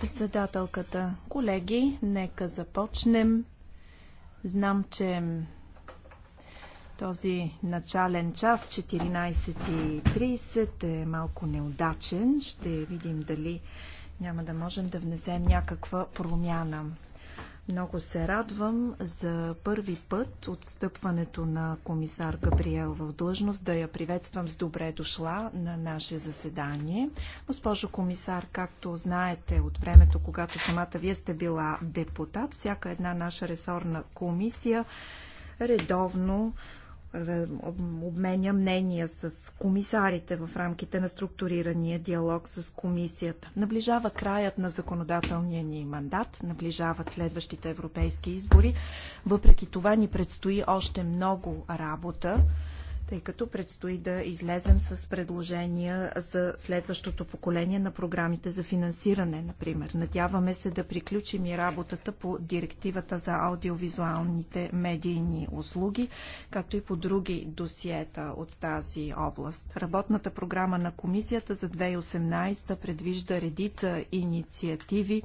Председателката, колеги, нека започнем. Знам, че този начален час, 14.30, е малко неудачен. Ще видим дали няма да можем да внесем някаква промяна. Много се радвам за първи път от встъпването на комисар Габриел в длъжност да я приветствам с добре дошла на наше заседание. Госпожо комисар, както знаете от времето, когато самата вие сте била депутат, всяка една наша ресорна комисия редовно обменя мнения с комисарите в рамките на структурирания диалог с комисията. Наближава краят на законодателния ни мандат, наближават следващите европейски избори. Въпреки това ни предстои още много работа тъй като предстои да излезем с предложения за следващото поколение на програмите за финансиране, например. Надяваме се да приключим и работата по директивата за аудиовизуалните медийни услуги, както и по други досиета от тази област. Работната програма на комисията за 2018 предвижда редица инициативи,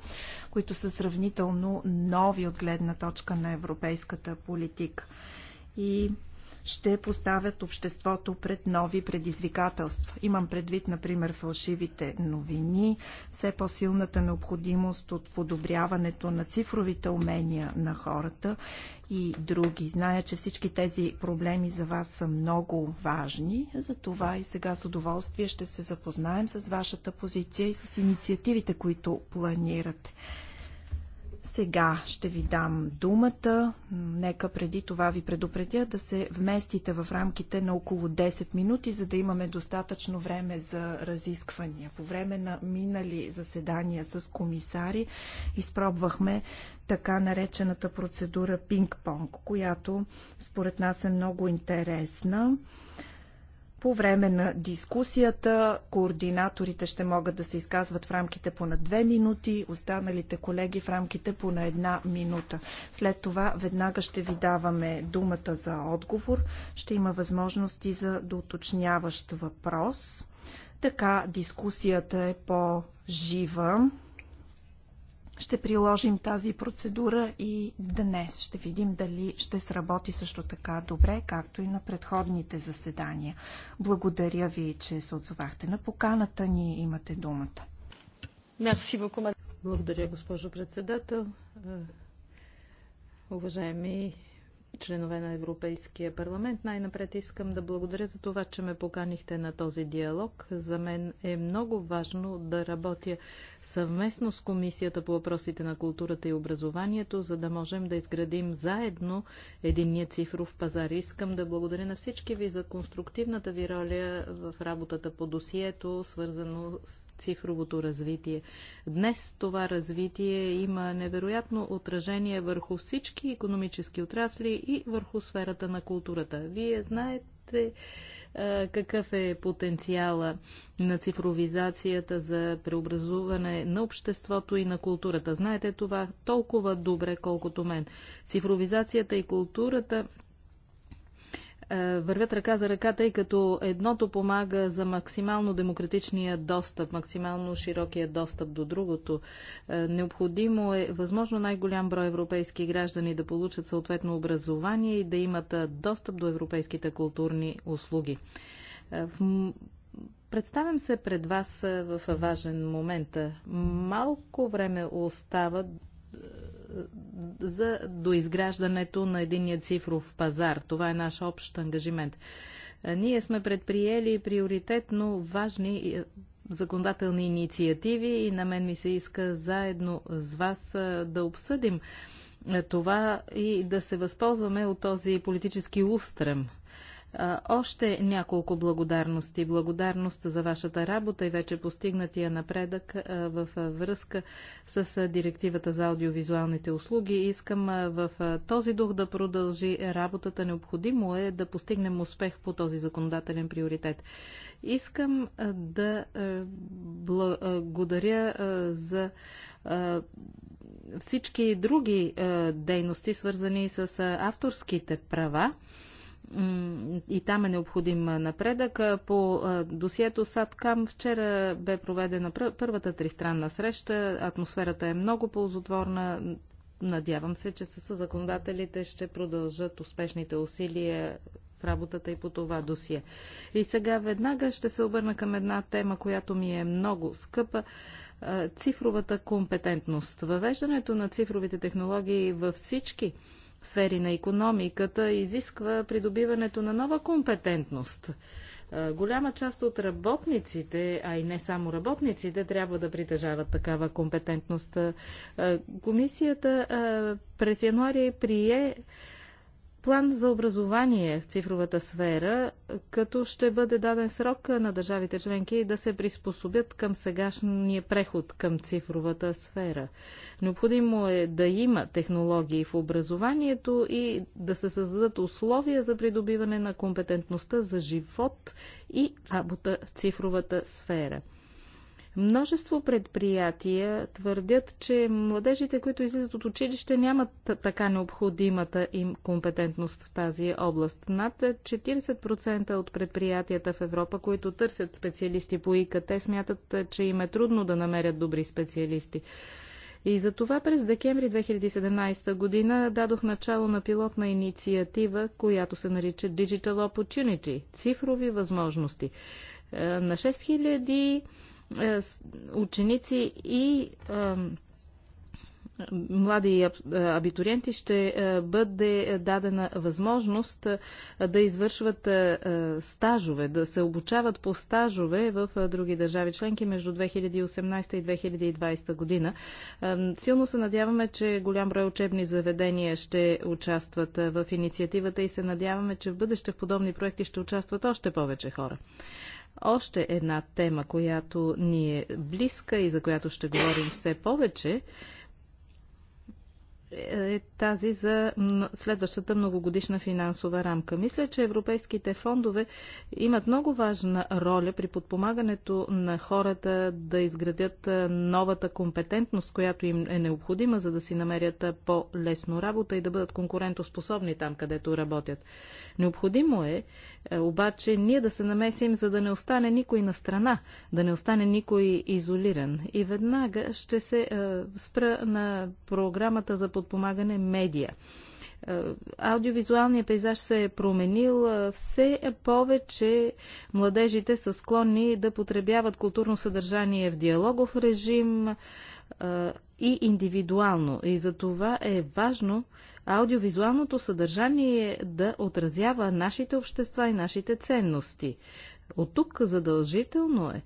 които са сравнително нови от гледна точка на европейската политика. И ще поставят обществото пред нови предизвикателства. Имам предвид, например, фалшивите новини, все по-силната необходимост от подобряването на цифровите умения на хората и други. Зная, че всички тези проблеми за вас са много важни, затова и сега с удоволствие ще се запознаем с вашата позиция и с инициативите, които планирате. Сега ще ви дам думата. Нека преди това ви предупредя да се вместите в рамките на около 10 минути, за да имаме достатъчно време за разисквания. По време на минали заседания с комисари изпробвахме така наречената процедура пинг-понг, която според нас е много интересна. По време на дискусията координаторите ще могат да се изказват в рамките по на две минути, останалите колеги в рамките по на една минута. След това веднага ще ви даваме думата за отговор. Ще има възможности за доуточняващ въпрос. Така дискусията е по-жива. Ще приложим тази процедура и днес. Ще видим дали ще сработи също така добре, както и на предходните заседания. Благодаря ви, че се отзовахте на поканата ни. Имате думата. Благодаря, госпожо председател. Уважаеми членове на Европейския парламент. Най-напред искам да благодаря за това, че ме поканихте на този диалог. За мен е много важно да работя съвместно с Комисията по въпросите на културата и образованието, за да можем да изградим заедно единния цифров пазар. Искам да благодаря на всички ви за конструктивната ви роля в работата по досието, свързано с цифровото развитие. Днес това развитие има невероятно отражение върху всички економически отрасли и върху сферата на културата. Вие знаете, какъв е потенциала на цифровизацията за преобразуване на обществото и на културата. Знаете това толкова добре, колкото мен. Цифровизацията и културата – е, вървят ръка за ръка, тъй като едното помага за максимално демократичния достъп, максимално широкия достъп до другото. Е, необходимо е възможно най-голям брой европейски граждани да получат съответно образование и да имат е, достъп до европейските културни услуги. Представям се пред вас в важен момент. Малко време остава за доизграждането на единия цифров пазар. Това е наш общ ангажимент. Е, ние сме предприели приоритетно важни е, законодателни инициативи и на мен ми се иска заедно с вас е, да обсъдим това и да се възползваме от този политически устрем още няколко благодарности. Благодарност за вашата работа и вече постигнатия напредък в връзка с директивата за аудиовизуалните услуги. Искам в този дух да продължи работата. Необходимо е да постигнем успех по този законодателен приоритет. Искам да благодаря за всички други дейности, свързани с авторските права и там е необходим напредък. По досието САДКАМ вчера бе проведена първата тристранна среща. Атмосферата е много ползотворна. Надявам се, че със законодателите ще продължат успешните усилия в работата и по това досие. И сега веднага ще се обърна към една тема, която ми е много скъпа цифровата компетентност. Въвеждането на цифровите технологии във всички сфери на економиката изисква придобиването на нова компетентност. Е, голяма част от работниците, а и не само работниците, трябва да притежават такава компетентност. Е, комисията е, през януари прие план за образование в цифровата сфера, като ще бъде даден срок на държавите членки да се приспособят към сегашния преход към цифровата сфера. Необходимо е да има технологии в образованието и да се създадат условия за придобиване на компетентността за живот и работа в цифровата сфера. Множество предприятия твърдят, че младежите, които излизат от училище, нямат така необходимата им компетентност в тази област. Над 40% от предприятията в Европа, които търсят специалисти по ИКТ, смятат, че им е трудно да намерят добри специалисти. И за това през декември 2017 година дадох начало на пилотна инициатива, която се нарича Digital Opportunity – цифрови възможности. Е, на 6000 е, ученици и е, млади е, абитуриенти ще бъде дадена възможност да извършват стажове, да се обучават по стажове в други държави членки между 2018 и 2020 година. Силно се надяваме, че голям брой учебни заведения ще участват в инициативата и се надяваме, че в бъдеще в подобни проекти ще участват още повече хора. Още една тема, която ни е близка и за която ще говорим все повече, е тази за следващата многогодишна финансова рамка. Мисля, че европейските фондове имат много важна роля при подпомагането на хората да изградят новата компетентност, която им е необходима, за да си намерят по-лесно работа и да бъдат конкурентоспособни там, където работят. Необходимо е обаче ние да се намесим, за да не остане никой на страна, да не остане никой изолиран. И веднага ще се е, спра на програмата за подпомагане медия. Е, аудиовизуалният пейзаж се е променил. Е, все повече младежите са склонни да потребяват културно съдържание в диалогов режим е, и индивидуално. И за това е важно аудиовизуалното съдържание да отразява нашите общества и нашите ценности. От тук задължително е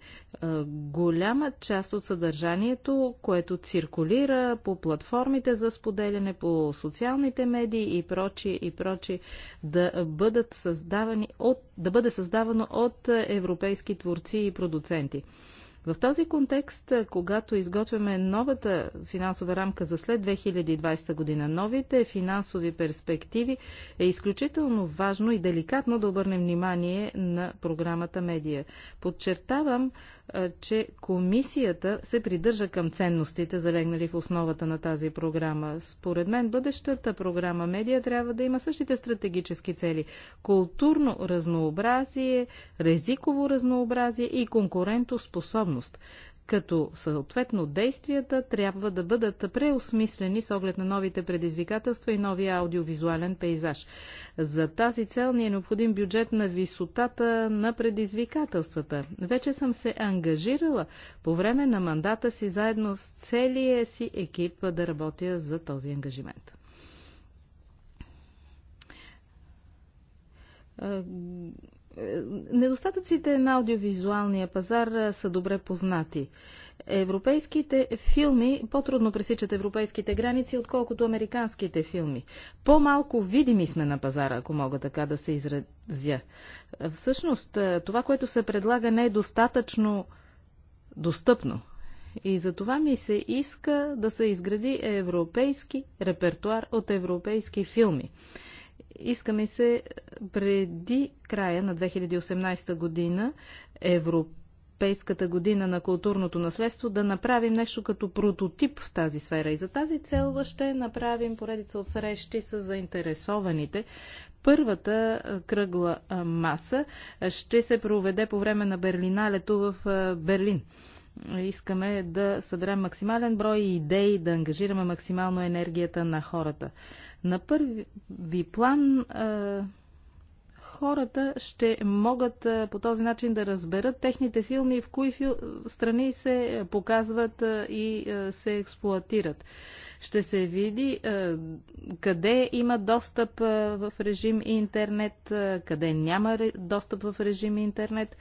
голяма част от съдържанието, което циркулира по платформите за споделяне, по социалните медии и прочи и прочи, да, бъдат създавани от, да бъде създавано от европейски творци и продуценти. В този контекст, когато изготвяме новата финансова рамка за след 2020 година, новите финансови перспективи, е изключително важно и деликатно да обърнем внимание на програмата Медия. Подчертавам че комисията се придържа към ценностите, залегнали в основата на тази програма. Според мен, бъдещата програма Медия трябва да има същите стратегически цели. Културно разнообразие, резиково разнообразие и конкурентоспособност като съответно действията трябва да бъдат преосмислени с оглед на новите предизвикателства и новия аудиовизуален пейзаж. За тази цел ни е необходим бюджет на висотата на предизвикателствата. Вече съм се ангажирала по време на мандата си заедно с целия си екип да работя за този ангажимент. Е, недостатъците на аудиовизуалния пазар е, са добре познати. Европейските филми по-трудно пресичат европейските граници, отколкото американските филми. По-малко видими сме на пазара, ако мога така да се изразя. Е, всъщност, това, което се предлага, не е достатъчно достъпно. И за това ми се иска да се изгради европейски репертуар от европейски филми. Искаме се е, преди края на 2018 година Европейската година на културното наследство да направим нещо като прототип в тази сфера. И за тази цел ще направим поредица от срещи с заинтересованите. Първата е, кръгла е, маса ще се проведе по време на Берлиналето в Берлин искаме да съберем максимален брой идеи, да ангажираме максимално енергията на хората. На първи план хората ще могат по този начин да разберат техните филми, в кои фил... страни се показват и се експлуатират. Ще се види къде има достъп в режим интернет, къде няма достъп в режим интернет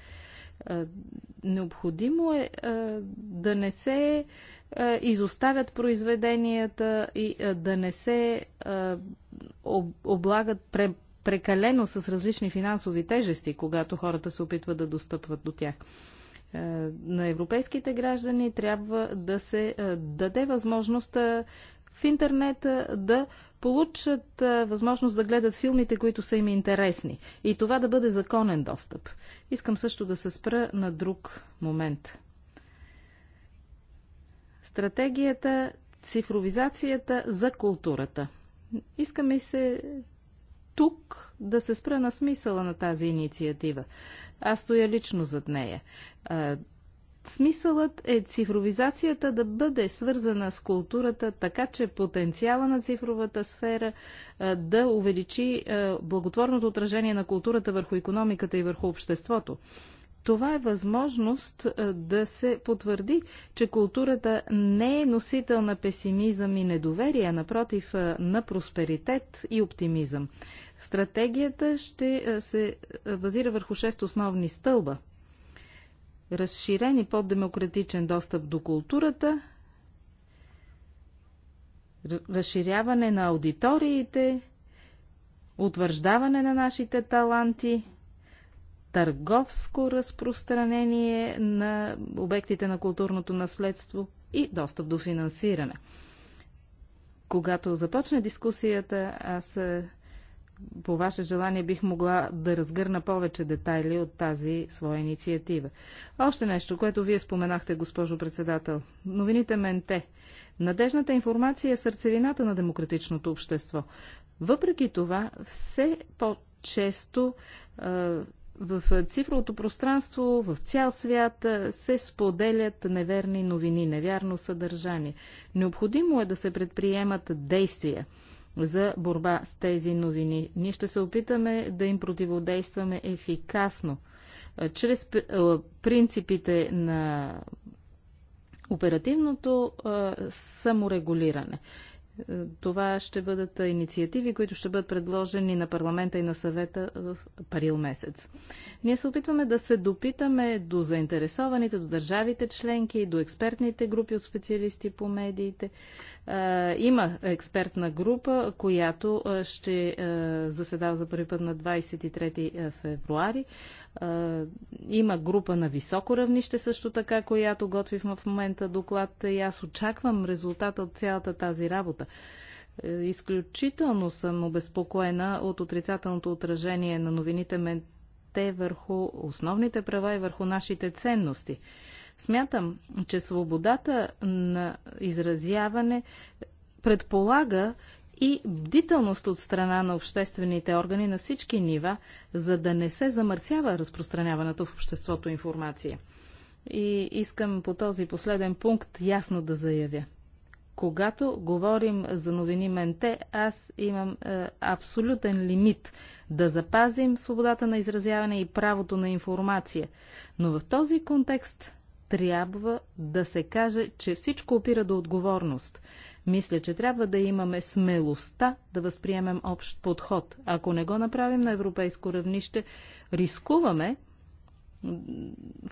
Необходимо е да не се изоставят произведенията и да не се облагат прекалено с различни финансови тежести, когато хората се опитват да достъпват до тях на европейските граждани трябва да се даде възможност в интернет да получат а, възможност да гледат филмите, които са им интересни. И това да бъде законен достъп. Искам също да се спра на друг момент. Стратегията, цифровизацията за културата. Искаме се тук да се спра на смисъла на тази инициатива. Аз стоя лично зад нея. Смисълът е цифровизацията да бъде свързана с културата, така че потенциала на цифровата сфера е, да увеличи е, благотворното отражение на културата върху економиката и върху обществото. Това е възможност е, да се потвърди, че културата не е носител на песимизъм и недоверие, а напротив на просперитет и оптимизъм. Стратегията ще се базира върху шест основни стълба – разширен и по-демократичен достъп до културата, разширяване на аудиториите, утвърждаване на нашите таланти, търговско разпространение на обектите на културното наследство и достъп до финансиране. Когато започна дискусията, аз по ваше желание бих могла да разгърна повече детайли от тази своя инициатива. Още нещо, което вие споменахте, госпожо председател. Новините Менте. Надежната информация е сърцевината на демократичното общество. Въпреки това, все по-често в цифровото пространство, в цял свят се споделят неверни новини, невярно съдържание. Необходимо е да се предприемат действия – за борба с тези новини. Ние ще се опитаме да им противодействаме ефикасно, чрез принципите на оперативното саморегулиране. Това ще бъдат инициативи, които ще бъдат предложени на парламента и на съвета в април месец. Ние се опитваме да се допитаме до заинтересованите, до държавите членки, до експертните групи от специалисти по медиите, е, има експертна група, която е, ще е, заседава за първи път на 23 февруари. Има група на високо равнище също така, която готви в момента доклад и аз очаквам резултата от цялата тази работа. Изключително съм обезпокоена от отрицателното отражение на новините менте върху основните права и върху нашите ценности. Смятам, че свободата на изразяване предполага и бдителност от страна на обществените органи на всички нива, за да не се замърсява разпространяването в обществото информация. И искам по този последен пункт ясно да заявя. Когато говорим за новини менте, аз имам е, абсолютен лимит да запазим свободата на изразяване и правото на информация. Но в този контекст трябва да се каже, че всичко опира до отговорност. Мисля, че трябва да имаме смелостта да възприемем общ подход. Ако не го направим на европейско равнище, рискуваме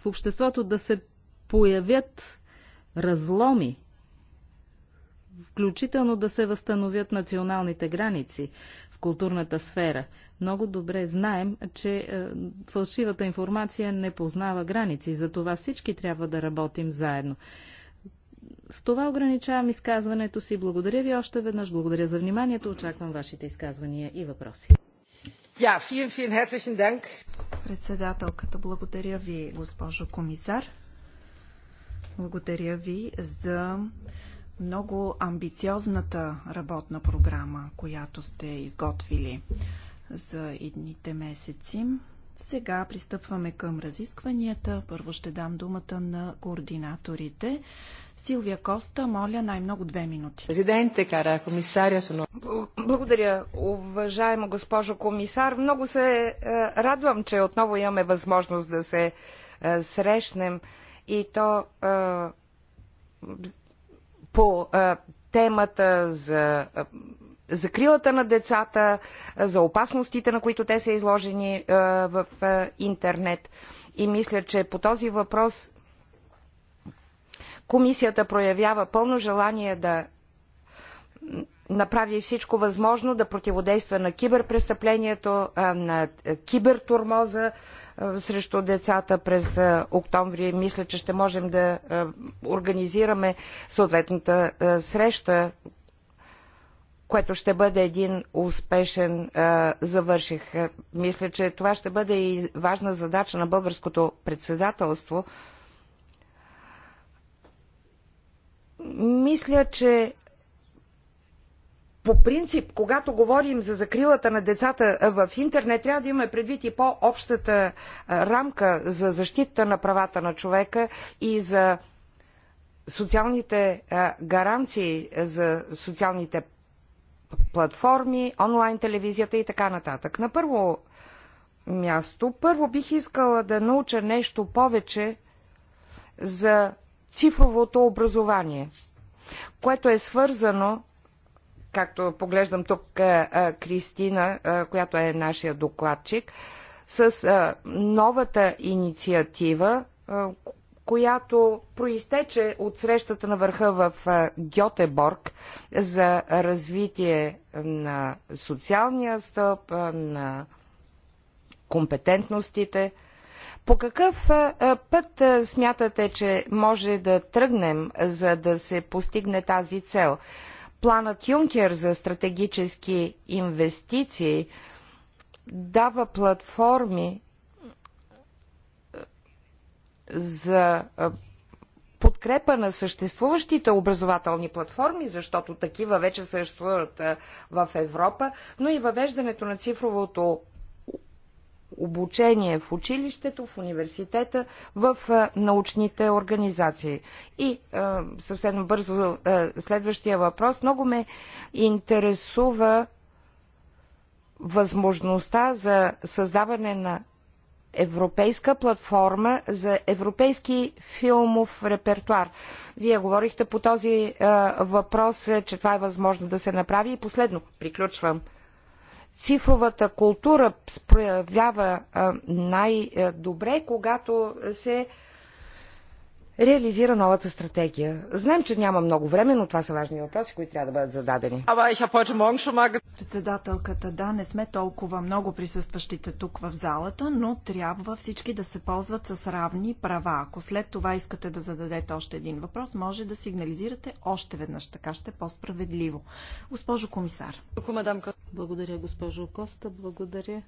в обществото да се появят разломи, включително да се възстановят националните граници в културната сфера много добре знаем, че е, фалшивата информация не познава граници. Затова всички трябва да работим заедно. С това ограничавам изказването си. Благодаря ви още веднъж. Благодаря за вниманието. Очаквам вашите изказвания и въпроси. Ja, vielen, vielen herzlichen Dank. Председателката, благодаря ви, госпожо комисар. Благодаря ви за много амбициозната работна програма, която сте изготвили за едните месеци. Сега пристъпваме към разискванията. Първо ще дам думата на координаторите. Силвия Коста, моля най-много две минути. Президенте, кара комисаря, суно. Благодаря, уважаема госпожо комисар. Много се е, радвам, че отново имаме възможност да се е, срещнем и то е, по темата за закрилата на децата, за опасностите, на които те са изложени в интернет. И мисля, че по този въпрос комисията проявява пълно желание да направи всичко възможно да противодейства на киберпрестъплението, на кибертурмоза срещу децата през октомври. Мисля, че ще можем да организираме съответната среща, което ще бъде един успешен а, завърших. Е, мисля, че това ще бъде и важна задача на българското председателство. Мисля, че по принцип, когато говорим за закрилата на децата в интернет, трябва да имаме предвид и по-общата рамка за защита на правата на човека и за социалните гаранции за социалните платформи, онлайн телевизията и така нататък. На първо място, първо бих искала да науча нещо повече за цифровото образование, което е свързано, както поглеждам тук Кристина, която е нашия докладчик, с новата инициатива, която проистече от срещата на върха в Гьотеборг за развитие на социалния стълб, на компетентностите. По какъв път смятате, че може да тръгнем, за да се постигне тази цел? Планът Юнкер за стратегически инвестиции дава платформи за подкрепа на съществуващите образователни платформи, защото такива вече съществуват в Европа, но и въвеждането на цифровото обучение в училището, в университета, в научните организации. И съвсем бързо следващия въпрос. Много ме интересува възможността за създаване на европейска платформа за европейски филмов репертуар. Вие говорихте по този а, въпрос, че това е възможно да се направи. И последно, приключвам. Цифровата култура проявява най-добре, когато се а, реализира новата стратегия? Знаем, че няма много време, но това са важни въпроси, които трябва да бъдат зададени. Председателката, да, не сме толкова много присъстващите тук в залата, но трябва всички да се ползват с равни права. Ако след това искате да зададете още един въпрос, може да сигнализирате още веднъж. Така ще е по-справедливо. Госпожо комисар. Благодаря, госпожо Коста. Благодаря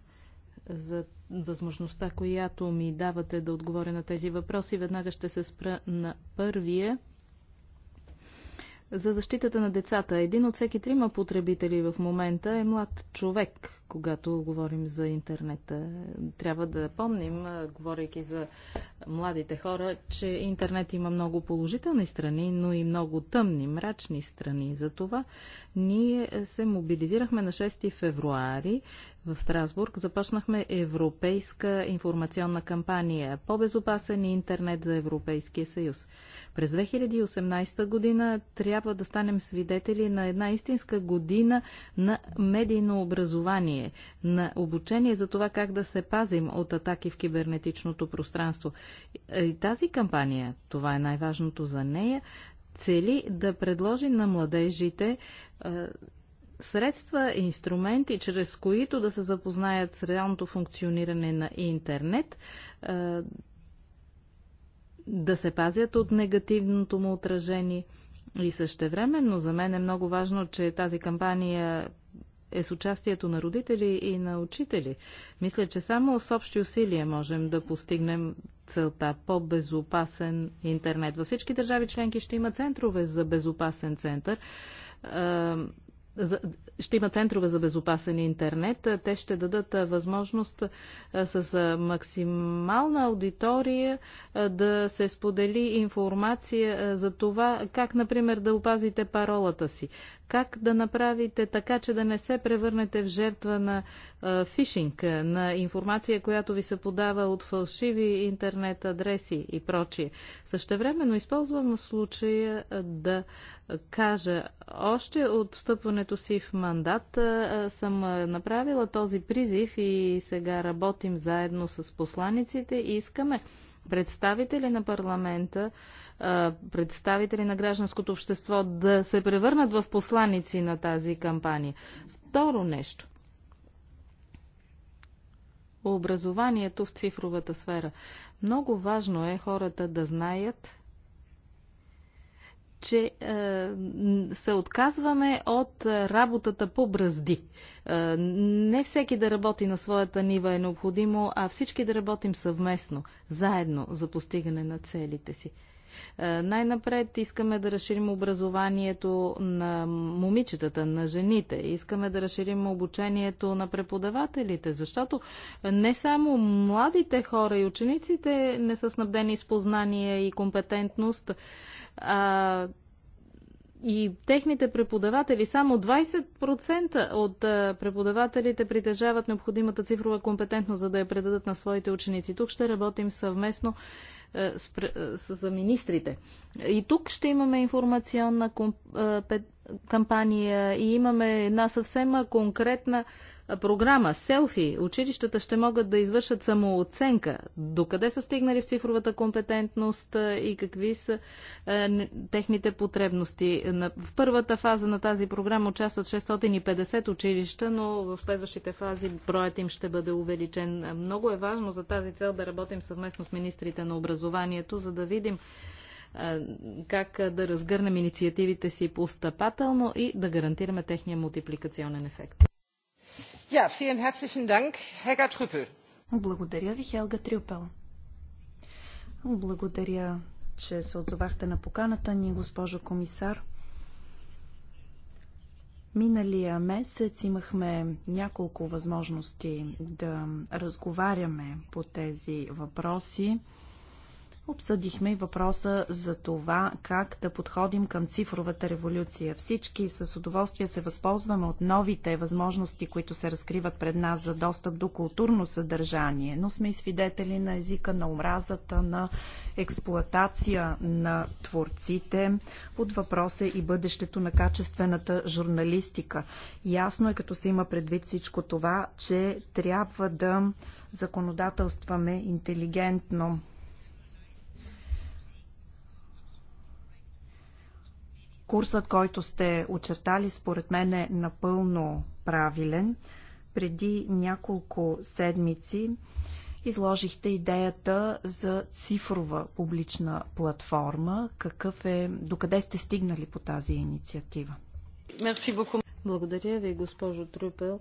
за възможността, която ми давате да отговоря на тези въпроси. Веднага ще се спра на първия. За защитата на децата. Един от всеки трима потребители в момента е млад човек, когато говорим за интернета. Трябва да помним, говорейки за младите хора, че интернет има много положителни страни, но и много тъмни, мрачни страни. Затова ние се мобилизирахме на 6 февруари в Страсбург. Започнахме европейска информационна кампания По-безопасен интернет за Европейския съюз. През 2018 година трябва да станем свидетели на една истинска година на медийно образование обучение, на обучение за това как да се пазим от атаки в кибернетичното пространство. И тази кампания, това е най-важното за нея, цели да предложи на младежите е, средства, инструменти, чрез които да се запознаят с реалното функциониране на интернет, е, да се пазят от негативното му отражение. И същевременно за мен е много важно, че тази кампания е с участието на родители и на учители. Мисля, че само с общи усилия можем да постигнем целта по-безопасен интернет. Във всички държави членки ще има центрове за безопасен център ще има центрове за безопасен интернет. Те ще дадат възможност с максимална аудитория да се сподели информация за това как, например, да опазите паролата си, как да направите така, че да не се превърнете в жертва на фишинг, на информация, която ви се подава от фалшиви интернет адреси и прочие. Същевременно използвам случая да кажа, още от встъпването си в мандат съм направила този призив и сега работим заедно с посланиците и искаме представители на парламента, представители на гражданското общество да се превърнат в посланици на тази кампания. Второ нещо. Образованието в цифровата сфера. Много важно е хората да знаят, че е, се отказваме от е, работата по бразди. Е, не всеки да работи на своята нива е необходимо, а всички да работим съвместно, заедно за постигане на целите си. Най-напред искаме да разширим образованието на момичетата, на жените. Искаме да разширим обучението на преподавателите, защото не само младите хора и учениците не са снабдени с познания и компетентност, а, и техните преподаватели. Само 20% от преподавателите притежават необходимата цифрова компетентност, за да я предадат на своите ученици. Тук ще работим съвместно за с, министрите. И тук ще имаме информационна кампания и имаме една съвсем конкретна програма, селфи, училищата ще могат да извършат самооценка. Докъде са стигнали в цифровата компетентност и какви са е, техните потребности. В първата фаза на тази програма участват 650 училища, но в следващите фази броят им ще бъде увеличен. Много е важно за тази цел да работим съвместно с министрите на образованието, за да видим как да разгърнем инициативите си постъпателно и да гарантираме техния мултипликационен ефект. Ja, vielen herzlichen Dank, Helga Trüppel. Благодаря ви, Хелга Трюпел. Благодаря, че се отзовахте на поканата ни, госпожо комисар. Миналия месец имахме няколко възможности да разговаряме по тези въпроси. Обсъдихме и въпроса за това как да подходим към цифровата революция. Всички с удоволствие се възползваме от новите възможности, които се разкриват пред нас за достъп до културно съдържание, но сме и свидетели на езика на омразата, на експлоатация на творците. Под въпрос е и бъдещето на качествената журналистика. Ясно е, като се има предвид всичко това, че трябва да законодателстваме интелигентно Курсът, който сте очертали, според мен е напълно правилен. Преди няколко седмици изложихте идеята за цифрова публична платформа. Какъв е, докъде сте стигнали по тази инициатива? Благодаря ви, госпожо Трюпел.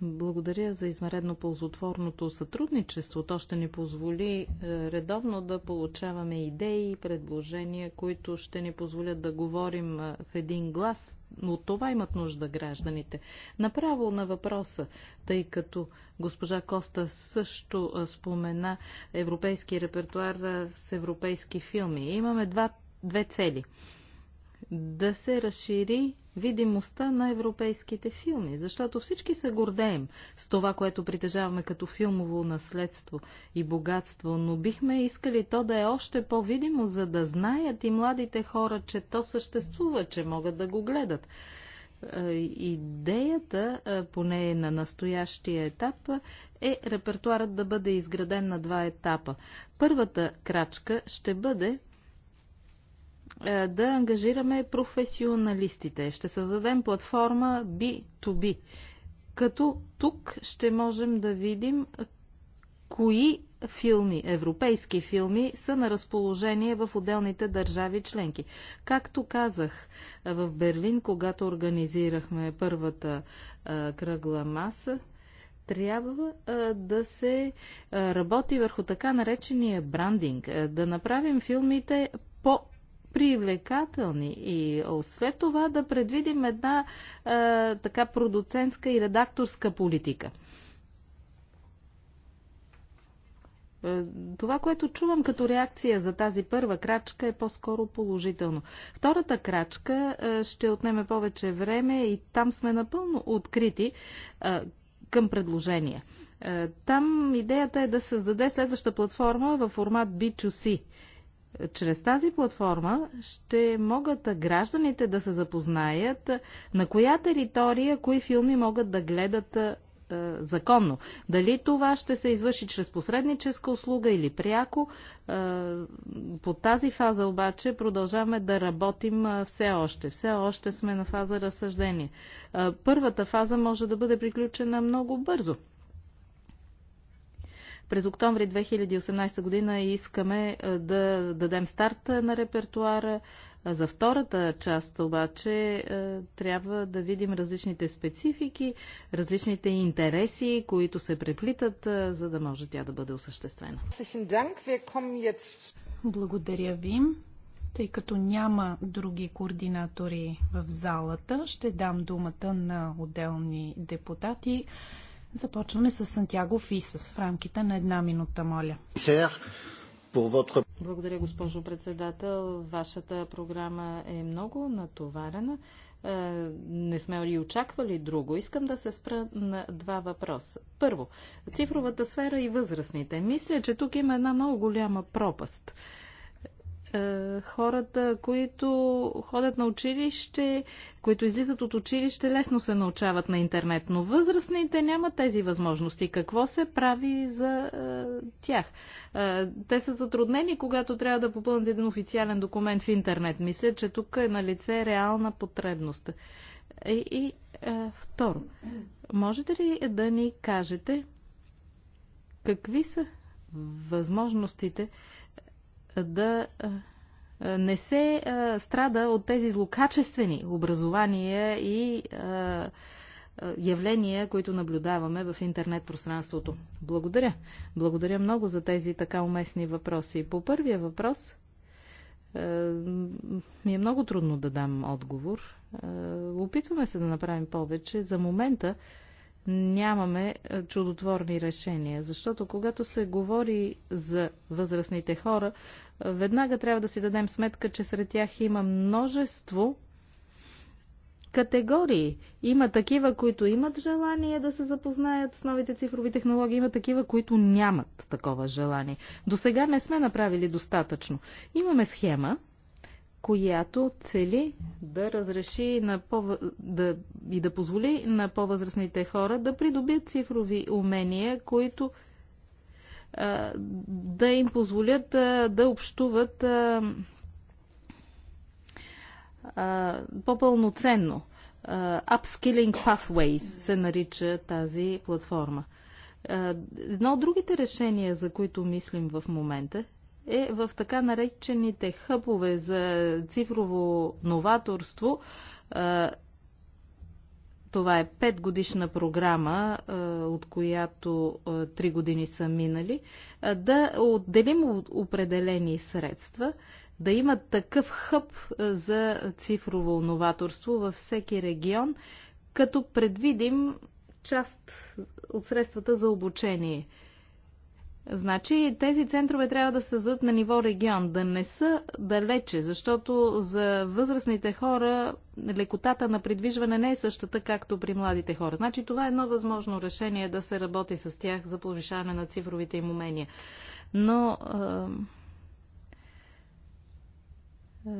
Благодаря за измередно ползотворното сътрудничество. То ще ни позволи е, редовно да получаваме идеи и предложения, които ще ни позволят да говорим е, в един глас. От това имат нужда гражданите. Направо на въпроса, тъй като госпожа Коста също е, спомена европейски репертуар с европейски филми. Имаме два, две цели. Да се разшири видимостта на европейските филми, защото всички се гордеем с това, което притежаваме като филмово наследство и богатство, но бихме искали то да е още по-видимо, за да знаят и младите хора, че то съществува, че могат да го гледат. Е, идеята, е, поне на настоящия етап, е репертуарът да бъде изграден на два етапа. Първата крачка ще бъде е, да ангажираме професионалистите. Ще създадем платформа B2B, като тук ще можем да видим е, кои филми, европейски филми, са на разположение в отделните държави членки. Както казах е, в Берлин, когато организирахме първата а, кръгла маса, трябва а, да се а, работи върху така наречения брандинг, да направим филмите по привлекателни и след това да предвидим една а, така продуцентска и редакторска политика. Е, това, което чувам като реакция за тази първа крачка е по-скоро положително. Втората крачка е, ще отнеме повече време и там сме напълно открити е, към предложения. Там идеята е да създаде следваща платформа във формат B2C, чрез тази платформа ще могат гражданите да се запознаят на коя територия, кои филми могат да гледат е, законно. Дали това ще се извърши чрез посредническа услуга или пряко, е, по тази фаза обаче продължаваме да работим все още. Все още сме на фаза разсъждение. Е, първата фаза може да бъде приключена много бързо. През октомври 2018 година искаме да дадем старт на репертуара. За втората част обаче трябва да видим различните специфики, различните интереси, които се преплитат, за да може тя да бъде осъществена. Благодаря ви. Тъй като няма други координатори в залата, ще дам думата на отделни депутати. Започваме с Сантьяго Фисас в рамките на една минута, моля. Благодаря, госпожо председател. Вашата програма е много натоварена. Е, не сме ли очаквали друго. Искам да се спра на два въпроса. Първо, цифровата сфера и възрастните. Мисля, че тук има една много голяма пропаст. Е, хората, които ходят на училище, които излизат от училище, лесно се научават на интернет, но възрастните нямат тези възможности. Какво се прави за е, тях? Е, те са затруднени, когато трябва да попълнят един официален документ в интернет. Мисля, че тук е на лице реална потребност. И, и е, второ, можете ли да ни кажете какви са възможностите, да не се страда от тези злокачествени образования и явления, които наблюдаваме в интернет пространството. Благодаря. Благодаря много за тези така уместни въпроси. По първия въпрос ми е много трудно да дам отговор. Опитваме се да направим повече. За момента нямаме е, чудотворни решения. Защото когато се говори за възрастните хора, е, веднага трябва да си дадем сметка, че сред тях има множество категории. Има такива, които имат желание да се запознаят с новите цифрови технологии, има такива, които нямат такова желание. До сега не сме направили достатъчно. Имаме схема, която цели да разреши на по- да, и да позволи на по-възрастните хора да придобият цифрови умения, които а, да им позволят а, да общуват а, а, по-пълноценно. Upskilling Pathways се нарича тази платформа. Едно от другите решения, за които мислим в момента, е в така наречените хъпове за цифрово новаторство. Това е петгодишна програма, от която три години са минали, да отделим определени средства, да има такъв хъп за цифрово новаторство във всеки регион, като предвидим част от средствата за обучение – Значи тези центрове трябва да се създадат на ниво регион, да не са далече, защото за възрастните хора лекотата на придвижване не е същата, както при младите хора. Значи това е едно възможно решение да се работи с тях за повишаване на цифровите им умения. Но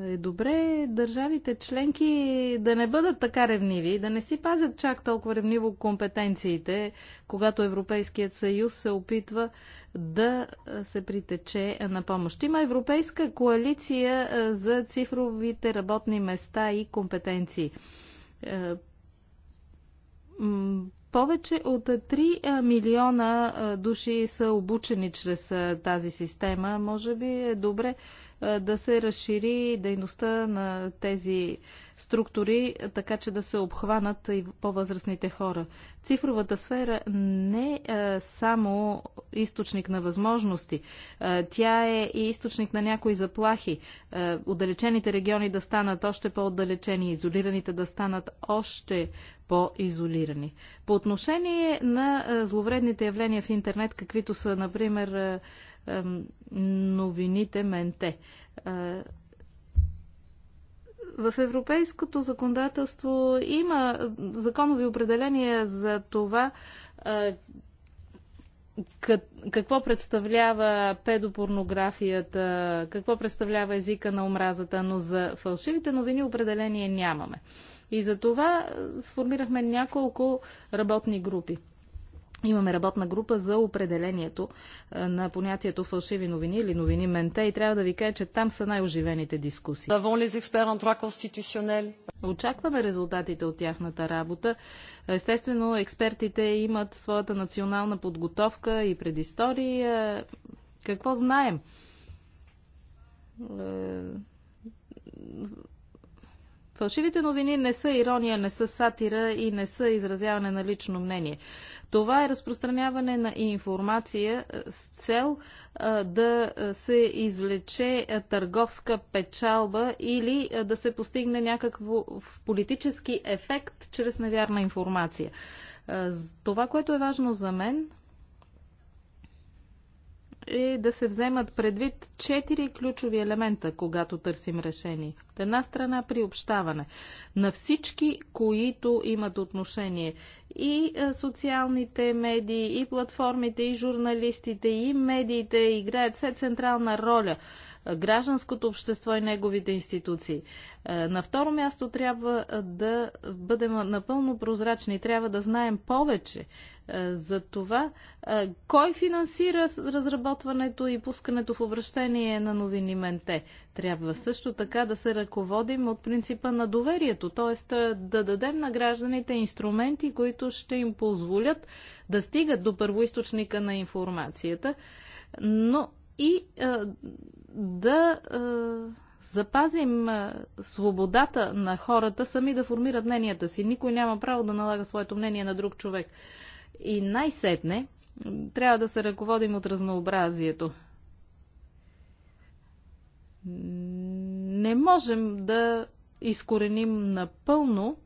е добре държавите членки да не бъдат така ревниви, да не си пазят чак толкова ревниво компетенциите, когато Европейският съюз се опитва да се притече на помощ. Има Европейска коалиция за цифровите работни места и компетенции. Е, повече от 3 милиона души са обучени чрез тази система. Може би е добре да се разшири дейността на тези структури, така че да се обхванат и по-възрастните хора. Цифровата сфера не е само източник на възможности. Тя е и източник на някои заплахи. Отдалечените региони да станат още по-отдалечени, изолираните да станат още по-изолирани. По отношение на зловредните явления в интернет, каквито са, например, новините менте. Е, в европейското законодателство има законови определения за това е, какво представлява педопорнографията, какво представлява езика на омразата, но за фалшивите новини определение нямаме. И за това е, сформирахме няколко работни групи. Имаме работна група за определението на понятието фалшиви новини или новини менте и трябва да ви кажа, че там са най-оживените дискусии. Очакваме резултатите от тяхната работа. Естествено, експертите имат своята национална подготовка и предистория. Какво знаем? Е, фалшивите новини не са ирония, не са сатира и не са изразяване на лично мнение. Това е разпространяване на информация е, с цел е, да се извлече е, търговска печалба или да се постигне някакво политически ефект чрез невярна информация. Това, което е важно за мен, е да се вземат предвид четири ключови елемента, когато търсим решение. От една страна приобщаване на всички, които имат отношение и социалните медии, и платформите, и журналистите, и медиите играят все централна роля гражданското общество и неговите институции. Е, на второ място трябва е, да бъдем напълно прозрачни, трябва да знаем повече е, за това кой финансира разработването и пускането в обращение на новини Менте. Трябва също така да се ръководим от принципа на доверието, т.е. да дадем на гражданите инструменти, които ще им позволят да стигат до първоисточника на информацията, но и а, да а, запазим а, свободата на хората сами да формират мненията си. Никой няма право да налага своето мнение на друг човек. И най-сетне трябва да се ръководим от разнообразието. Не можем да изкореним напълно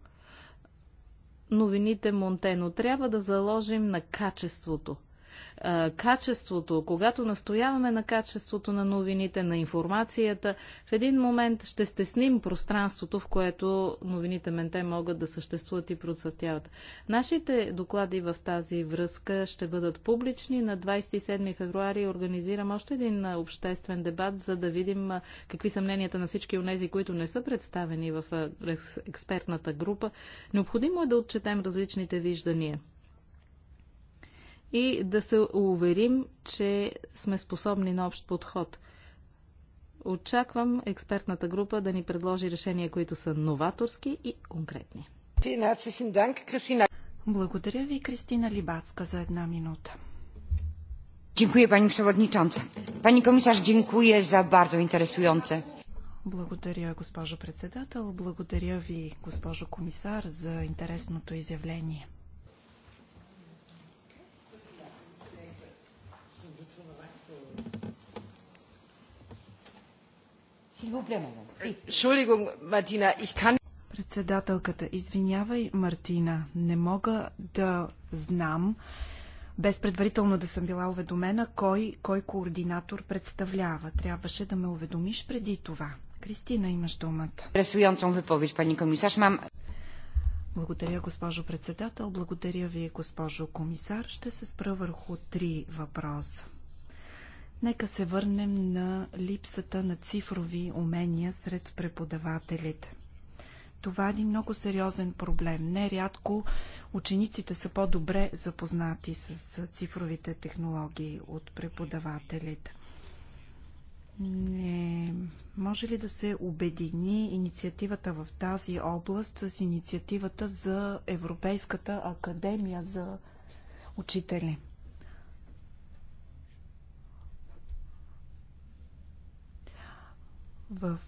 новините Монтено. Трябва да заложим на качеството – качеството, когато настояваме на качеството на новините, на информацията, в един момент ще стесним пространството, в което новините менте могат да съществуват и процъфтяват. Нашите доклади в тази връзка ще бъдат публични. На 27 февруари организирам още един обществен дебат, за да видим какви са мненията на всички от тези, които не са представени в експертната група. Необходимо е да отчетем различните виждания и да се уверим, че сме способни на общ подход. Очаквам експертната група да ни предложи решения, които са новаторски и конкретни. Благодаря ви, Кристина Либацка, за една минута. Dziękuję Pani Przewodnicząca. Pani Komisarz, dziękuję za bardzo interesujące. Благодаря, госпожо председател. Благодаря ви, госпожо комисар, за интересното изявление. Председателката, извинявай, Мартина, не мога да знам, без предварително да съм била уведомена, кой, кой координатор представлява. Трябваше да ме уведомиш преди това. Кристина, имаш думата. благодаря, госпожо председател. Благодаря ви, госпожо комисар. Ще се спра върху три въпроса. Нека се върнем на липсата на цифрови умения сред преподавателите. Това е един много сериозен проблем. Нерядко учениците са по-добре запознати с цифровите технологии от преподавателите. Не. Може ли да се обедини инициативата в тази област с инициативата за Европейската академия за учители? В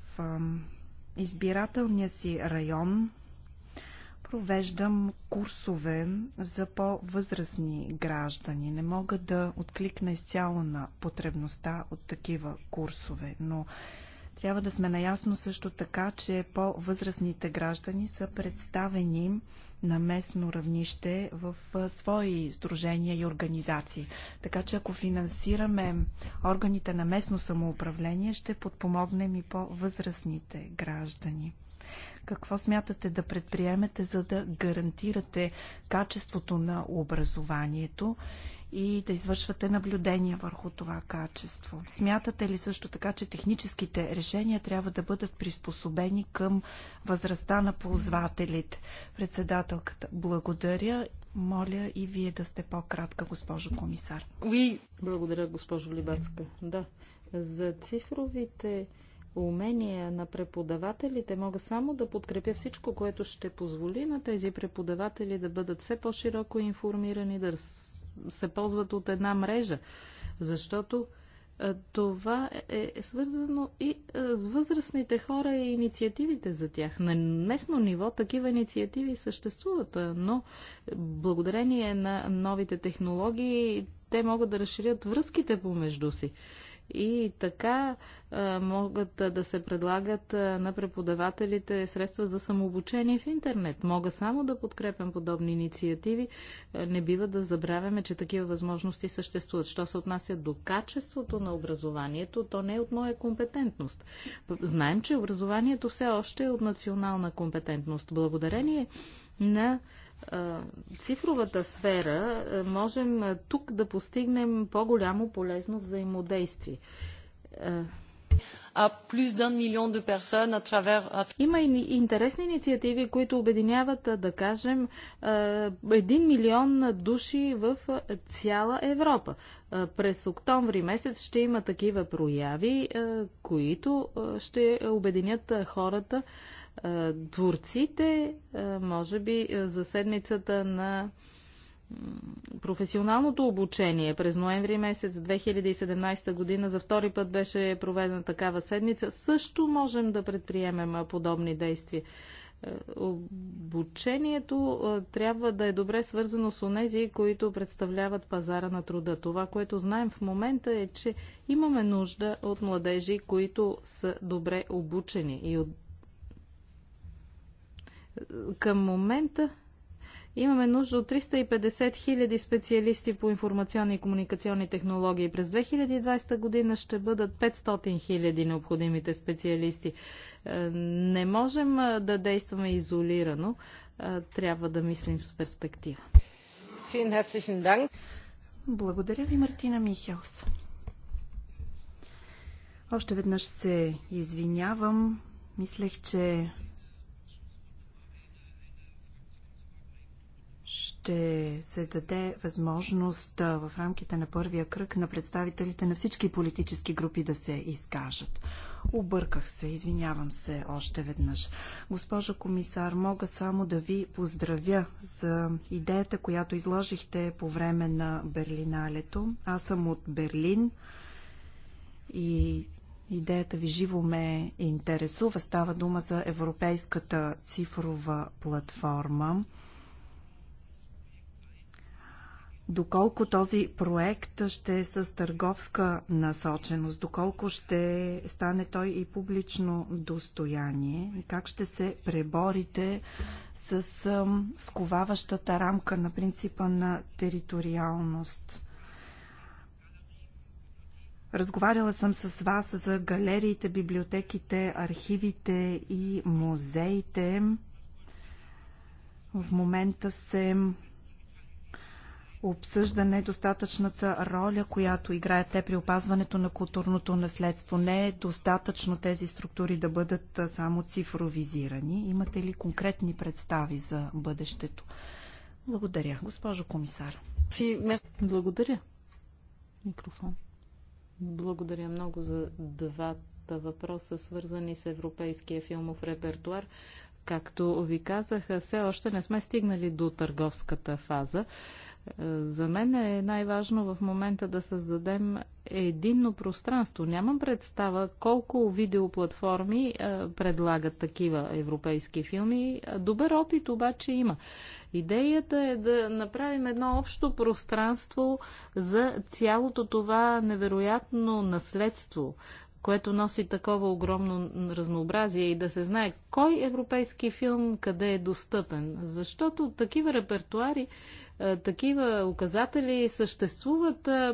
избирателния си район провеждам курсове за по-възрастни граждани. Не мога да откликна изцяло на потребността от такива курсове, но трябва да сме наясно също така, че по-възрастните граждани са представени на местно равнище в свои сдружения и организации. Така че ако финансираме органите на местно самоуправление, ще подпомогнем и по-възрастните граждани. Какво смятате да предприемете, за да гарантирате качеството на образованието и да извършвате наблюдения върху това качество. Смятате ли също така, че техническите решения трябва да бъдат приспособени към възрастта на ползвателите? Председателката, благодаря. Моля и вие да сте по-кратка, госпожо комисар. Ви... Благодаря, госпожо Либацка. Да. За цифровите умения на преподавателите, мога само да подкрепя всичко, което ще позволи на тези преподаватели да бъдат все по-широко информирани, да се ползват от една мрежа. Защото е, това е, е свързано и е, с възрастните хора и инициативите за тях. На местно ниво такива инициативи съществуват, но благодарение на новите технологии те могат да разширят връзките помежду си и така могат да се предлагат на преподавателите средства за самообучение в интернет. Мога само да подкрепям подобни инициативи. Не бива да забравяме, че такива възможности съществуват. Що се отнася до качеството на образованието, то не е от моя компетентност. Знаем, че образованието все още е от национална компетентност. Благодарение на цифровата сфера можем тук да постигнем по-голямо полезно взаимодействие. Има и интересни инициативи, които обединяват, да кажем, един милион души в цяла Европа. През октомври месец ще има такива прояви, които ще обединят хората творците, може би за седмицата на професионалното обучение през ноември месец 2017 година за втори път беше проведена такава седмица, също можем да предприемем подобни действия. Обучението трябва да е добре свързано с онези, които представляват пазара на труда. Това, което знаем в момента е, че имаме нужда от младежи, които са добре обучени и от към момента имаме нужда от 350 хиляди специалисти по информационни и комуникационни технологии. През 2020 година ще бъдат 500 хиляди необходимите специалисти. Е, не можем е, да действаме изолирано. Е, трябва да мислим с перспектива. Благодаря ви, Мартина Михелс. Още веднъж се извинявам. Мислех, че ще се даде възможност в рамките на първия кръг на представителите на всички политически групи да се изкажат. Обърках се, извинявам се още веднъж. Госпожо комисар, мога само да ви поздравя за идеята, която изложихте по време на Берлиналето. Аз съм от Берлин и идеята ви живо ме интересува. Става дума за Европейската цифрова платформа доколко този проект ще е с търговска насоченост, доколко ще стане той и публично достояние и как ще се преборите с сковаващата рамка на принципа на териториалност. Разговаряла съм с вас за галериите, библиотеките, архивите и музеите. В момента се обсъждане достатъчната роля, която играят те при опазването на културното наследство. Не е достатъчно тези структури да бъдат само цифровизирани. Имате ли конкретни представи за бъдещето? Благодаря, госпожо комисар. Благодаря. Микрофон. Благодаря много за двата въпроса, свързани с европейския филмов репертуар. Както ви казах, все още не сме стигнали до търговската фаза. За мен е най-важно в момента да създадем единно пространство. Нямам представа колко видеоплатформи е, предлагат такива европейски филми. Добър опит обаче има. Идеята е да направим едно общо пространство за цялото това невероятно наследство, което носи такова огромно разнообразие и да се знае кой европейски филм къде е достъпен. Защото такива репертуари е, такива указатели съществуват е,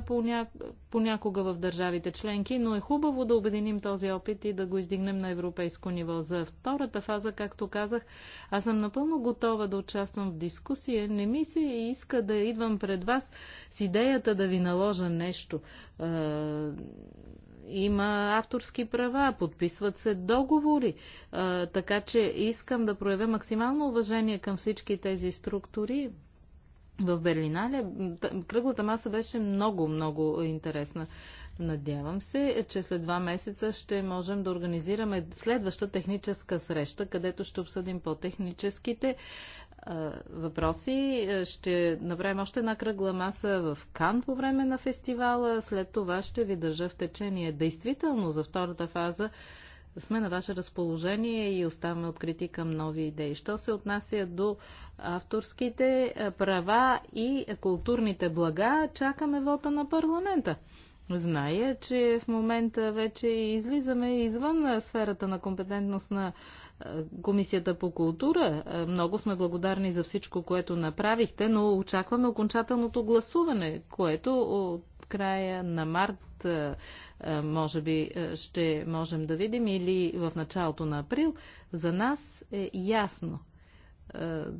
понякога в държавите членки, но е хубаво да обединим този опит и да го издигнем на европейско ниво. За втората фаза, както казах, аз съм напълно готова да участвам в дискусия. Не ми се иска да идвам пред вас с идеята да ви наложа нещо е, има авторски права, подписват се договори. А, така че искам да проявя максимално уважение към всички тези структури в Берлинале. Кръглата маса беше много, много интересна. Надявам се, че след два месеца ще можем да организираме следваща техническа среща, където ще обсъдим по-техническите въпроси. Ще направим още една кръгла маса в Кан по време на фестивала. След това ще ви държа в течение. Действително, за втората фаза сме на ваше разположение и оставаме открити към нови идеи. Що се отнася до авторските е, права и културните блага, чакаме вота на парламента. Зная, че в момента вече излизаме извън сферата на компетентност на е, Комисията по култура. Е, много сме благодарни за всичко, което направихте, но очакваме окончателното гласуване, което от края на март може би ще можем да видим, или в началото на април, за нас е ясно,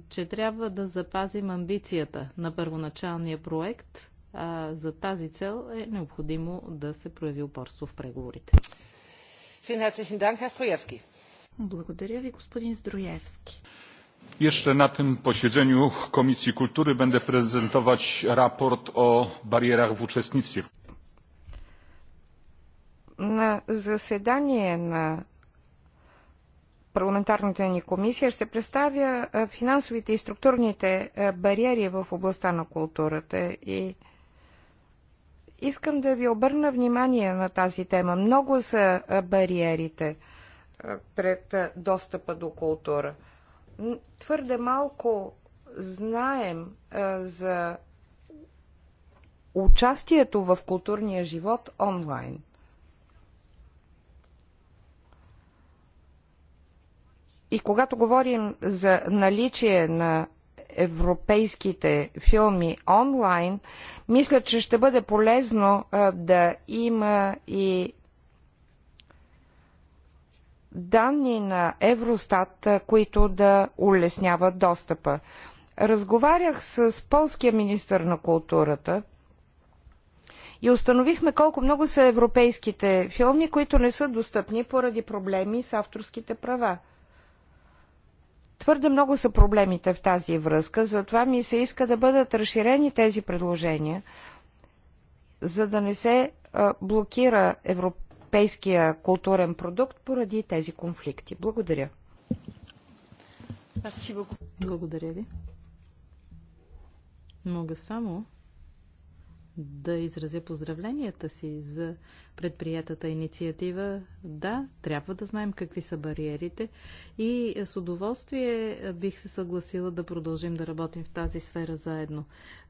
че трябва да запазим амбицията на първоначалния проект, а за тази цел е необходимо да се прояви упорство в преговорите. Благодаря ви, господин Здроевски. Jeszcze na tym posiedzeniu Komisji Kultury będę prezentować raport o barierach w uczestnictwie. На заседание на парламентарната ни комисия ще представя финансовите и структурните бариери в областта на културата и искам да ви обърна внимание на тази тема. Много са бариерите пред достъпа до култура. Твърде малко знаем за участието в културния живот онлайн – И когато говорим за наличие на европейските филми онлайн, мисля, че ще бъде полезно да има и данни на Евростат, които да улесняват достъпа. Разговарях с полския министр на културата и установихме колко много са европейските филми, които не са достъпни поради проблеми с авторските права. Твърде много са проблемите в тази връзка, затова ми се иска да бъдат разширени тези предложения, за да не се блокира европейския културен продукт поради тези конфликти. Благодаря. Благодаря ви. Мога само да изразя поздравленията си за предприятата инициатива. Да, трябва да знаем какви са бариерите и с удоволствие бих се съгласила да продължим да работим в тази сфера заедно.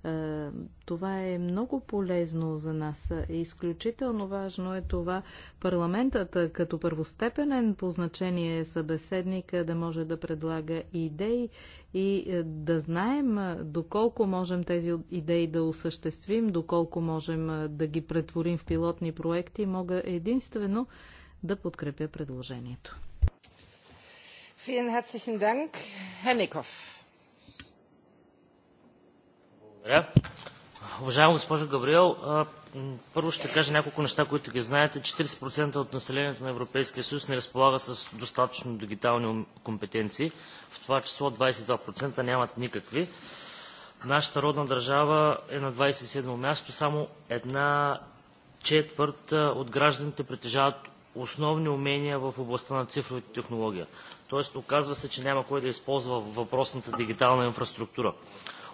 Е, това е много полезно за нас. Е, изключително важно е това парламентът е, като първостепенен по значение събеседник да може да предлага идеи и е, да знаем е, доколко можем тези идеи да осъществим, доколко можем е, да ги претворим в пилотни проекти, мога единствено да подкрепя предложението. Vielen herzlichen Dank, Herr Благодаря. Уважаема госпожо Габриел, първо ще кажа няколко неща, които ги знаете. 40% от населението на Европейския съюз не разполага с достатъчно дигитални компетенции. В това число 22% нямат никакви. Нашата родна държава е на 27-о място. Само една четвърт от гражданите притежават основни умения в областта на цифровите технология. Тоест, оказва се, че няма кой да използва въпросната дигитална инфраструктура.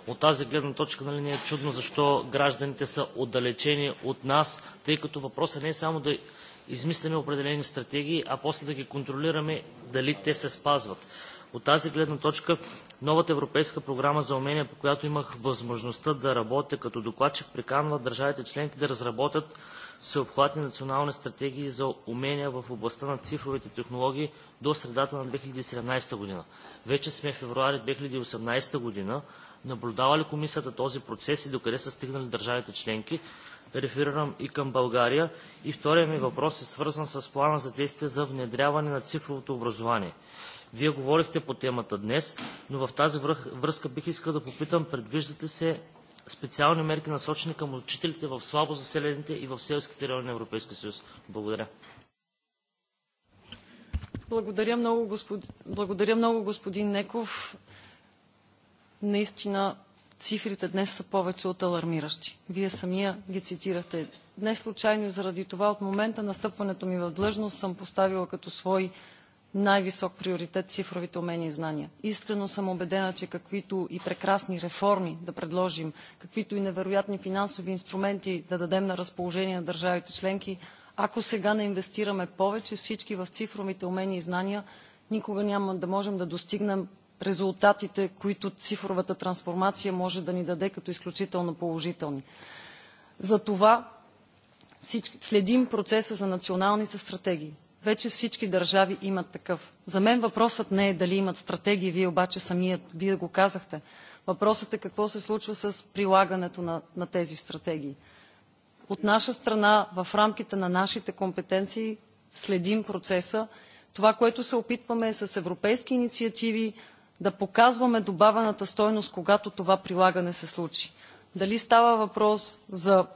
От тази гледна точка нали, не е чудно защо гражданите са отдалечени от нас, тъй като въпросът не е само да измисляме определени стратегии, а после да ги контролираме дали те се спазват. От тази гледна точка новата Европейска програма за умения, по която имах възможността да работя като докладчик, приканва държавите членки да разработят всеобхватни национални стратегии за умения в областта на цифровите технологии до средата на 2017 година. Вече сме в февруари 2018 година Наблюдава ли комисията този процес и докъде са стигнали държавите членки? Реферирам и към България. И вторият ми въпрос е свързан с плана за действие за внедряване на цифровото образование. Вие говорихте по темата днес, но в тази връзка бих искал да попитам, предвиждате се специални мерки насочени към учителите в слабо заселените и в селските райони на Европейския съюз? Благодаря. Благодаря много, Благодаря много, господин Неков наистина цифрите днес са повече от алармиращи. Вие самия ги цитирахте. Не случайно заради това от момента настъпването ми в длъжност съм поставила като свой най-висок приоритет цифровите умения и знания. Искрено съм убедена, че каквито и прекрасни реформи да предложим, каквито и невероятни финансови инструменти да дадем на разположение на държавите членки, ако сега не инвестираме повече всички в цифровите умения и знания, никога няма да можем да достигнем резултатите, които цифровата трансформация може да ни даде като изключително положителни. За това следим процеса за националните стратегии. Вече всички държави имат такъв. За мен въпросът не е дали имат стратегии, вие обаче самият, вие го казахте. Въпросът е какво се случва с прилагането на, на тези стратегии. От наша страна, в рамките на нашите компетенции, следим процеса. Това, което се опитваме е с европейски инициативи, да показваме добавената стойност, когато това прилагане се случи. Дали става въпрос за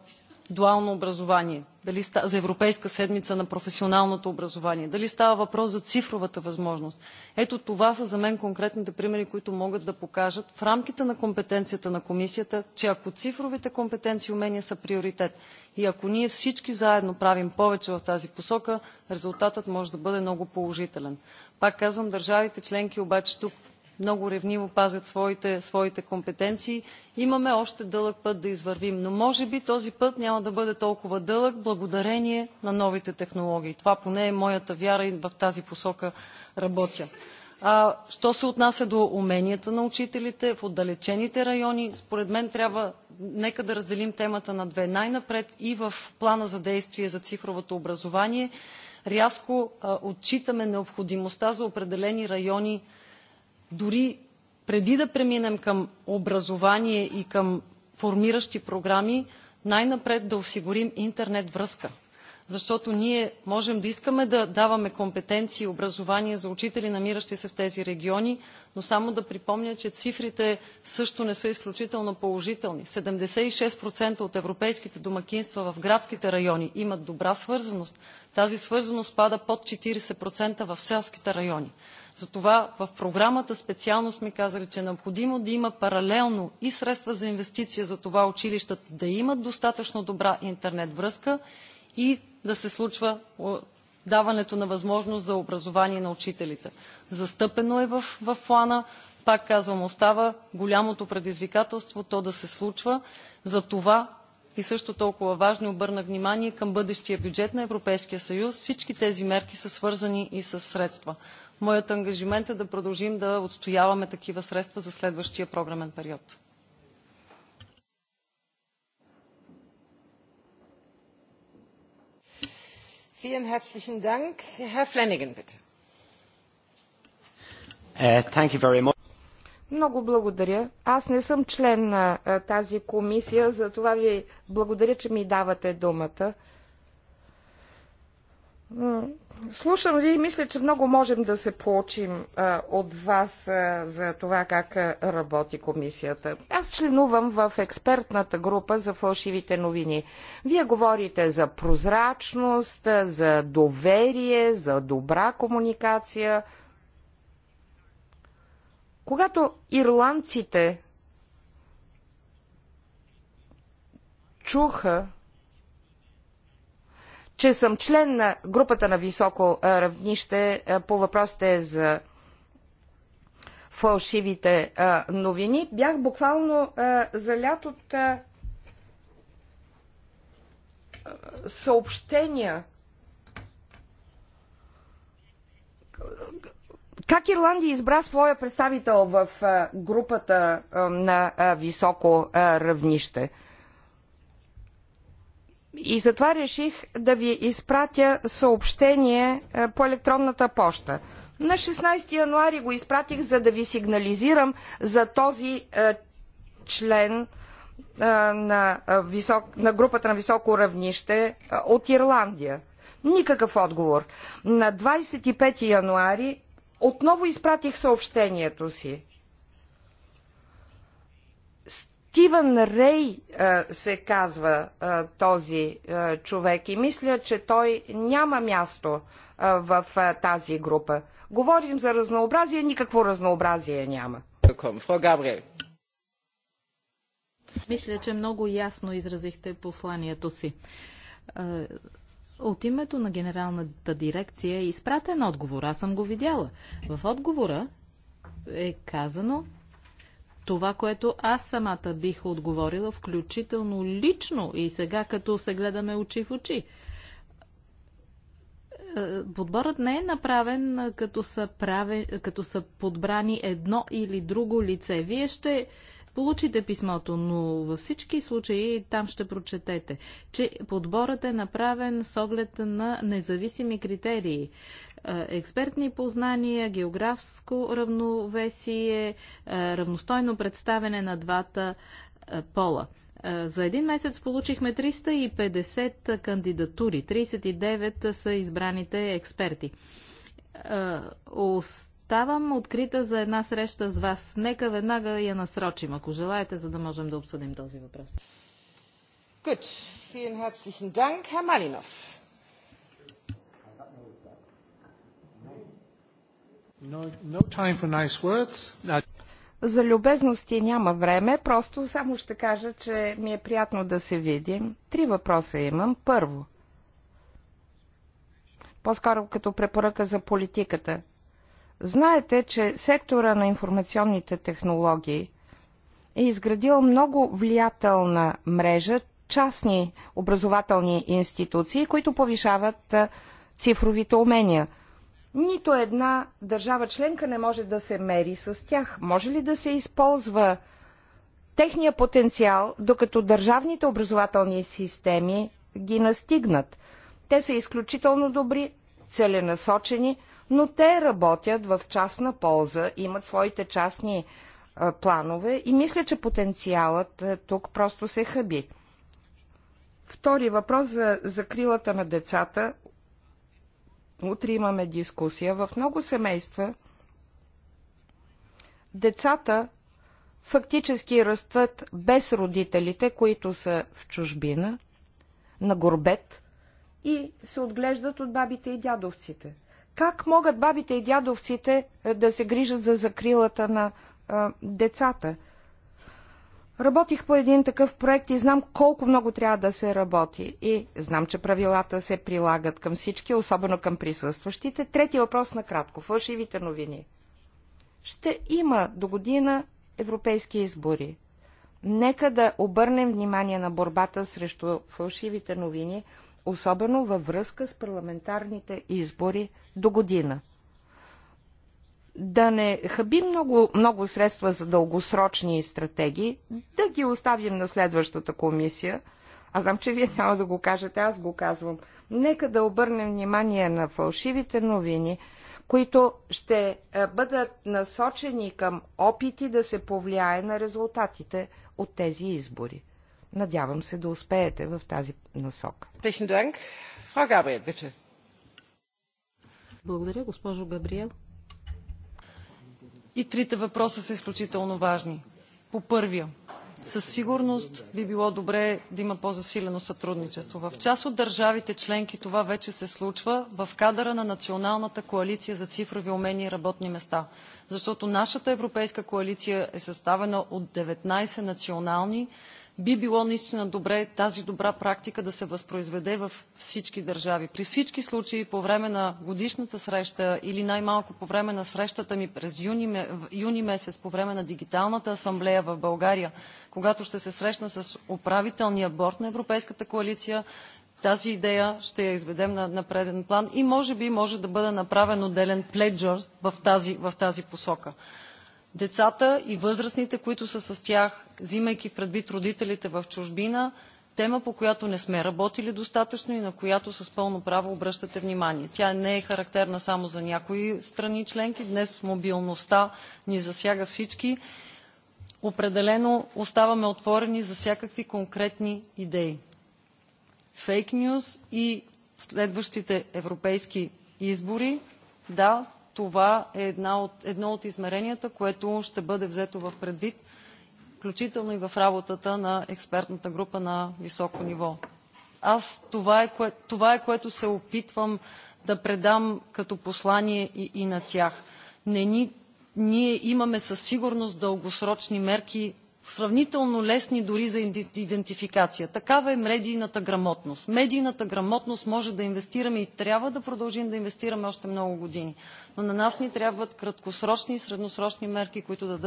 дуално образование, дали ста, за Европейска седмица на професионалното образование, дали става въпрос за цифровата възможност. Ето това са за мен конкретните примери, които могат да покажат в рамките на компетенцията на комисията, че ако цифровите компетенции и умения са приоритет и ако ние всички заедно правим повече в тази посока, резултатът може да бъде много положителен. Пак казвам, държавите членки обаче тук много ревниво пазят своите, своите компетенции. Имаме още дълъг път да извървим, но може би този път няма да бъде толкова дълъг благодарение на новите технологии. Това поне е моята вяра и в тази посока работя. А, що се отнася до уменията на учителите в отдалечените райони, според мен трябва, нека да разделим темата на две. Най-напред и в плана за действие за цифровото образование рязко а, отчитаме необходимостта за определени райони дори преди да преминем към образование и към формиращи програми, най-напред да осигурим интернет връзка. Защото ние можем да искаме да даваме компетенции и образование за учители, намиращи се в тези региони, но само да припомня, че цифрите също не са изключително положителни. 76% от европейските домакинства в градските райони имат добра свързаност. Тази свързаност пада под 40% в селските райони. Затова в програмата специално сме казали, че е необходимо да има паралелно и средства за инвестиция за това училищата да имат достатъчно добра интернет връзка и да се случва даването на възможност за образование на учителите. Застъпено е в, в плана. Пак казвам, остава голямото предизвикателство то да се случва. За това и също толкова важно обърна внимание към бъдещия бюджет на Европейския съюз. Всички тези мерки са свързани и с средства. Моят ангажимент е да продължим да отстояваме такива средства за следващия програмен период. Vielen herzlichen Dank. Herr Flanagan, bitte. Uh, thank you very much. Много благодаря. Аз не съм член на тази комисия, за това ви благодаря, че ми давате думата. Слушам ви и мисля, че много можем да се получим а, от вас а, за това как а, работи комисията. Аз членувам в експертната група за фалшивите новини. Вие говорите за прозрачност, за доверие, за добра комуникация. Когато ирландците чуха че съм член на групата на високо равнище по въпросите за фалшивите новини. Бях буквално залят от съобщения как Ирландия избра своя представител в групата на високо равнище? И затова реших да ви изпратя съобщение е, по електронната поща. На 16 януари го изпратих, за да ви сигнализирам за този е, член е, на, висок, на групата на високо равнище от Ирландия. Никакъв отговор. На 25 януари отново изпратих съобщението си. Стивън Рей е, се казва е, този е, човек и мисля, че той няма място в тази група. Говорим за разнообразие, никакво разнообразие няма. Мисля, че много ясно изразихте посланието си. От името на генералната дирекция е изпратен отговор. Аз съм го видяла. В отговора е казано, това, което аз самата бих отговорила, включително лично и сега, като се гледаме очи в очи. Е, подборът не е направен е, като са, прави, е, като са подбрани едно или друго лице. Вие ще получите писмото, но във всички случаи там ще прочетете, че подборът е направен с оглед на независими критерии експертни познания, географско равновесие, равностойно представене на двата пола. За един месец получихме 350 кандидатури, 39 са избраните експерти. Оставам открита за една среща с вас. Нека веднага я насрочим, ако желаете, за да можем да обсъдим този въпрос. Gut, vielen herzlichen Dank, Herr Malinov. За любезности няма време, просто само ще кажа, че ми е приятно да се видим. Три въпроса имам. Първо, по-скоро като препоръка за политиката. Знаете, че сектора на информационните технологии е изградил много влиятелна мрежа частни образователни институции, които повишават цифровите умения – нито една държава членка не може да се мери с тях. Може ли да се използва техния потенциал, докато държавните образователни системи ги настигнат? Те са изключително добри, целенасочени, но те работят в частна полза, имат своите частни планове и мисля, че потенциалът тук просто се хъби. Втори въпрос за закрилата на децата утре имаме дискусия, в много семейства децата фактически растат без родителите, които са в чужбина, на горбет и се отглеждат от бабите и дядовците. Как могат бабите и дядовците е, да се грижат за закрилата на а, децата? Работих по един такъв проект и знам колко много трябва да се работи. И знам, че правилата се прилагат към всички, особено към присъстващите. Трети въпрос на кратко. Фалшивите новини. Ще има до година европейски избори. Нека да обърнем внимание на борбата срещу фалшивите новини, особено във връзка с парламентарните избори до година да не хаби много, много средства за дългосрочни стратегии, да ги оставим на следващата комисия. Аз знам, че вие няма да го кажете, аз го казвам. Нека да обърнем внимание на фалшивите новини, които ще е, бъдат насочени към опити да се повлияе на резултатите от тези избори. Надявам се да успеете в тази насока. Благодаря, госпожо Габриел. И трите въпроса са изключително важни. По първия, със сигурност би било добре да има по-засилено сътрудничество. В част от държавите членки това вече се случва в кадъра на Националната коалиция за цифрови умения и работни места. Защото нашата европейска коалиция е съставена от 19 национални би било наистина добре тази добра практика да се възпроизведе във всички държави. При всички случаи по време на годишната среща или най-малко по време на срещата ми през юни, юни месец, по време на дигиталната асамблея в България, когато ще се срещна с управителния борт на Европейската коалиция, тази идея ще я изведем на, на преден план и може би може да бъде направен отделен пледжър в тази, в тази посока децата и възрастните, които са с тях, взимайки предвид родителите в чужбина, тема, по която не сме работили достатъчно и на която с пълно право обръщате внимание. Тя не е характерна само за някои страни членки. Днес мобилността ни засяга всички. Определено оставаме отворени за всякакви конкретни идеи. Фейк нюз и следващите европейски избори. Да, това е една от, едно от измеренията, което ще бъде взето в предвид, включително и в работата на експертната група на високо ниво. Аз това е, кое, това е което се опитвам да предам като послание и, и на тях. Не ни, ние имаме със сигурност дългосрочни мерки сравнително лесни дори за идентификация. Такава е медийната грамотност. Медийната грамотност може да инвестираме и трябва да продължим да инвестираме още много години. Но на нас ни трябват краткосрочни и средносрочни мерки, които да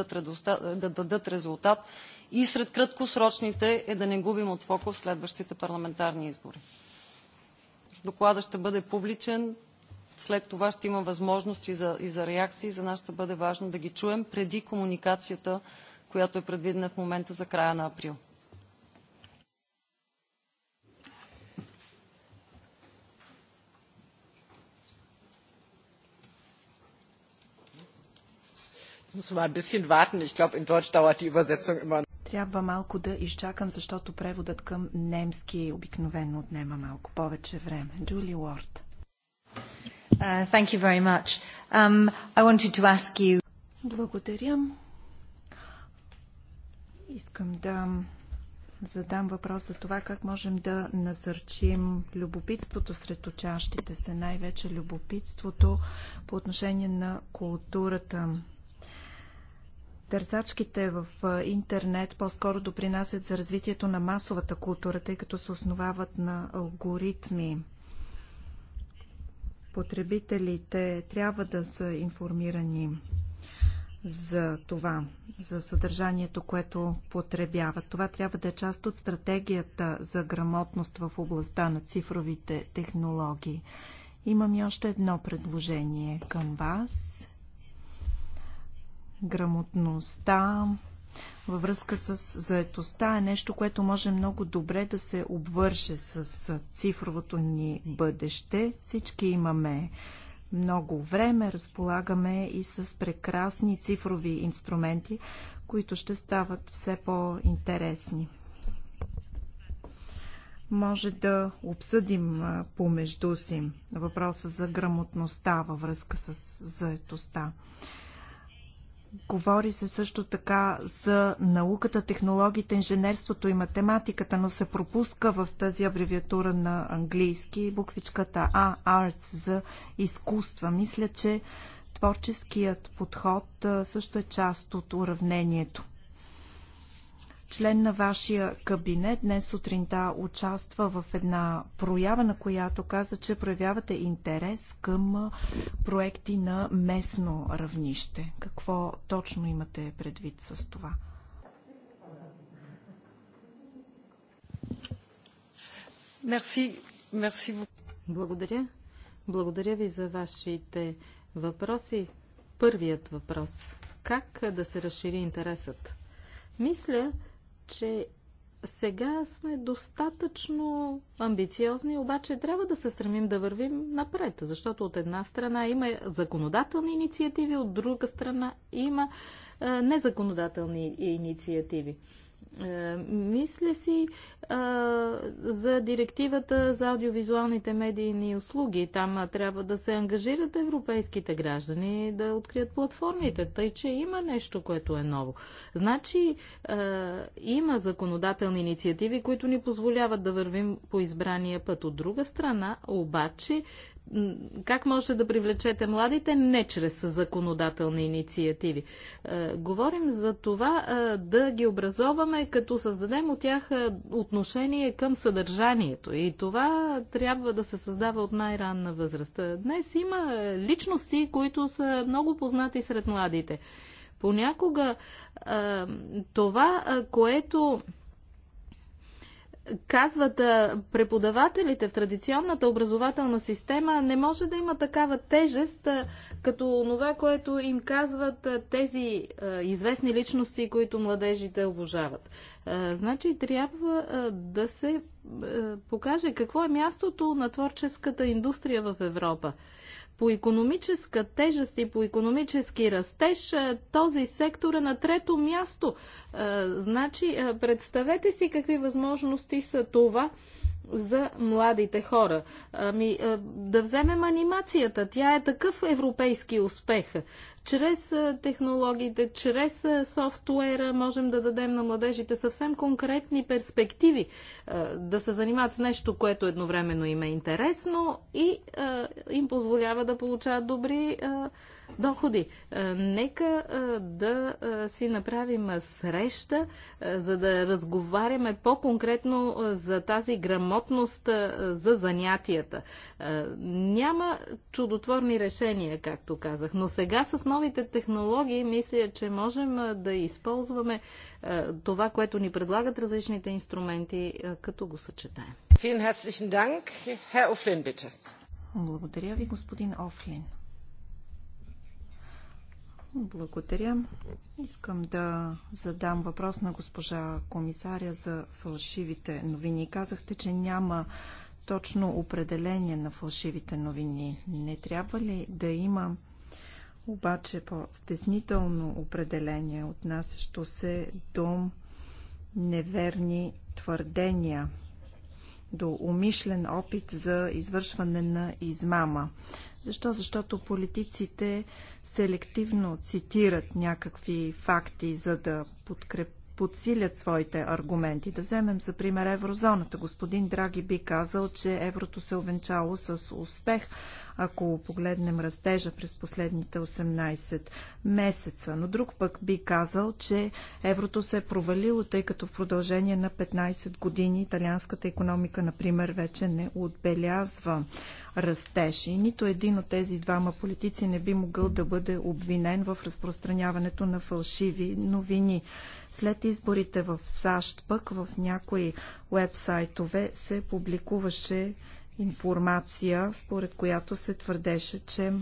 дадат, резултат. И сред краткосрочните е да не губим от фокус следващите парламентарни избори. Докладът ще бъде публичен, след това ще има възможности и за реакции. За нас ще бъде важно да ги чуем преди комуникацията която е предвидена в момента за края на април. Трябва малко да изчакам, защото преводът към немски е обикновено отнема малко повече време. Джули Уорд. Uh, um, Благодаря. Искам да задам въпрос за това как можем да насърчим любопитството сред учащите се, най-вече любопитството по отношение на културата. Търсачките в интернет по-скоро допринасят за развитието на масовата култура, тъй като се основават на алгоритми. Потребителите трябва да са информирани за това, за съдържанието, което потребяват. Това трябва да е част от стратегията за грамотност в областта на цифровите технологии. Имам и още едно предложение към вас. Грамотността във връзка с заетостта е нещо, което може много добре да се обвърже с цифровото ни бъдеще. Всички имаме много време. Разполагаме и с прекрасни цифрови инструменти, които ще стават все по-интересни. Може да обсъдим помежду си въпроса за грамотността във връзка с заетостта. Говори се също така за науката, технологиите, инженерството и математиката, но се пропуска в тази абревиатура на английски буквичката A, Arts, за изкуства. Мисля, че творческият подход също е част от уравнението. Член на вашия кабинет днес сутринта участва в една проява, на която каза, че проявявате интерес към проекти на местно равнище. Какво точно имате предвид с това? Мерси. Мерси. Благодаря. Благодаря ви за вашите въпроси. Първият въпрос. Как да се разшири интересът? Мисля, че сега сме достатъчно амбициозни, обаче трябва да се стремим да вървим напред, защото от една страна има законодателни инициативи, от друга страна има е, незаконодателни инициативи. Е, Мисля си а, е, за директивата за аудиовизуалните медийни услуги. Там трябва да се ангажират европейските граждани да открият платформите, тъй че има нещо, което е ново. Значи а, е, има законодателни инициативи, които ни позволяват да вървим по избрания път. От друга страна, обаче, как може да привлечете младите? Не чрез законодателни инициативи. Е, говорим за това е, да ги образоваме, като създадем от тях е, отношение към съдържанието. И това трябва да се създава от най-ранна възраст. Днес има личности, които са много познати сред младите. Понякога това, което казват преподавателите в традиционната образователна система, не може да има такава тежест, като това, което им казват тези известни личности, които младежите обожават. Значи трябва да се покаже какво е мястото на творческата индустрия в Европа. По економическа тежест и по економически растеж е, този сектор е на трето място. Е, значи, е, представете си какви възможности са това за младите хора. Ами, да вземем анимацията. Тя е такъв европейски успех. Чрез технологиите, чрез софтуера можем да дадем на младежите съвсем конкретни перспективи да се занимават с нещо, което едновременно им е интересно и им позволява да получават добри доходи. Е, нека е, да е, си направим среща, за да разговаряме по-конкретно за тази грамотност за занятията. Няма чудотворни решения, както казах, но сега с новите технологии мисля, че можем да използваме това, което ни предлагат различните инструменти, като го съчетаем. Благодаря ви, господин Офлин. Благодаря. Искам да задам въпрос на госпожа комисаря за фалшивите новини. Казахте, че няма точно определение на фалшивите новини. Не трябва ли да има обаче по-стеснително определение, отнасящо се до неверни твърдения, до умишлен опит за извършване на измама? Защо? Защото политиците селективно цитират някакви факти, за да подкреп... подсилят своите аргументи. Да вземем за пример еврозоната. Господин Драги би казал, че еврото се овенчало е с успех, ако погледнем растежа през последните 18 месеца. Но друг пък би казал, че еврото се е провалило, тъй като в продължение на 15 години италианската економика, например, вече не отбелязва растеж. И нито един от тези двама политици не би могъл да бъде обвинен в разпространяването на фалшиви новини. След изборите в САЩ пък в някои вебсайтове се публикуваше информация, според която се твърдеше, че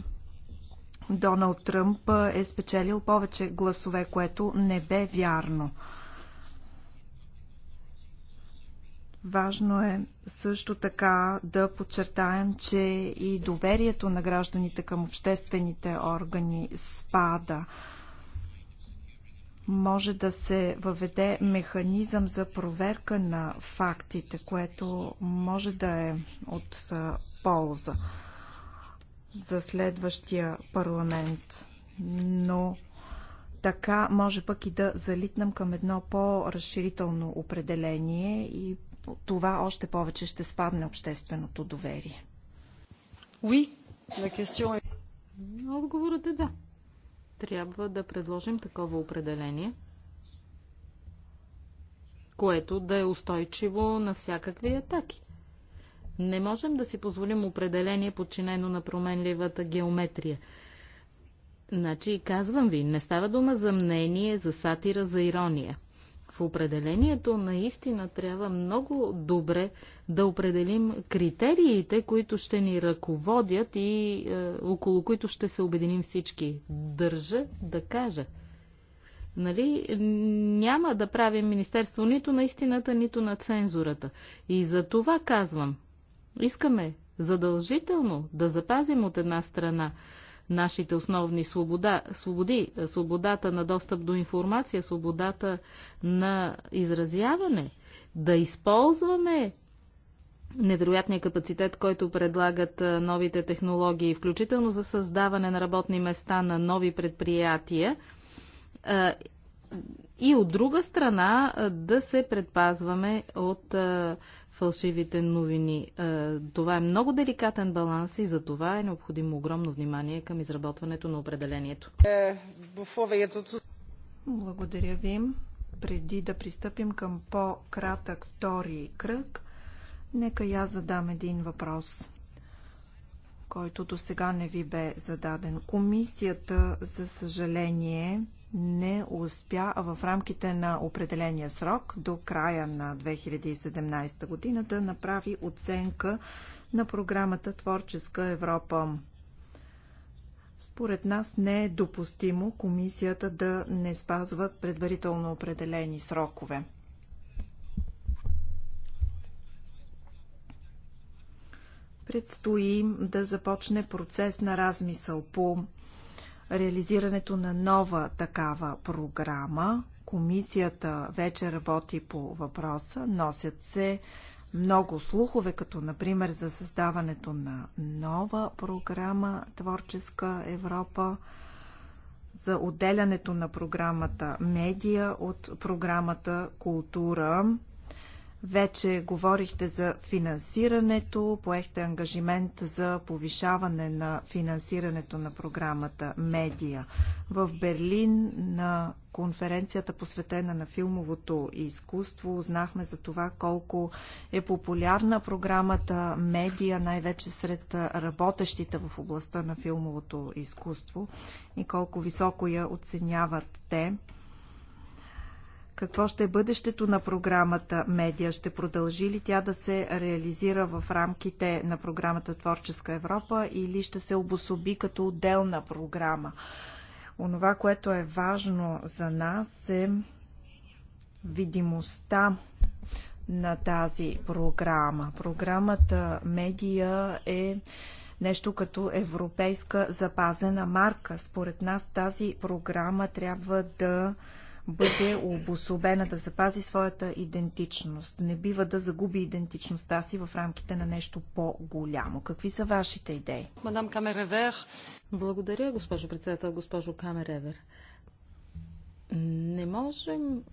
Доналд Тръмп е спечелил повече гласове, което не бе вярно. Важно е също така да подчертаем, че и доверието на гражданите към обществените органи спада може да се въведе механизъм за проверка на фактите, което може да е от полза за следващия парламент. Но така може пък и да залитнем към едно по-разширително определение и това още повече ще спадне общественото доверие. Oui, la question Отговорът е да трябва да предложим такова определение, което да е устойчиво на всякакви атаки. Не можем да си позволим определение, подчинено на променливата геометрия. Значи, казвам ви, не става дума за мнение, за сатира, за ирония в определението наистина трябва много добре да определим критериите, които ще ни ръководят и е, около които ще се обединим всички. Държа да кажа. Нали, няма да правим Министерство нито на истината, нито на цензурата. И за това казвам. Искаме задължително да запазим от една страна нашите основни свобода, свободи, свободата на достъп до информация, свободата на изразяване, да използваме невероятния капацитет, който предлагат новите технологии, включително за създаване на работни места на нови предприятия. И от друга страна да се предпазваме от фалшивите новини. Е, това е много деликатен баланс и за това е необходимо огромно внимание към изработването на определението. Е, Благодаря ви. Преди да пристъпим към по-кратък втори кръг, нека я задам един въпрос който до сега не ви бе зададен. Комисията, за съжаление, не успя в рамките на определения срок до края на 2017 година да направи оценка на програмата Творческа Европа. Според нас не е допустимо комисията да не спазва предварително определени срокове. Предстои да започне процес на размисъл по реализирането на нова такава програма. Комисията вече работи по въпроса. Носят се много слухове, като например за създаването на нова програма Творческа Европа, за отделянето на програмата Медия от програмата Култура. Вече говорихте за финансирането, поехте ангажимент за повишаване на финансирането на програмата Медия. В Берлин на конференцията посветена на филмовото изкуство узнахме за това колко е популярна програмата Медия, най-вече сред работещите в областта на филмовото изкуство и колко високо я оценяват те. Какво ще е бъдещето на програмата Медиа? Ще продължи ли тя да се реализира в рамките на програмата Творческа Европа или ще се обособи като отделна програма? Онова, което е важно за нас е видимостта на тази програма. Програмата Медиа е нещо като европейска запазена марка. Според нас тази програма трябва да бъде обособена, да запази своята идентичност. Не бива да загуби идентичността си в рамките на нещо по-голямо. Какви са вашите идеи? Мадам Камеревер. Благодаря, госпожо председател, госпожо Камеревер. Не можем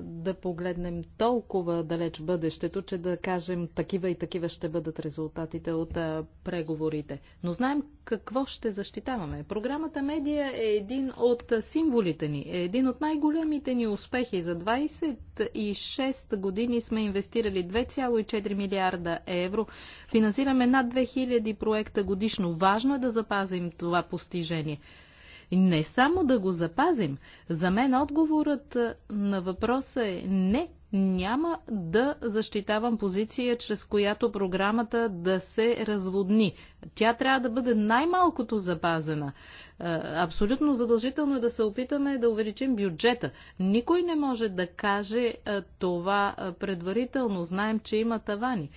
да погледнем толкова далеч бъдещето, че да кажем такива и такива ще бъдат резултатите от а, преговорите. Но знаем какво ще защитаваме. Програмата Медия е един от символите ни, е един от най-големите ни успехи. За 26 години сме инвестирали 2,4 милиарда евро. Финансираме над 2000 проекта годишно. Важно е да запазим това постижение. И не само да го запазим. За мен отговорът на въпроса е не няма да защитавам позиция, чрез която програмата да се разводни. Тя трябва да бъде най-малкото запазена. Е, абсолютно задължително е да се опитаме да увеличим бюджета. Никой не може да каже е, това е, предварително. Знаем, че има тавани.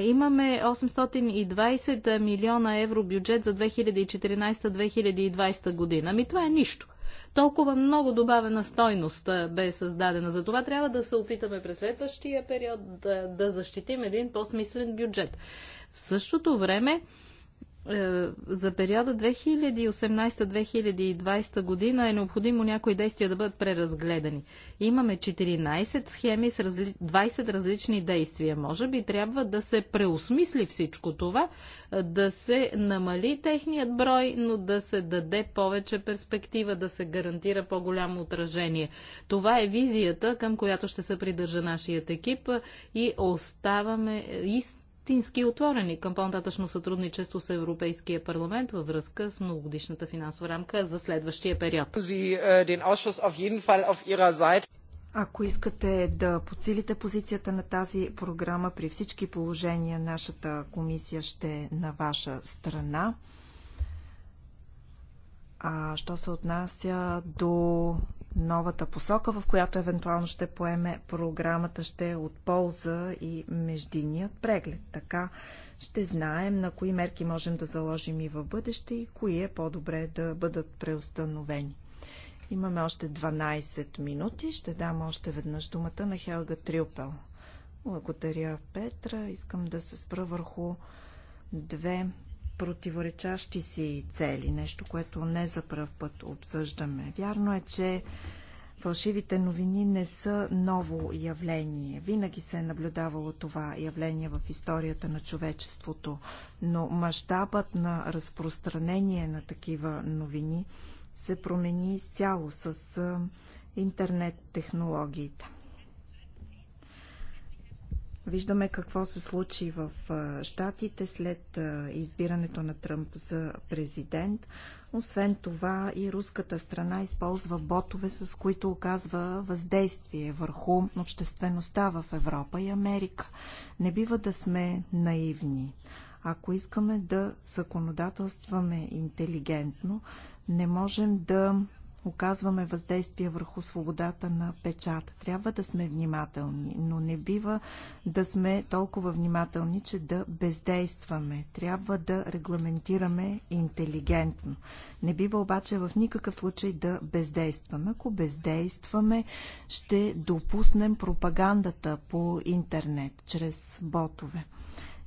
Имаме 820 милиона евро бюджет за 2014-2020 година. Ами това е нищо. Толкова много добавена стойност бе създадена. За това трябва да се опитаме през следващия период да, да защитим един по-смислен бюджет. В същото време е, за периода 2018-2020 година е необходимо някои действия да бъдат преразгледани. Имаме 14 схеми с 20 различни действия. Може би трябва да се преосмисли всичко това, е, да се намали техният брой, но да се даде повече перспектива, да се гарантира по-голямо отражение. Това е визията, към която ще се придържа нашият екип е, и оставаме и истински отворени към по-нататъчно сътрудничество с Европейския парламент във връзка с многогодишната финансова рамка за следващия период. Е, Ако искате да подсилите позицията на тази програма, при всички положения нашата комисия ще е на ваша страна. А що се отнася до новата посока, в която евентуално ще поеме програмата, ще е от полза и междинният преглед. Така ще знаем на кои мерки можем да заложим и в бъдеще и кои е по-добре да бъдат преустановени. Имаме още 12 минути. Ще дам още веднъж думата на Хелга Трюпел. Благодаря, Петра. Искам да се спра върху две противоречащи си цели, нещо, което не за пръв път обсъждаме. Вярно е, че фалшивите новини не са ново явление. Винаги се е наблюдавало това явление в историята на човечеството, но мащабът на разпространение на такива новини се промени изцяло с интернет технологиите. Виждаме какво се случи в Штатите след избирането на Тръмп за президент. Освен това и руската страна използва ботове, с които оказва въздействие върху обществеността в Европа и Америка. Не бива да сме наивни. Ако искаме да законодателстваме интелигентно, не можем да оказваме въздействие върху свободата на печата. Трябва да сме внимателни, но не бива да сме толкова внимателни, че да бездействаме. Трябва да регламентираме интелигентно. Не бива обаче в никакъв случай да бездействаме. Ако бездействаме, ще допуснем пропагандата по интернет, чрез ботове.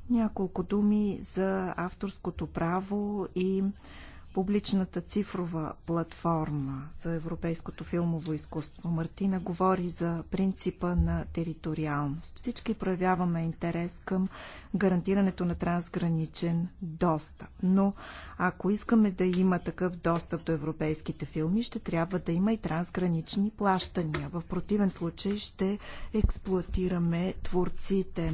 Няколко думи за авторското право и публичната цифрова платформа за европейското филмово изкуство. Мартина говори за принципа на териториалност. Всички проявяваме интерес към гарантирането на трансграничен достъп. Но ако искаме да има такъв достъп до европейските филми, ще трябва да има и трансгранични плащания. В противен случай ще експлуатираме творците.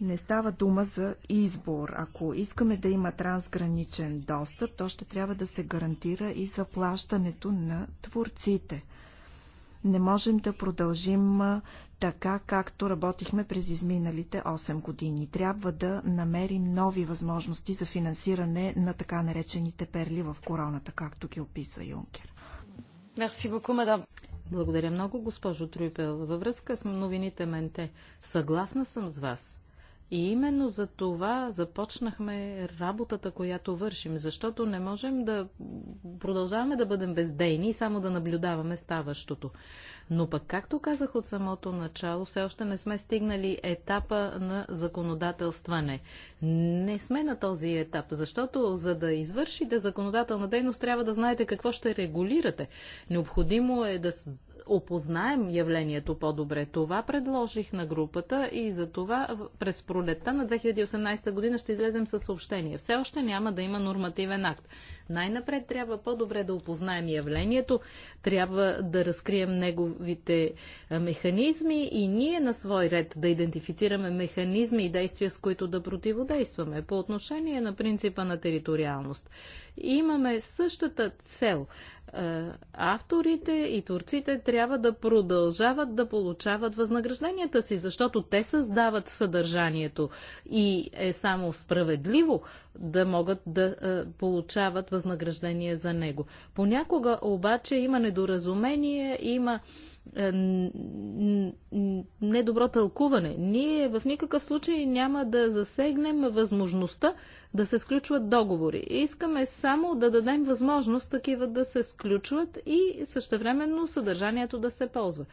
Не става дума за избор. Ако искаме да има трансграничен достъп, то ще трябва да се гарантира и заплащането на творците. Не можем да продължим така, както работихме през изминалите 8 години. Трябва да намерим нови възможности за финансиране на така наречените перли в короната, както ги описва Юнкер. Мерси боку, мадам. Благодаря много, госпожо Трюпел. Във връзка с новините Менте, съгласна съм с вас. И именно за това започнахме работата, която вършим, защото не можем да продължаваме да бъдем бездейни и само да наблюдаваме ставащото. Но пък, както казах от самото начало, все още не сме стигнали етапа на законодателстване. Не сме на този етап, защото за да извършите законодателна дейност, трябва да знаете какво ще регулирате. Необходимо е да опознаем явлението по-добре. Това предложих на групата и за това през пролетта на 2018 година ще излезем със съобщение. Все още няма да има нормативен акт. Най-напред трябва по-добре да опознаем явлението, трябва да разкрием неговите механизми и ние на свой ред да идентифицираме механизми и действия, с които да противодействаме по отношение на принципа на териториалност имаме същата цел. Е, авторите и творците трябва да продължават да получават възнагражденията си, защото те създават съдържанието и е само справедливо да могат да е, получават възнаграждение за него. Понякога обаче има недоразумение, има е, недобро тълкуване. Ние в никакъв случай няма да засегнем възможността да се сключват договори. Искаме само да дадем възможност такива да се сключват и същевременно съдържанието да се ползва.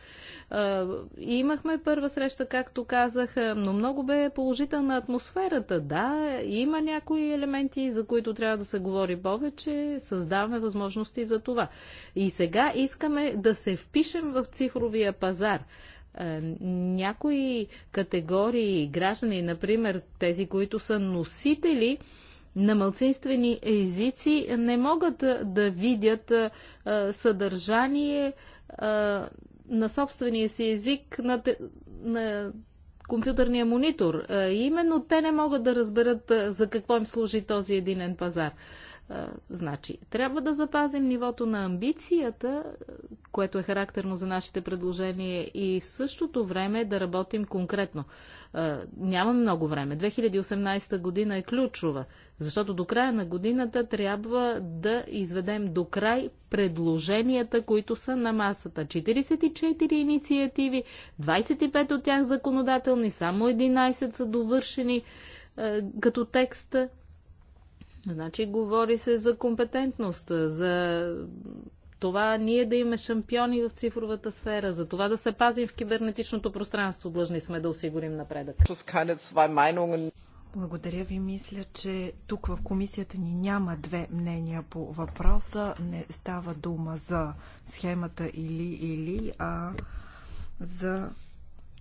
И имахме първа среща, както казах, но много бе положителна атмосферата. Да, има някои елементи, за които трябва да се говори повече, създаваме възможности за това. И сега искаме да се впишем в цифровия пазар. Е, някои категории граждани, например тези, които са носители на мълцинствени езици, не могат е, да видят е, съдържание на собствения си език на, на компютърния монитор. Именно те не могат да разберат за какво им служи този единен пазар. Значи, трябва да запазим нивото на амбицията, което е характерно за нашите предложения и в същото време да работим конкретно. Няма много време. 2018 година е ключова, защото до края на годината трябва да изведем до край предложенията, които са на масата. 44 инициативи, 25 от тях законодателни, само 11 са довършени като текста. Значи говори се за компетентност, за това ние да имаме шампиони в цифровата сфера, за това да се пазим в кибернетичното пространство, длъжни сме да осигурим напредък. Благодаря ви. Мисля, че тук в комисията ни няма две мнения по въпроса. Не става дума за схемата или-или, а за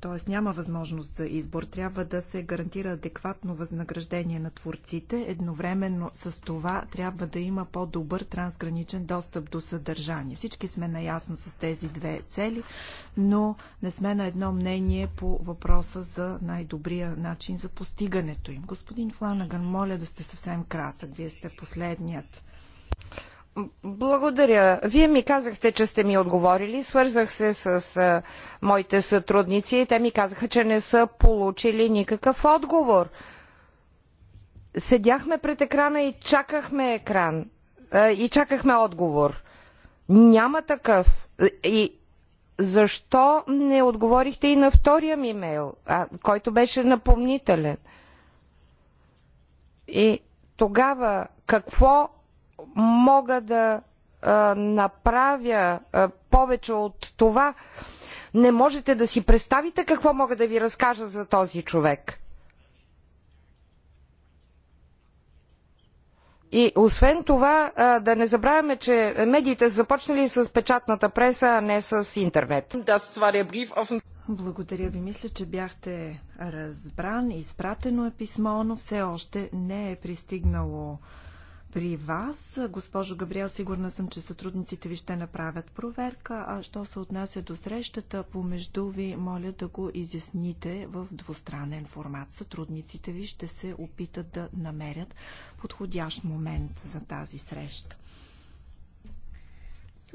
т.е. няма възможност за избор. Трябва да се гарантира адекватно възнаграждение на творците. Едновременно с това трябва да има по-добър трансграничен достъп до съдържание. Всички сме наясно с тези две цели, но не сме на едно мнение по въпроса за най-добрия начин за постигането им. Господин Фланаган, моля да сте съвсем красък. Вие сте последният. Благодаря. Вие ми казахте, че сте ми отговорили. Свързах се с а, моите сътрудници и те ми казаха, че не са получили никакъв отговор. Седяхме пред екрана и чакахме екран. А, и чакахме отговор. Няма такъв. И защо не отговорихте и на втория ми имейл, а, който беше напомнителен? И тогава какво мога да направя повече от това. Не можете да си представите какво мога да ви разкажа за този човек. И освен това, да не забравяме, че медиите са започнали с печатната преса, а не с интернет. Благодаря ви. Мисля, че бяхте разбран. Изпратено е писмо, но все още не е пристигнало при вас. Госпожо Габриел, сигурна съм, че сътрудниците ви ще направят проверка, а що се отнася до срещата помежду ви, моля да го изясните в двустранен формат. Сътрудниците ви ще се опитат да намерят подходящ момент за тази среща.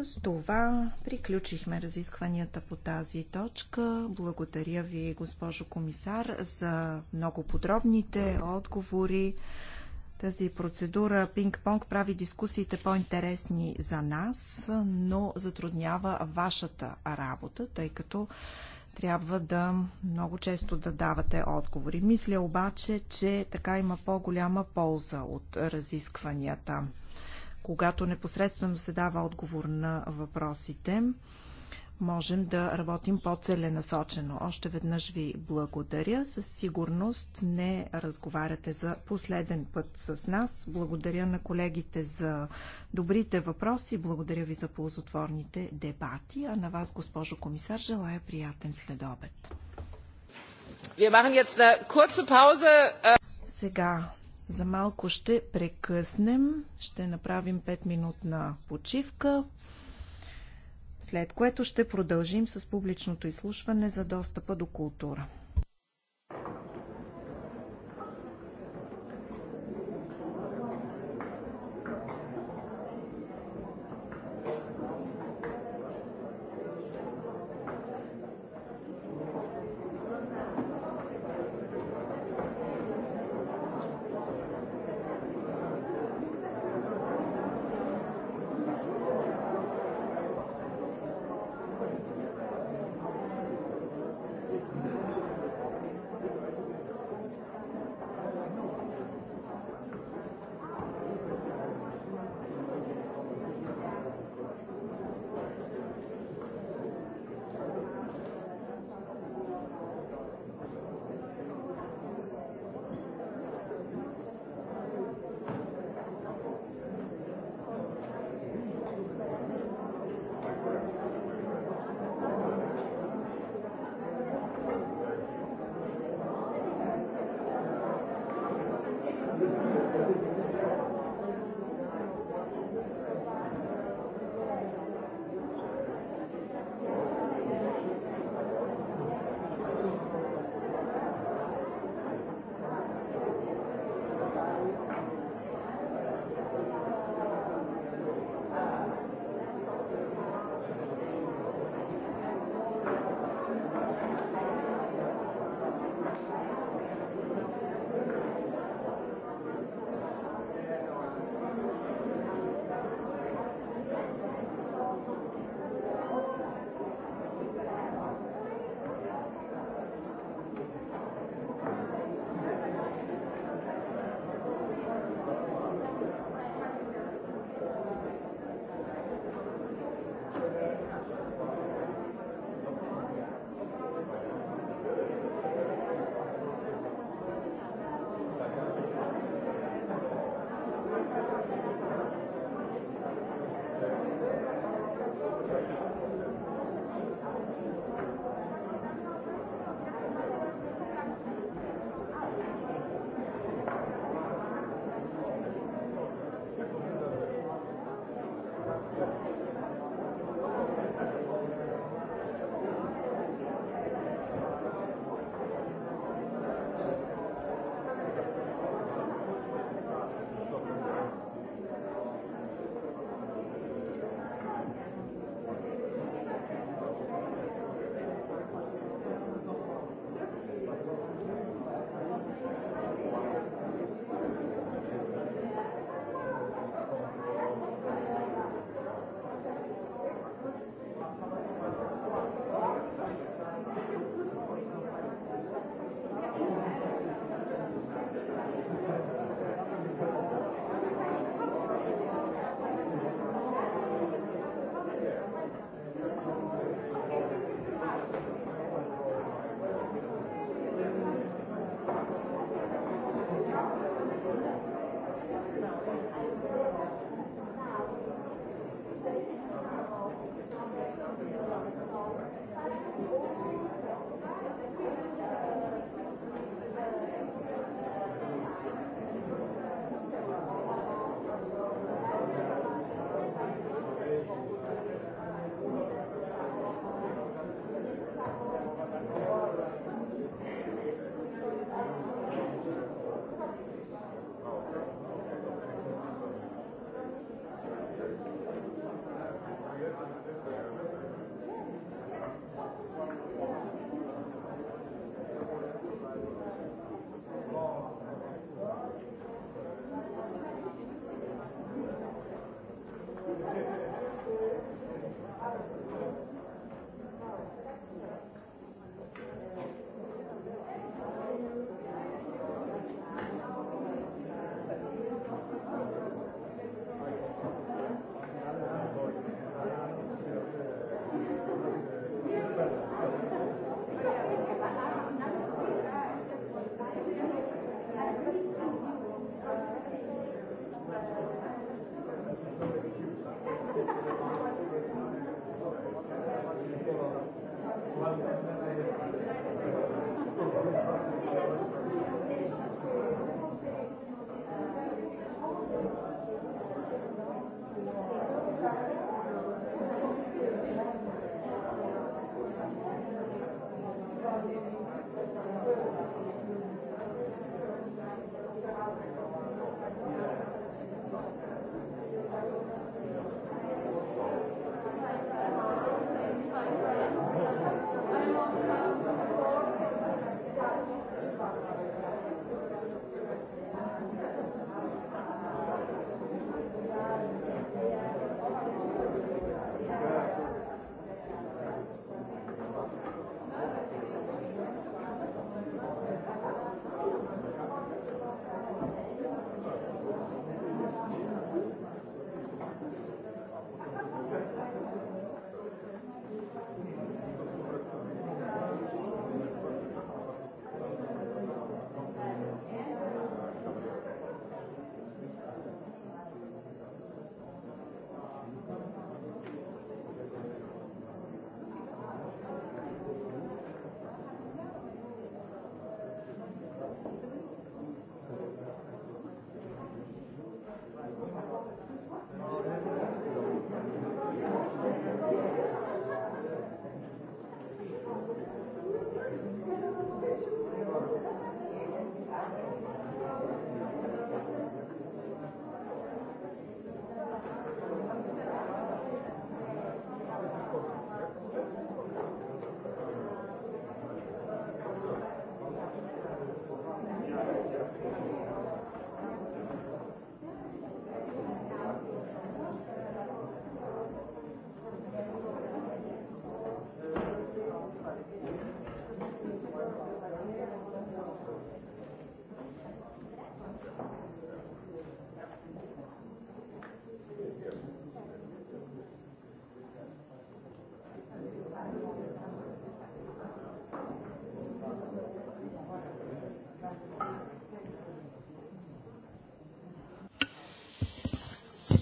С това приключихме разискванията по тази точка. Благодаря ви, госпожо комисар, за много подробните отговори. Тази процедура пинг-понг прави дискусиите по-интересни за нас, но затруднява вашата работа, тъй като трябва да много често да давате отговори. Мисля обаче, че така има по-голяма полза от разискванията. Когато непосредствено се дава отговор на въпросите, можем да работим по-целенасочено. Още веднъж ви благодаря. Със сигурност не разговаряте за последен път с нас. Благодаря на колегите за добрите въпроси. Благодаря ви за ползотворните дебати. А на вас, госпожо комисар, желая приятен следобед. Сега за малко ще прекъснем. Ще направим 5-минутна почивка след което ще продължим с публичното изслушване за достъпа до култура.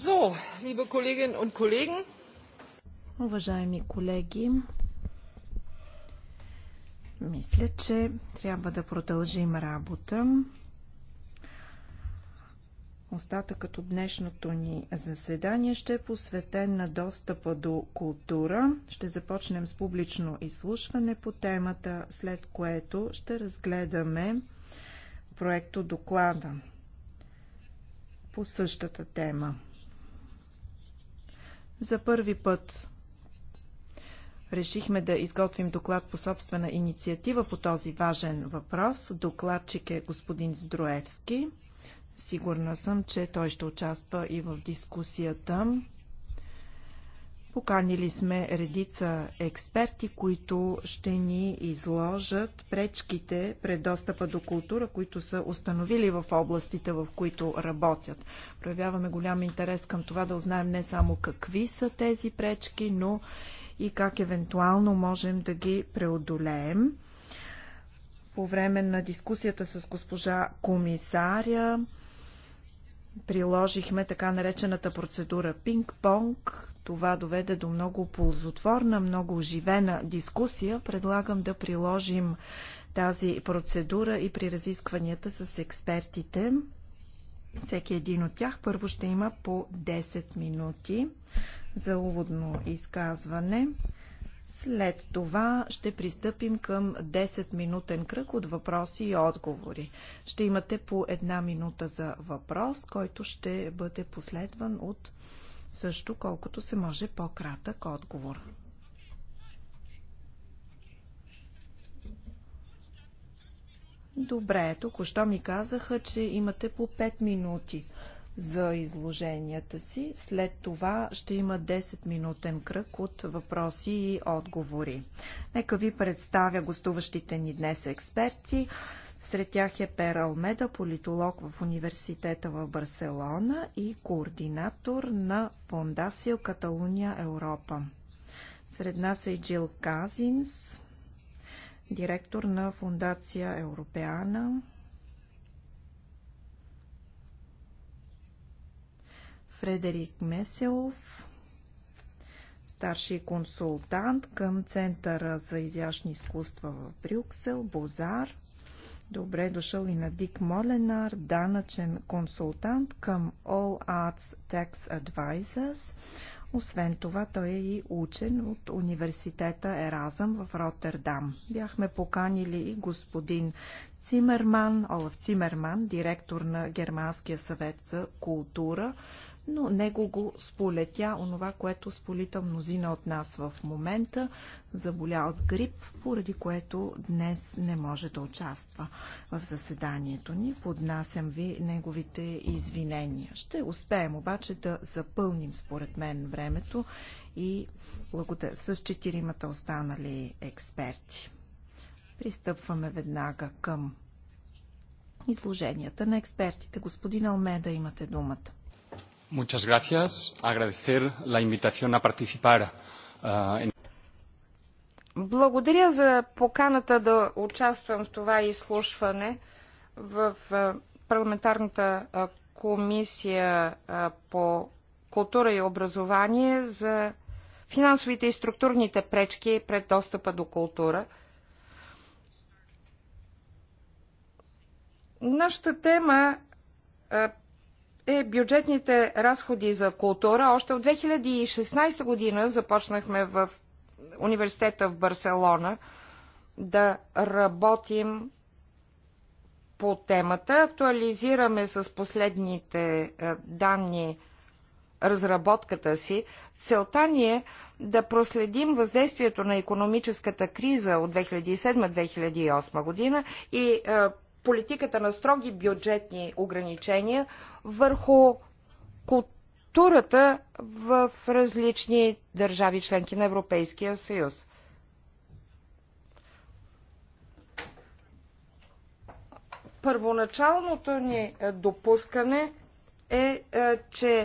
So, liebe Kolleginnen und Kollegen. Уважаеми колеги, мисля, че трябва да продължим работа. Остатъкът от днешното ни заседание ще е посветен на достъпа до култура. Ще започнем с публично изслушване по темата, след което ще разгледаме проекто доклада по същата тема. За първи път решихме да изготвим доклад по собствена инициатива по този важен въпрос. Докладчик е господин Здроевски. Сигурна съм, че той ще участва и в дискусията. Поканили сме редица експерти, които ще ни изложат пречките пред достъпа до култура, които са установили в областите, в които работят. Проявяваме голям интерес към това да узнаем не само какви са тези пречки, но и как евентуално можем да ги преодолеем. По време на дискусията с госпожа комисаря приложихме така наречената процедура пинг-понг, това доведе до много ползотворна, много оживена дискусия. Предлагам да приложим тази процедура и при разискванията с експертите. Всеки един от тях първо ще има по 10 минути за уводно изказване. След това ще пристъпим към 10-минутен кръг от въпроси и отговори. Ще имате по една минута за въпрос, който ще бъде последван от също колкото се може по-кратък отговор. Добре, току-що ми казаха, че имате по 5 минути за изложенията си. След това ще има 10-минутен кръг от въпроси и отговори. Нека ви представя гостуващите ни днес експерти. Сред тях е Пер Алмеда, политолог в университета в Барселона и координатор на Фондасио Каталуния Европа. Сред нас е Джил Казинс, директор на Фундация Европеана. Фредерик Меселов, старши консултант към Центъра за изящни изкуства в Брюксел, Бозар. Добре е дошъл и на Дик Моленар, данъчен консултант към All Arts Tax Advisors. Освен това, той е и учен от университета Еразъм в Роттердам. Бяхме поканили и господин Цимерман, Олаф Цимерман, директор на Германския съвет за култура, но него го сполетя онова, което сполита мнозина от нас в момента, заболя от грип, поради което днес не може да участва в заседанието ни. Поднасям ви неговите извинения. Ще успеем обаче да запълним според мен времето и благодаря с четиримата останали експерти. Пристъпваме веднага към изложенията на експертите. Господин Алмеда, имате думата. Muchas gracias. Agradecer la invitación a participar eh, en... Благодаря за поканата да участвам в това изслушване в е, парламентарната е, комисия е, по култура и образование за финансовите и структурните пречки пред достъпа до култура. Нашата тема е бюджетните разходи за култура. Още от 2016 година започнахме в университета в Барселона да работим по темата. Актуализираме с последните е, данни разработката си. Целта ни е да проследим въздействието на економическата криза от 2007-2008 година и е, политиката на строги бюджетни ограничения върху културата в различни държави членки на Европейския съюз. Първоначалното ни допускане е, е че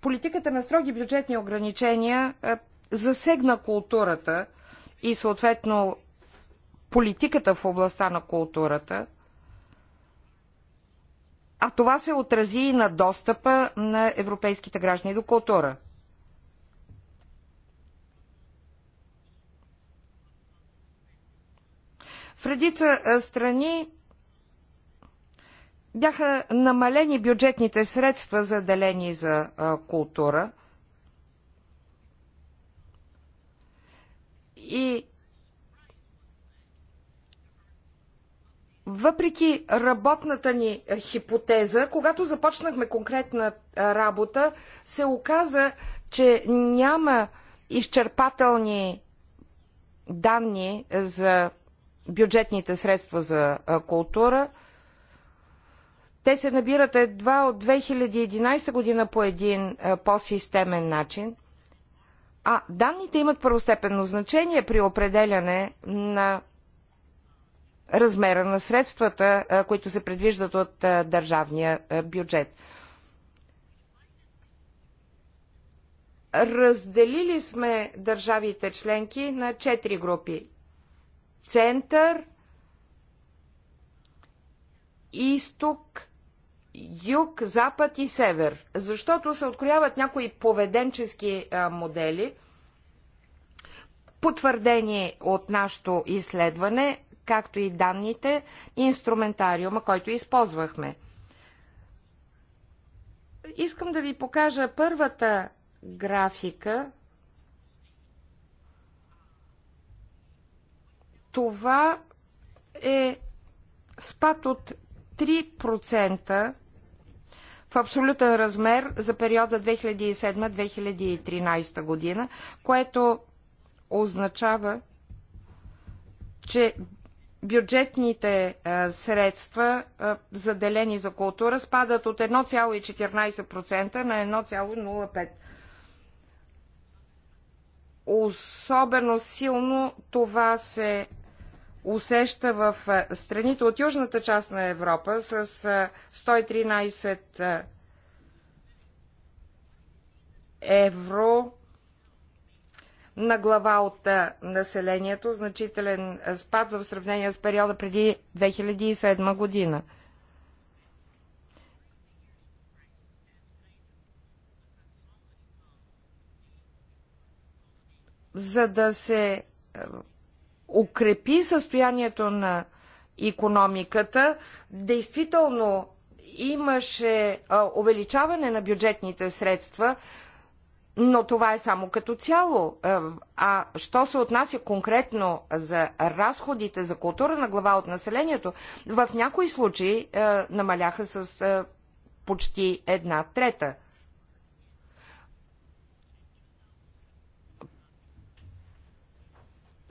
политиката на строги бюджетни ограничения е, засегна културата и съответно политиката в областта на културата, а това се отрази и на достъпа на европейските граждани до култура. В редица страни бяха намалени бюджетните средства, заделени за култура. И въпреки работната ни е, хипотеза, когато започнахме конкретна е, работа, се оказа, че няма изчерпателни данни е, за бюджетните средства за култура. Те се набират едва от 2011 година по един по-системен начин. А данните имат първостепенно значение при определяне на размера на средствата, които се предвиждат от държавния бюджет. Разделили сме държавите членки на четири групи. Център, изток, юг, запад и север. Защото се открояват някои поведенчески модели, потвърдени от нашето изследване, както и данните и инструментариума, който използвахме. Искам да ви покажа първата графика. Това е спад от 3% в абсолютен размер за периода 2007-2013 година, което означава, че бюджетните средства, заделени за култура, спадат от 1,14% на 1,05%. Особено силно това се усеща в страните от южната част на Европа с 113 евро на глава от населението, значителен спад в сравнение с периода преди 2007 година. За да се укрепи състоянието на економиката, действително имаше увеличаване на бюджетните средства но това е само като цяло. А що се отнася конкретно за разходите за култура на глава от населението, в някои случаи е, намаляха с е, почти една трета.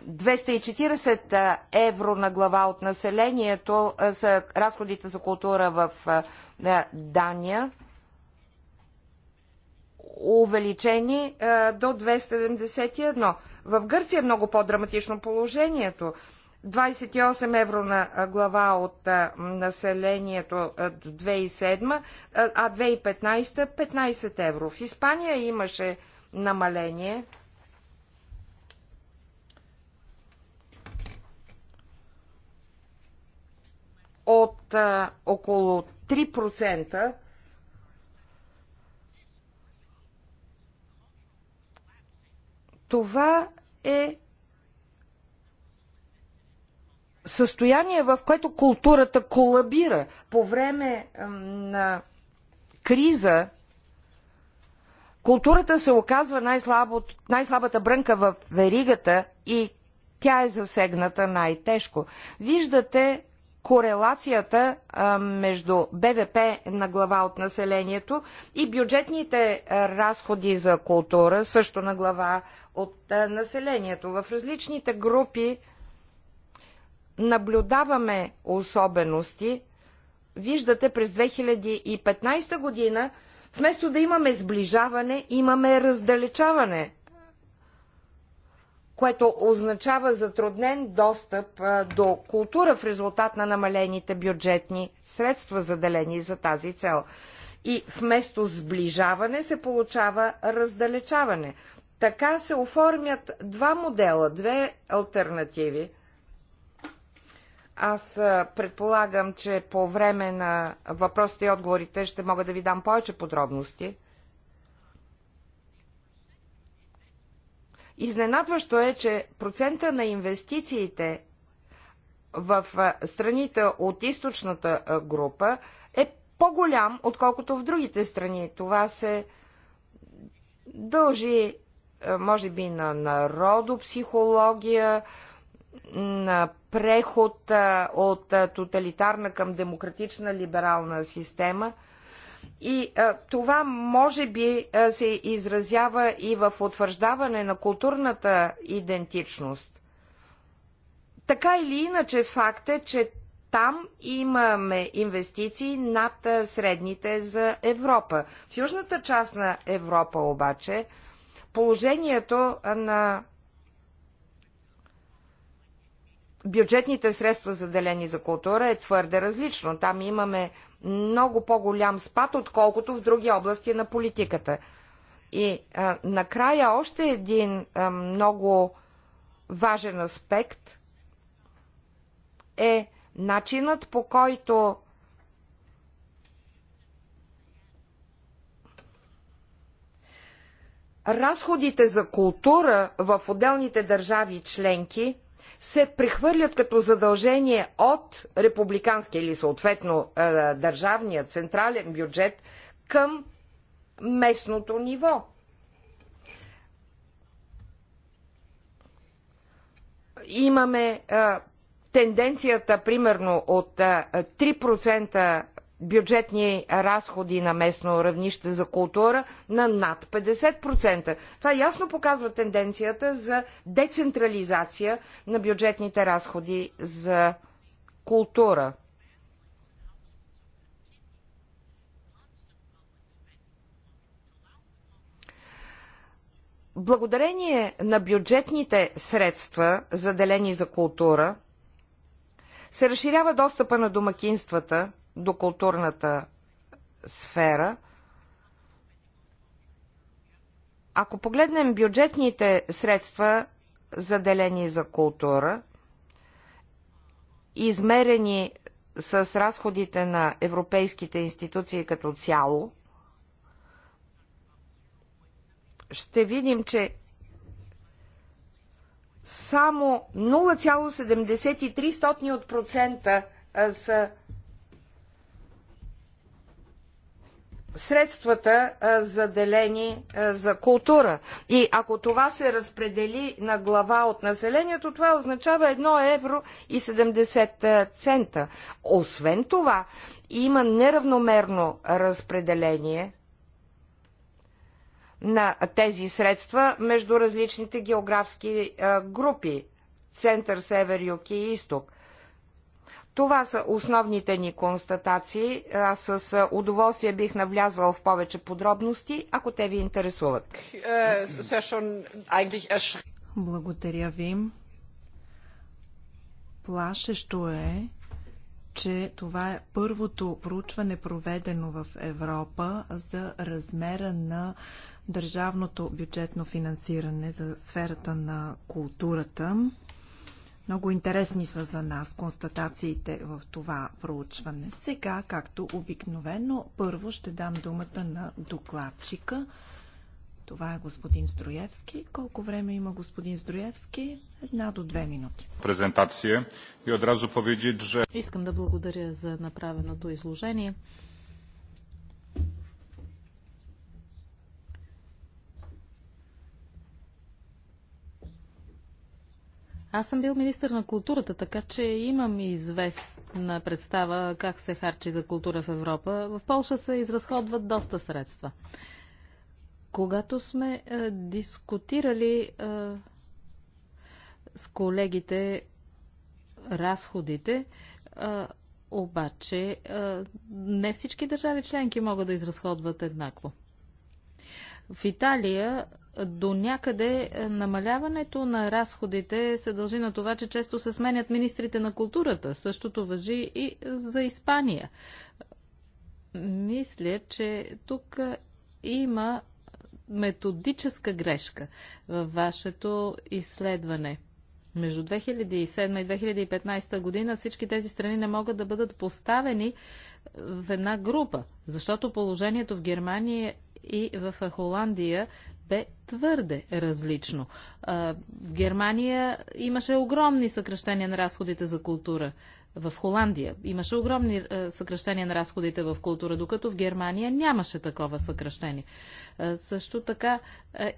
...240 е, евро на глава от населението са разходите за култура в Дания – увеличени а, е, до 271. В Гърция е много по-драматично положението. 28 евро на глава от е, е, а, населението до 2007, а 2015 15 евро. В Испания имаше намаление. от а, около 3% Това е състояние, в което културата колабира по време на криза. Културата се оказва най най-слабата брънка в веригата и тя е засегната най-тежко. Виждате корелацията между БВП на глава от населението и бюджетните разходи за култура, също на глава от населението. В различните групи наблюдаваме особености. Виждате през 2015 година, вместо да имаме сближаване, имаме раздалечаване – което означава затруднен достъп до култура в резултат на намалените бюджетни средства, заделени за тази цел. И вместо сближаване се получава раздалечаване. Така се оформят два модела, две альтернативи. Аз предполагам, че по време на въпросите и отговорите ще мога да ви дам повече подробности. Изненадващо е, че процента на инвестициите в страните от източната група е по-голям, отколкото в другите страни. Това се дължи, може би, на народопсихология, на преход от тоталитарна към демократична либерална система – и а, това може би а, се изразява и в утвърждаване на културната идентичност. Така или иначе, факт е, че там имаме инвестиции над средните за Европа. В южната част на Европа обаче положението на бюджетните средства заделени за култура е твърде различно. Там имаме много по-голям спад, отколкото в други области на политиката. И а, накрая още един а, много важен аспект е начинът по който разходите за култура в отделните държави членки се прехвърлят като задължение от републиканския или съответно е, държавния централен бюджет към местното ниво. Имаме е, тенденцията, примерно, от 3% е, бюджетни разходи на местно равнище за култура на над 50%. Това ясно показва тенденцията за децентрализация на бюджетните разходи за култура. Благодарение на бюджетните средства, заделени за култура, се разширява достъпа на домакинствата – до културната сфера. Ако погледнем бюджетните средства, заделени за култура, измерени с разходите на европейските институции като цяло, ще видим, че само 0,73% от процента са средствата заделени за култура. И ако това се разпредели на глава от населението, това означава 1 евро и 70 цента. Освен това, има неравномерно разпределение на тези средства между различните географски групи. Център, Север, Юг и Изток. Това са основните ни констатации. Аз с удоволствие бих навлязал в повече подробности, ако те ви интересуват. Благодаря ви. Плашещо е, че това е първото проучване, проведено в Европа за размера на държавното бюджетно финансиране за сферата на културата. Много интересни са за нас констатациите в това проучване. Сега, както обикновено, първо ще дам думата на докладчика. Това е господин Строевски. Колко време има господин Строевски? Една до две минути. Презентация и отразу поведи, че... Искам да благодаря за направеното изложение. Аз съм бил министър на културата, така че имам известна представа как се харчи за култура в Европа. В Польша се изразходват доста средства. Когато сме е, дискутирали е, с колегите разходите, е, обаче е, не всички държави членки могат да изразходват еднакво. В Италия до някъде е, намаляването на разходите се дължи на това, че често се сменят министрите на културата. Същото въжи и за Испания. Мисля, че тук е, има методическа грешка във вашето изследване. Между 2007 и 2015 година всички тези страни не могат да бъдат поставени в една група, защото положението в Германия и в Холандия бе твърде различно. В Германия имаше огромни съкръщения на разходите за култура. В Холандия имаше огромни съкръщения на разходите в култура, докато в Германия нямаше такова съкръщение. Също така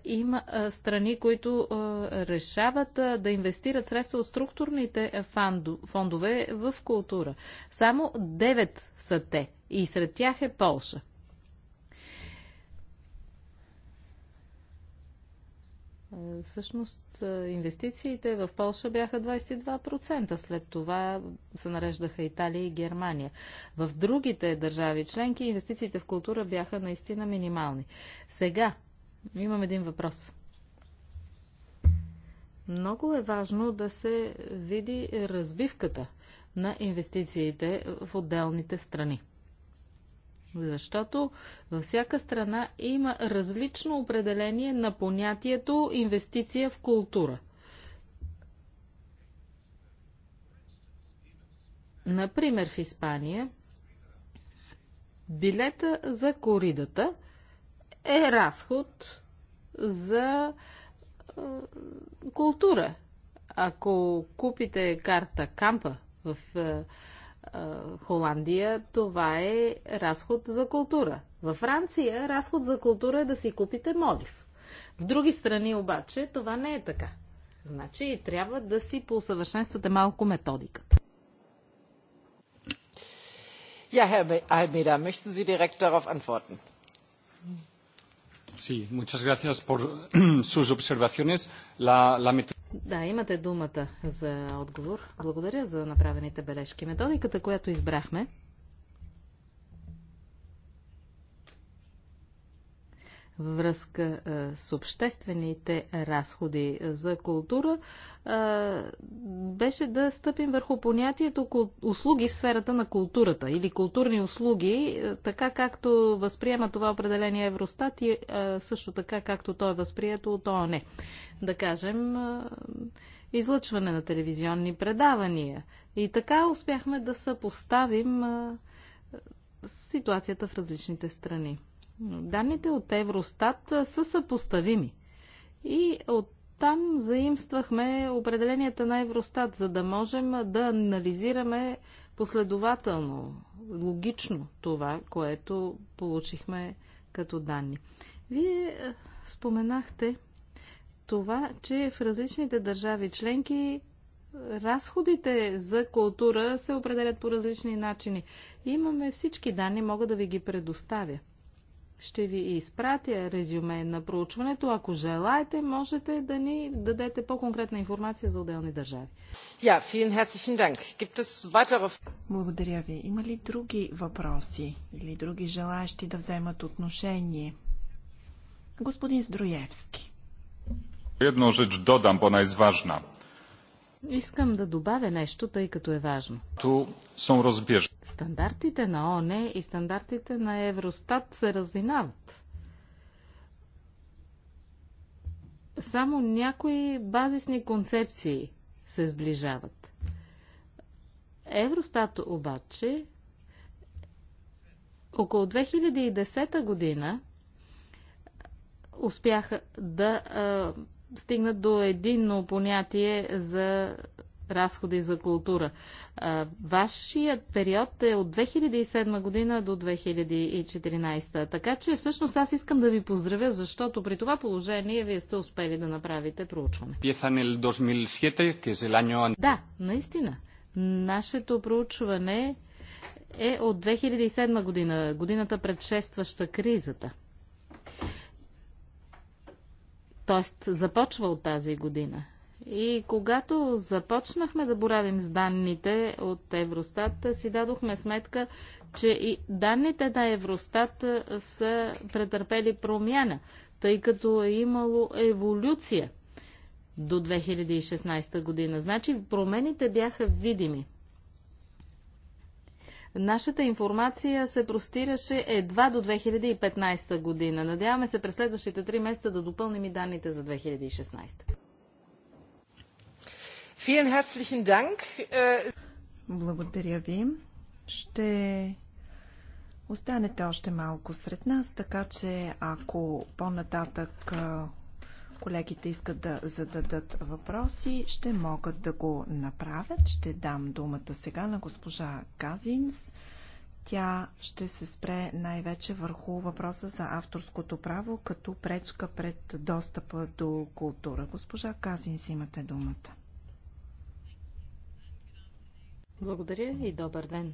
има страни, които решават да инвестират средства от структурните фондове в култура. Само 9 са те и сред тях е Полша. Е, всъщност е, инвестициите в Польша бяха 22%, след това се нареждаха Италия и Германия. В другите държави членки инвестициите в култура бяха наистина минимални. Сега имам един въпрос. Много е важно да се види разбивката на инвестициите в отделните страни. Защото във всяка страна има различно определение на понятието инвестиция в култура. Например, в Испания билета за коридата е разход за култура. Ако купите карта Кампа в Холандия това е разход за култура. Във Франция разход за култура е да си купите молив. В други страни обаче това не е така. Значи и трябва да си поусъвършенствате малко методиката. Ja, Herr Almeida, möchten Sie direkt darauf antworten? Sí, muchas gracias por sus observaciones. La, la да, имате думата за отговор. Благодаря за направените бележки. Методиката, която избрахме, връзка с обществените разходи за култура беше да стъпим върху понятието услуги в сферата на културата или културни услуги, така както възприема това определение Евростат и също така както то е възприето от ООН. Да кажем, излъчване на телевизионни предавания. И така успяхме да съпоставим ситуацията в различните страни данните от Евростат са съпоставими. И от там заимствахме определенията на Евростат, за да можем да анализираме последователно, логично това, което получихме като данни. Вие споменахте това, че в различните държави членки разходите за култура се определят по различни начини. Имаме всички данни, мога да ви ги предоставя. Ще ви изпратя резюме на проучването. Ако желаете, можете да ни дадете по-конкретна информация за отделни държави. Ja, vielen herzlichen Dank. Gibt es weitere... Благодаря ви. Има ли други въпроси или други желаящи да вземат отношение? Господин Здруевски. Jedną rzecz dodam, bo ona jest ważna. Искам да добавя нещо, тъй като е важно. То съм разбежен. Стандартите на ОНЕ и стандартите на Евростат се разминават. Само някои базисни концепции се сближават. Евростат обаче около 2010 година успяха да а, стигнат до единно понятие за разходи за култура. Вашият период е от 2007 година до 2014. Така че всъщност аз искам да ви поздравя, защото при това положение вие сте успели да направите проучване. Да, наистина. Нашето проучване е от 2007 година, годината предшестваща кризата т.е. започва от тази година. И когато започнахме да боравим с данните от Евростат, си дадохме сметка, че и данните на Евростат са претърпели промяна, тъй като е имало еволюция до 2016 година. Значи промените бяха видими. Нашата информация се простираше едва до 2015 година. Надяваме се през следващите 3 месеца да допълним и данните за 2016. Благодаря ви. Ще останете още малко сред нас, така че ако по-нататък колегите искат да зададат въпроси, ще могат да го направят. Ще дам думата сега на госпожа Казинс. Тя ще се спре най-вече върху въпроса за авторското право като пречка пред достъпа до култура. Госпожа Казинс, имате думата. Благодаря и добър ден.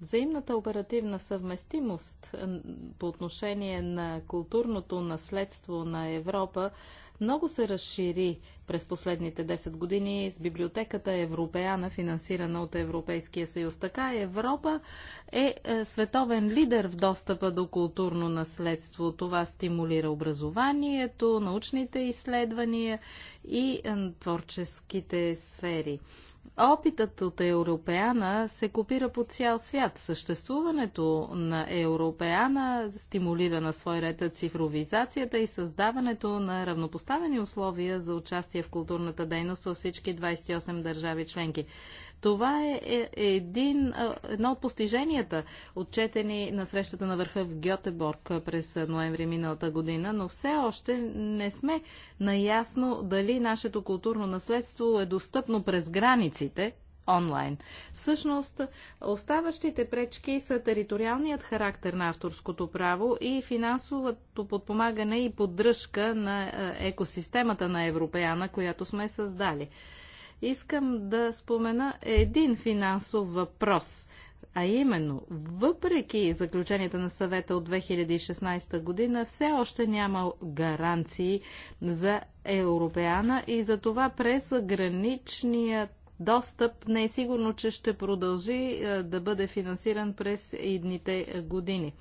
Взаимната оперативна съвместимост е, по отношение на културното наследство на Европа много се разшири през последните 10 години с библиотеката Европеана, финансирана от Европейския съюз. Така Европа е, е световен лидер в достъпа до културно наследство. Това стимулира образованието, научните изследвания и е, творческите сфери. Опитът от Европеана се копира по цял свят. Съществуването на Европеана стимулира на свой ред цифровизацията и създаването на равнопоставени условия за участие в културната дейност във всички 28 държави членки. Това е, е един, едно от постиженията, отчетени на срещата на върха в Гьотеборг през ноември миналата година, но все още не сме наясно дали нашето културно наследство е достъпно през границите, онлайн. Всъщност, оставащите пречки са териториалният характер на авторското право и финансовото подпомагане и поддръжка на екосистемата на Европеяна, която сме създали. Искам да спомена един финансов въпрос, а именно, въпреки заключенията на съвета от 2016 година, все още няма гаранции за Европеана и за това през граничния достъп не е сигурно, че ще продължи е, да бъде финансиран през идните години.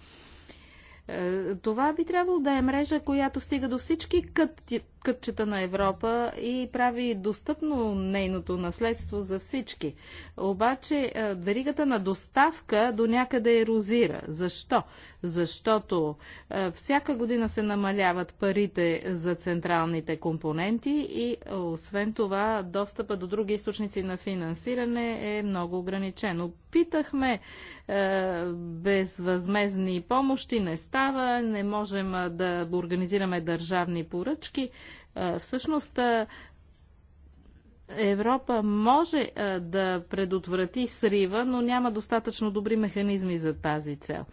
Е, това би трябвало да е мрежа, която стига до всички кът, кътчета на Европа и прави достъпно нейното наследство за всички. Обаче е, веригата на доставка до някъде ерозира. Защо? защото е, всяка година се намаляват парите за централните компоненти и освен това достъпа до други източници на финансиране е много ограничен. Питахме е, безвъзмезни помощи, не става, не можем е, да организираме държавни поръчки. Всъщност Европа може да предотврати срива, но няма достатъчно добри механизми за тази цел.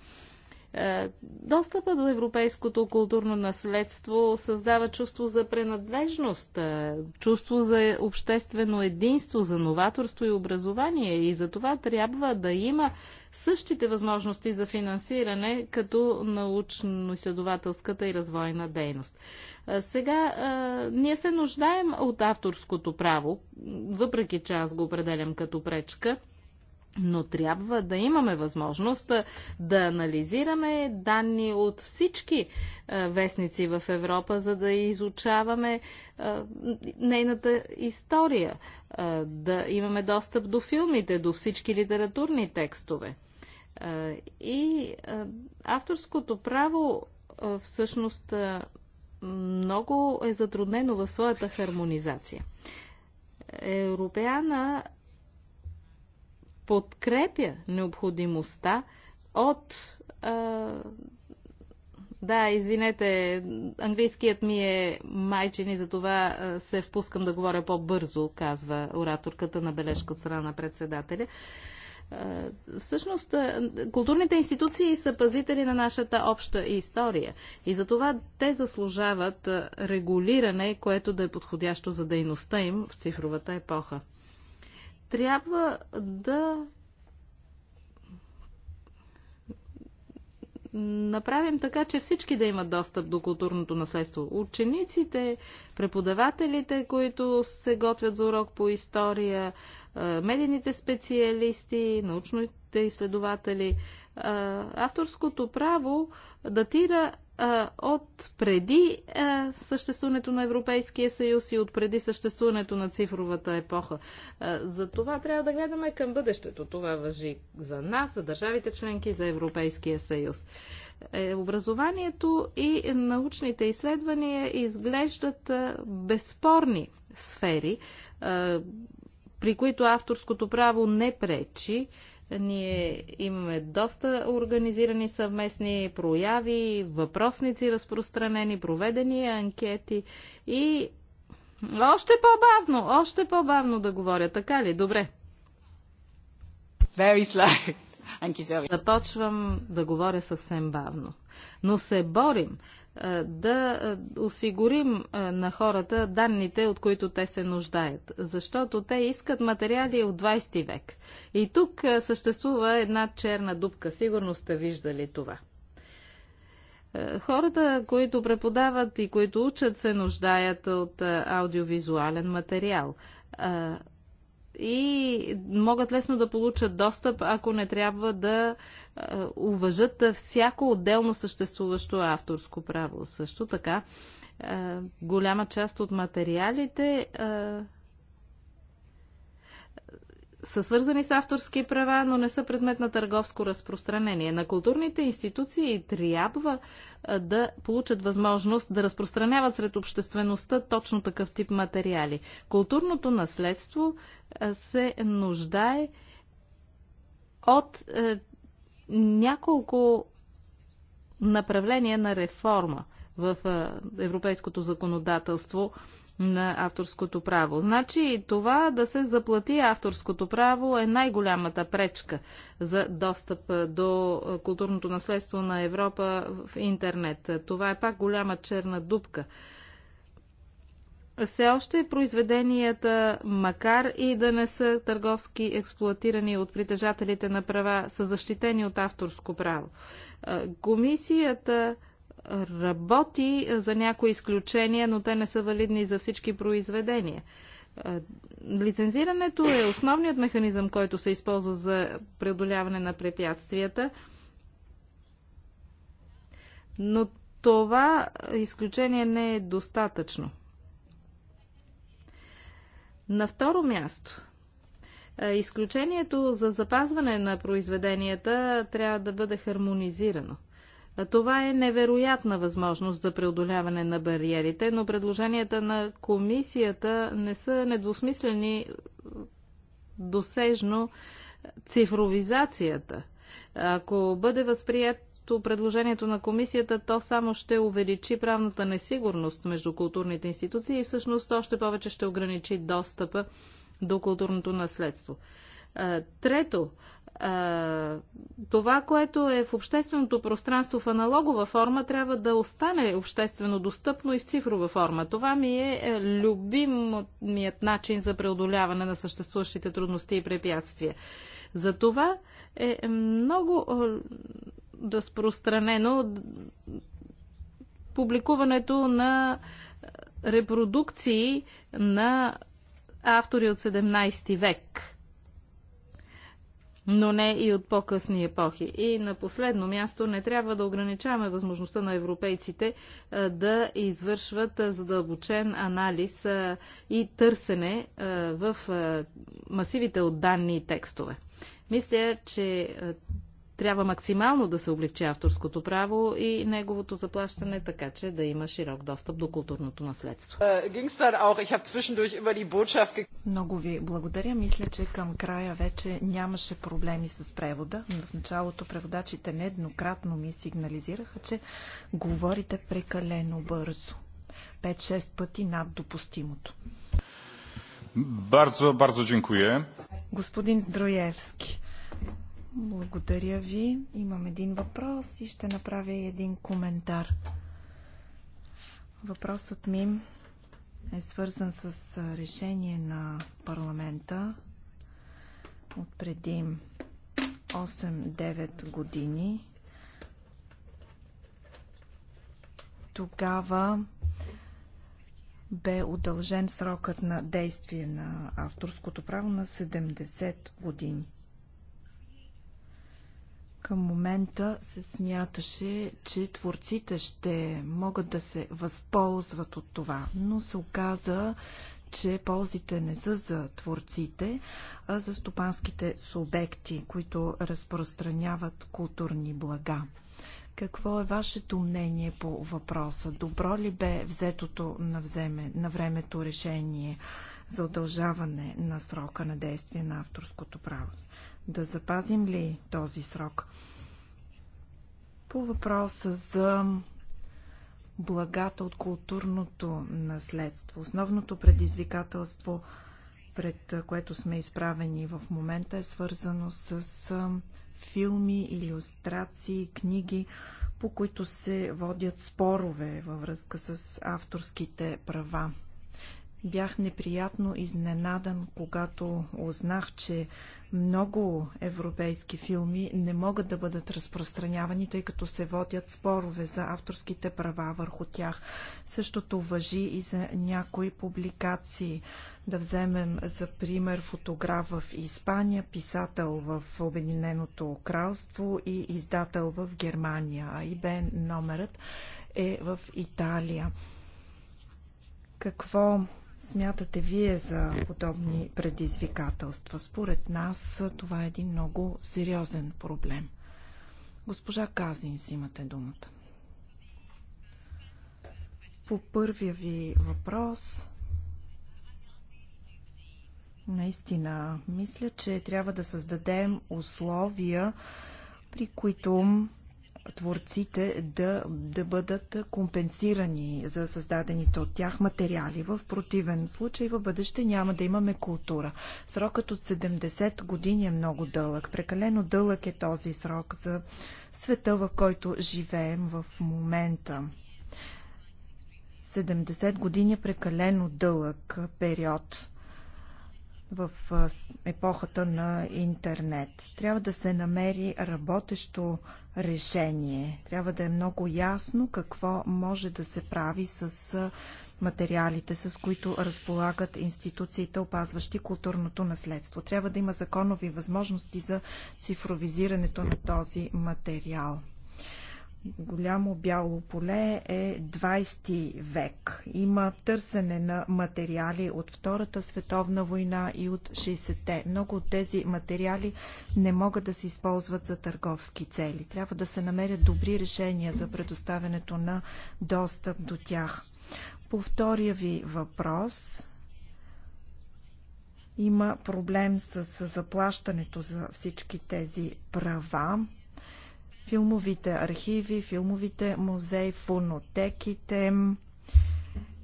Е, достъпа до европейското културно наследство създава чувство за принадлежност, е, чувство за обществено единство, за новаторство и образование и за това трябва да има същите възможности за финансиране като научно-изследователската и развойна дейност. Е, сега ние се нуждаем от авторското право, въпреки че аз го определям като пречка – но трябва да имаме възможност да анализираме данни от всички вестници в Европа, за да изучаваме нейната история, да имаме достъп до филмите, до всички литературни текстове. И авторското право всъщност много е затруднено в своята хармонизация. Европеана подкрепя необходимостта от. А, да, извинете, английският ми е майчин и затова се впускам да говоря по-бързо, казва ораторката на бележка от страна на председателя. Всъщност, културните институции са пазители на нашата обща история и затова те заслужават регулиране, което да е подходящо за дейността им в цифровата епоха трябва да направим така, че всички да имат достъп до културното наследство. Учениците, преподавателите, които се готвят за урок по история, медийните специалисти, научните изследователи. Авторското право датира от преди съществуването на Европейския съюз и от преди съществуването на цифровата епоха. За това трябва да гледаме към бъдещето. Това въжи за нас, за държавите членки, за Европейския съюз. Е, образованието и научните изследвания изглеждат безспорни сфери, при които авторското право не пречи ние имаме доста организирани съвместни прояви, въпросници разпространени, проведени анкети и още по-бавно, още по-бавно да говоря, така ли? Добре. Very slow. Започвам да говоря съвсем бавно. Но се борим да осигурим на хората данните, от които те се нуждаят, защото те искат материали от 20 век. И тук съществува една черна дупка. Сигурно сте виждали това. Хората, които преподават и които учат, се нуждаят от аудиовизуален материал и могат лесно да получат достъп, ако не трябва да е, уважат всяко отделно съществуващо авторско право. Също така, е, голяма част от материалите е, са свързани с авторски права, но не са предмет на търговско разпространение. На културните институции трябва да получат възможност да разпространяват сред обществеността точно такъв тип материали. Културното наследство се нуждае от няколко направления на реформа в европейското законодателство на авторското право. Значи това да се заплати авторското право е най-голямата пречка за достъп до културното наследство на Европа в интернет. Това е пак голяма черна дупка все още произведенията, макар и да не са търговски експлуатирани от притежателите на права, са защитени от авторско право. Комисията работи за някои изключения, но те не са валидни за всички произведения. Лицензирането е основният механизъм, който се използва за преодоляване на препятствията, но това изключение не е достатъчно. На второ място, е, изключението за запазване на произведенията трябва да бъде хармонизирано. Е, това е невероятна възможност за преодоляване на бариерите, но предложенията на комисията не са недвусмислени е, досежно цифровизацията. Ако бъде възприят съгласно предложението на комисията, то само ще увеличи правната несигурност между културните институции и всъщност още повече ще ограничи достъпа до културното наследство. Трето, това, което е в общественото пространство в аналогова форма, трябва да остане обществено достъпно и в цифрова форма. Това ми е, е любимият начин за преодоляване на съществуващите трудности и препятствия. За това е много разпространено публикуването на репродукции на автори от 17 век, но не и от по-късни епохи. И на последно място не трябва да ограничаваме възможността на европейците да извършват задълбочен анализ и търсене в масивите от данни и текстове. Мисля, че трябва максимално да се облегчи авторското право и неговото заплащане, така че да има широк достъп до културното наследство. Е, Много ви благодаря. Мисля, че към края вече нямаше проблеми с превода. В началото преводачите нееднократно ми сигнализираха, че говорите прекалено бързо. 5-6 пъти над допустимото. Бързо, бързо, dziękuję. Господин Здроевски, благодаря ви. Имам един въпрос и ще направя един коментар. Въпросът ми е свързан с решение на парламента от преди 8-9 години. Тогава бе удължен срокът на действие на авторското право на 70 години. Към момента се смяташе, че творците ще могат да се възползват от това, но се оказа, че ползите не са за творците, а за стопанските субекти, които разпространяват културни блага. Какво е вашето мнение по въпроса? Добро ли бе взетото на, вземе, на времето решение за удължаване на срока на действие на авторското право? Да запазим ли този срок? По въпроса за благата от културното наследство. Основното предизвикателство, пред което сме изправени в момента, е свързано с филми, иллюстрации, книги, по които се водят спорове във връзка с авторските права. Бях неприятно изненадан, когато узнах, че много европейски филми не могат да бъдат разпространявани, тъй като се водят спорове за авторските права върху тях. Същото въжи и за някои публикации. Да вземем за пример фотограф в Испания, писател в Обединеното кралство и издател в Германия. А Бен номерът е в Италия. Какво смятате вие за подобни предизвикателства? Според нас това е един много сериозен проблем. Госпожа Казин, си имате думата. По първия ви въпрос, наистина мисля, че трябва да създадем условия, при които творците да, да бъдат компенсирани за създадените от тях материали. В противен случай в бъдеще няма да имаме култура. Срокът от 70 години е много дълъг. Прекалено дълъг е този срок за света, в който живеем в момента. 70 години е прекалено дълъг период в епохата на интернет. Трябва да се намери работещо решение. Трябва да е много ясно какво може да се прави с материалите, с които разполагат институциите, опазващи културното наследство. Трябва да има законови възможности за цифровизирането на този материал голямо бяло поле е 20 век. Има търсене на материали от Втората световна война и от 60-те. Много от тези материали не могат да се използват за търговски цели. Трябва да се намерят добри решения за предоставянето на достъп до тях. По втория ви въпрос, има проблем с заплащането за всички тези права филмовите архиви, филмовите музеи, фонотеките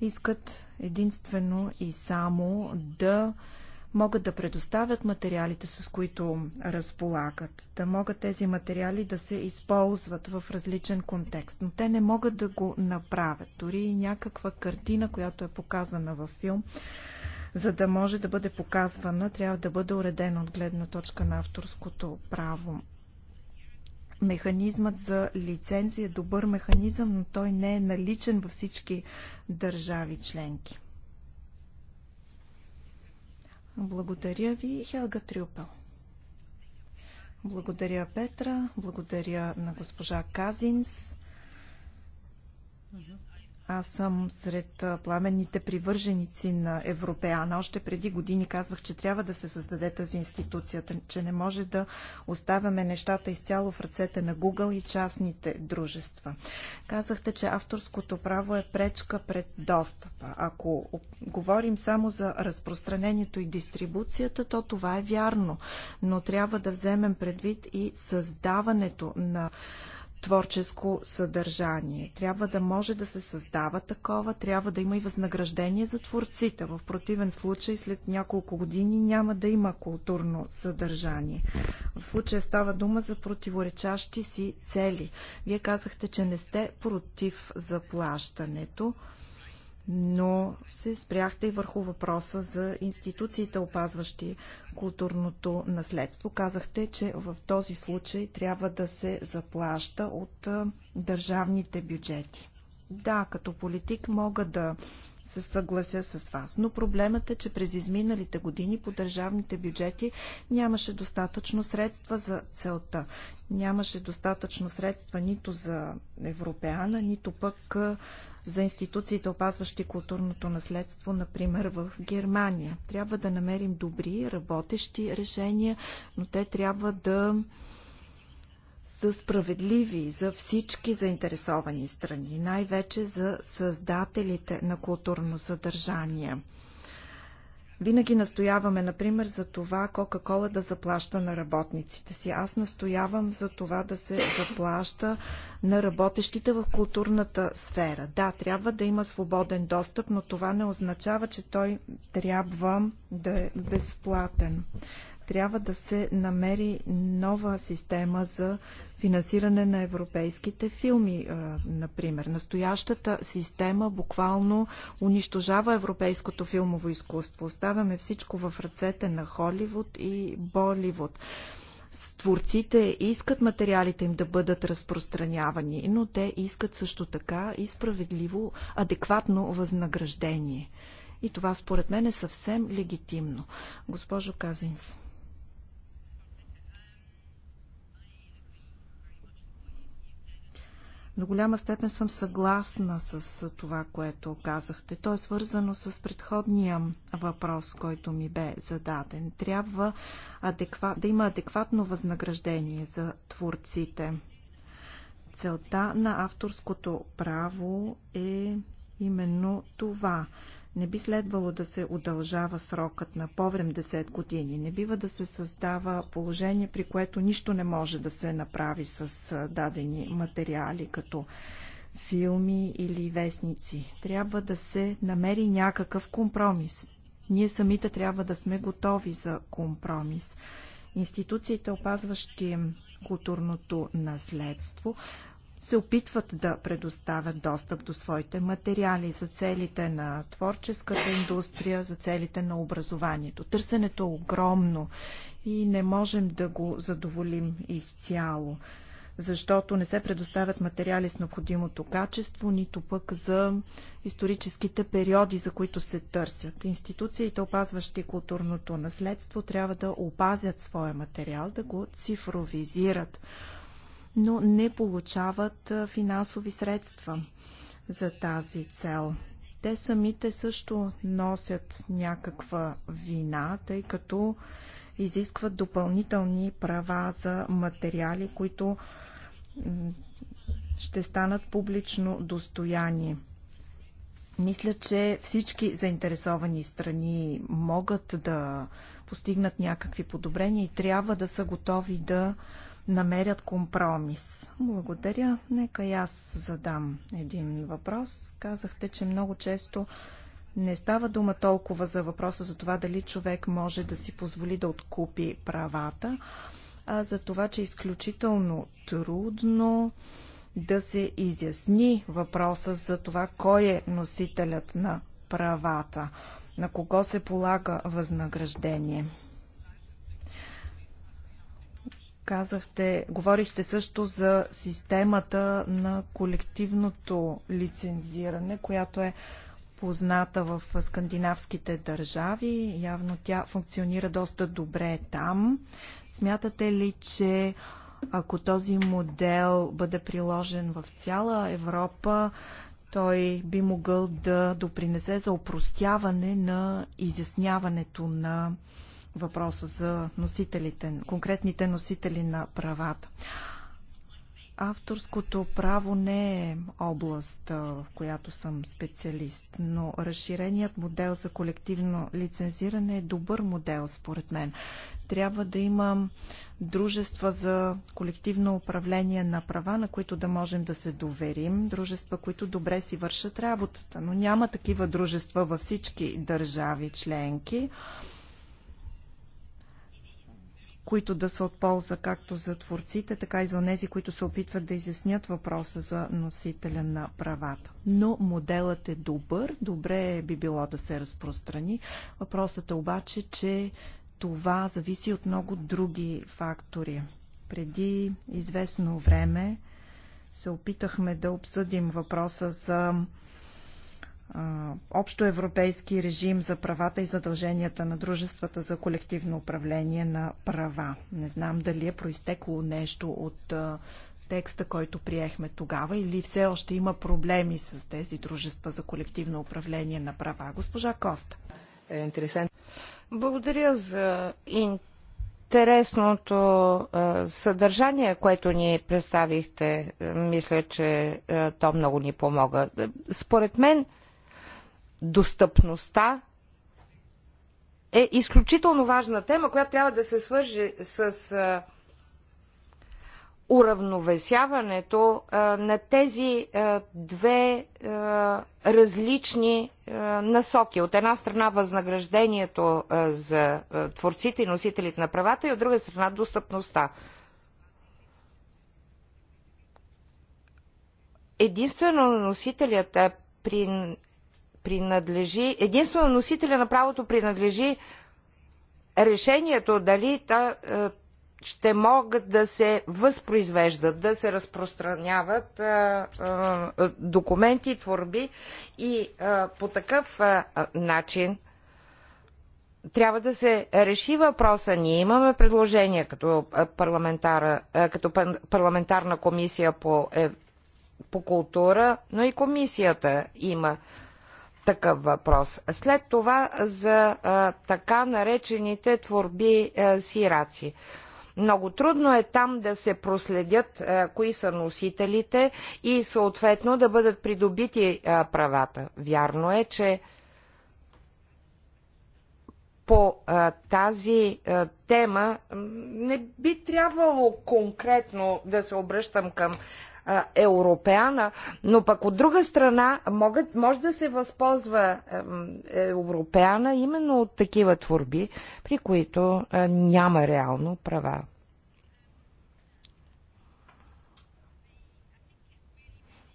искат единствено и само да могат да предоставят материалите, с които разполагат, да могат тези материали да се използват в различен контекст, но те не могат да го направят. Дори и някаква картина, която е показана във филм, за да може да бъде показвана, трябва да бъде уредена от гледна точка на авторското право. Механизмът за лицензи е добър механизъм, но той не е наличен във всички държави членки. Благодаря ви, Хелга Трюпел. Благодаря, Петра. Благодаря на госпожа Казинс. Аз съм сред пламенните привърженици на Европеана. Още преди години казвах, че трябва да се създаде тази институцията, че не може да оставяме нещата изцяло в ръцете на Google и частните дружества. Казахте, че авторското право е пречка пред достъпа. Ако говорим само за разпространението и дистрибуцията, то това е вярно. Но трябва да вземем предвид и създаването на творческо съдържание. Трябва да може да се създава такова, трябва да има и възнаграждение за творците. В противен случай след няколко години няма да има културно съдържание. В случая става дума за противоречащи си цели. Вие казахте, че не сте против заплащането но се спряхте и върху въпроса за институциите, опазващи културното наследство. Казахте, че в този случай трябва да се заплаща от държавните бюджети. Да, като политик мога да се съглася с вас. Но проблемът е, че през изминалите години по държавните бюджети нямаше достатъчно средства за целта. Нямаше достатъчно средства нито за Европеана, нито пък за институциите, опазващи културното наследство, например в Германия. Трябва да намерим добри, работещи решения, но те трябва да са справедливи за всички заинтересовани страни, най-вече за създателите на културно съдържание. Винаги настояваме, например, за това Кока-Кола да заплаща на работниците си. Аз настоявам за това да се заплаща на работещите в културната сфера. Да, трябва да има свободен достъп, но това не означава, че той трябва да е безплатен трябва да се намери нова система за финансиране на европейските филми, например. Настоящата система буквално унищожава европейското филмово изкуство. Оставяме всичко в ръцете на Холивуд и Боливуд творците искат материалите им да бъдат разпространявани, но те искат също така и справедливо, адекватно възнаграждение. И това според мен е съвсем легитимно. Госпожо Казинс. До голяма степен съм съгласна с това, което казахте. То е свързано с предходния въпрос, който ми бе зададен. Трябва адекват, да има адекватно възнаграждение за творците. Целта на авторското право е именно това не би следвало да се удължава срокът на поврем 10 години. Не бива да се създава положение, при което нищо не може да се направи с дадени материали, като филми или вестници. Трябва да се намери някакъв компромис. Ние самите трябва да сме готови за компромис. Институциите, опазващи културното наследство, се опитват да предоставят достъп до своите материали за целите на творческата индустрия, за целите на образованието. Търсенето е огромно и не можем да го задоволим изцяло, защото не се предоставят материали с необходимото качество, нито пък за историческите периоди, за които се търсят. Институциите, опазващи културното наследство, трябва да опазят своя материал, да го цифровизират но не получават финансови средства за тази цел. Те самите също носят някаква вина, тъй като изискват допълнителни права за материали, които ще станат публично достояние. Мисля, че всички заинтересовани страни могат да постигнат някакви подобрения и трябва да са готови да намерят компромис. Благодаря. Нека и аз задам един въпрос. Казахте, че много често не става дума толкова за въпроса за това дали човек може да си позволи да откупи правата, а за това, че е изключително трудно да се изясни въпроса за това кой е носителят на правата, на кого се полага възнаграждение. Казахте, говорихте също за системата на колективното лицензиране, която е позната в скандинавските държави. Явно тя функционира доста добре там. Смятате ли, че ако този модел бъде приложен в цяла Европа, той би могъл да допринесе за опростяване на изясняването на въпроса за носителите, конкретните носители на правата. Авторското право не е област, в която съм специалист, но разширеният модел за колективно лицензиране е добър модел, според мен. Трябва да има дружества за колективно управление на права, на които да можем да се доверим, дружества, които добре си вършат работата, но няма такива дружества във всички държави членки които да са от полза както за творците, така и за тези, които се опитват да изяснят въпроса за носителя на правата. Но моделът е добър, добре би било да се разпространи. Въпросът е обаче, че това зависи от много други фактори. Преди известно време се опитахме да обсъдим въпроса за общоевропейски режим за правата и задълженията на дружествата за колективно управление на права. Не знам дали е проистекло нещо от текста, който приехме тогава или все още има проблеми с тези дружества за колективно управление на права. Госпожа Коста. Е, Благодаря за интересното е, съдържание, което ни представихте. Мисля, че е, то много ни помога. Според мен, достъпността е изключително важна тема, която трябва да се свържи с уравновесяването на тези две различни насоки. От една страна възнаграждението за творците и носителите на правата и от друга страна достъпността. Единствено носителят е при принадлежи, единствено носителя на правото принадлежи решението дали та, е, ще могат да се възпроизвеждат, да се разпространяват а, е, а, е, документи, творби и а, по такъв а, начин трябва да се реши въпроса. Ние имаме предложение като, като парламентарна комисия по, е, по култура, но и комисията има такъв въпрос. След това за а, така наречените творби а, сираци. Много трудно е там да се проследят а, кои са носителите и съответно да бъдат придобити а, правата. Вярно е, че по а, тази а, тема не би трябвало конкретно да се обръщам към Европеана, но пък от друга страна могат, може да се възползва е, Европеана именно от такива творби, при които няма реално права.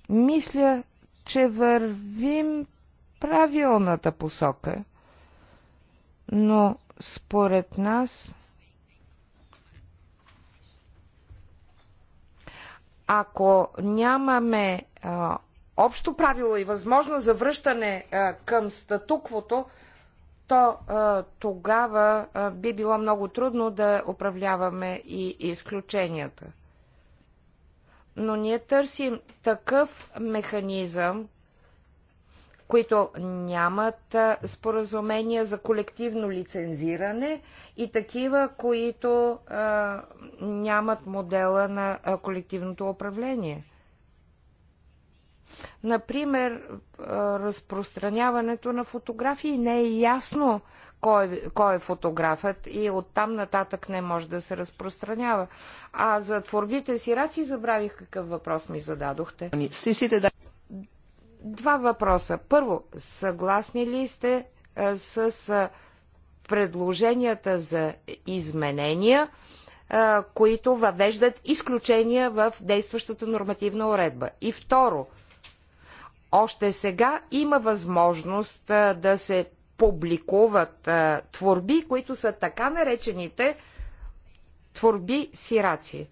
Мисля, че вървим правилната посока, но според нас Ако нямаме а, общо правило и възможност за връщане а, към статуквото, то а, тогава а, би било много трудно да управляваме и изключенията. Но ние търсим такъв механизъм, които нямат споразумения за колективно лицензиране и такива, които а, нямат модела на колективното управление. Например, разпространяването на фотографии не е ясно кой, кой е фотографът и оттам нататък не може да се разпространява. А за творбите си раци забравих какъв въпрос ми зададохте. Два въпроса. Първо, съгласни ли сте а, с а, предложенията за изменения, а, които въвеждат изключения в действащата нормативна уредба? И второ, още сега има възможност а, да се публикуват а, творби, които са така наречените творби сираци.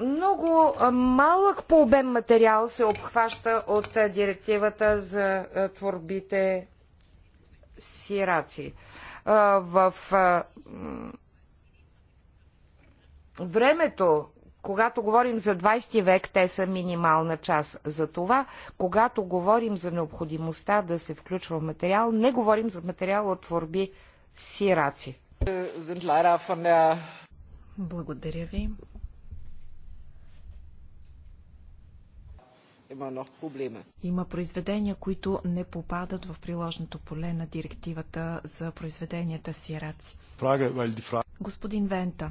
Много малък по обем материал се обхваща от директивата за творбите сираци. В времето, когато говорим за 20 век, те са минимална част. За това, когато говорим за необходимостта да се включва материал, не говорим за материал от творби сираци. Е, Благодаря ви. Има произведения, които не попадат в приложното поле на директивата за произведенията сираци. Господин Вента,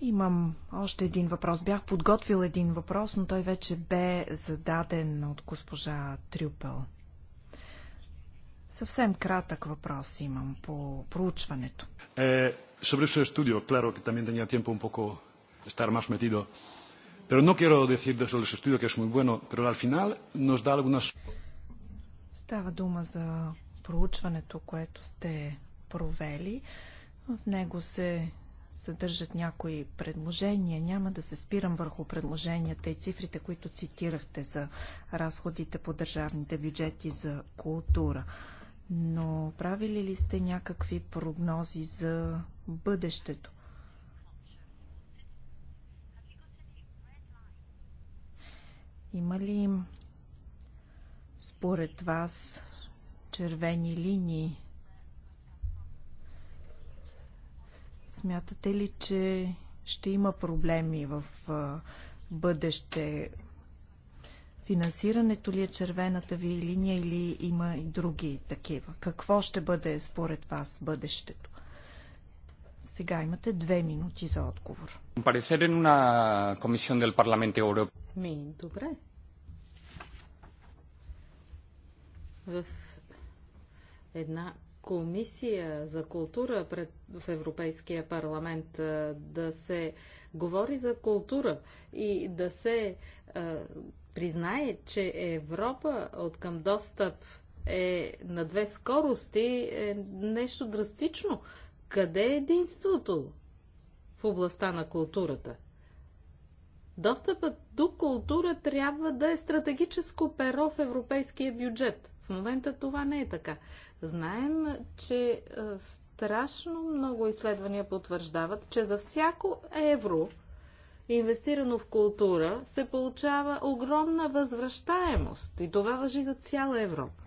Имам още един въпрос. Бях подготвил един въпрос, но той вече бе зададен от госпожа Трюпел. Съвсем кратък въпрос имам по проучването. Е, sobre su estudio, claro que también tenía tiempo un poco estar más metido. Pero no quiero decir sobre el estudio que es muy bueno, pero al final nos da algunas... Става дума за проучването, което сте провели. В него се съдържат някои предложения. Няма да се спирам върху предложенията и цифрите, които цитирахте за разходите по държавните бюджети за култура. Но правили ли сте някакви прогнози за бъдещето? Има ли според вас червени линии? Смятате ли, че ще има проблеми в бъдеще? Финансирането ли е червената ви линия или има и други такива? Какво ще бъде според вас бъдещето? Сега имате две минути за отговор. Ми, добре. в една комисия за култура пред, в Европейския парламент да се говори за култура и да се а, признае, че Европа от към достъп е на две скорости е нещо драстично. Къде е единството в областта на културата? Достъпът до култура трябва да е стратегическо перо в европейския бюджет – в момента това не е така. Знаем, че е, страшно много изследвания потвърждават, че за всяко евро, инвестирано в култура, се получава огромна възвръщаемост. И това въжи за цяла Европа.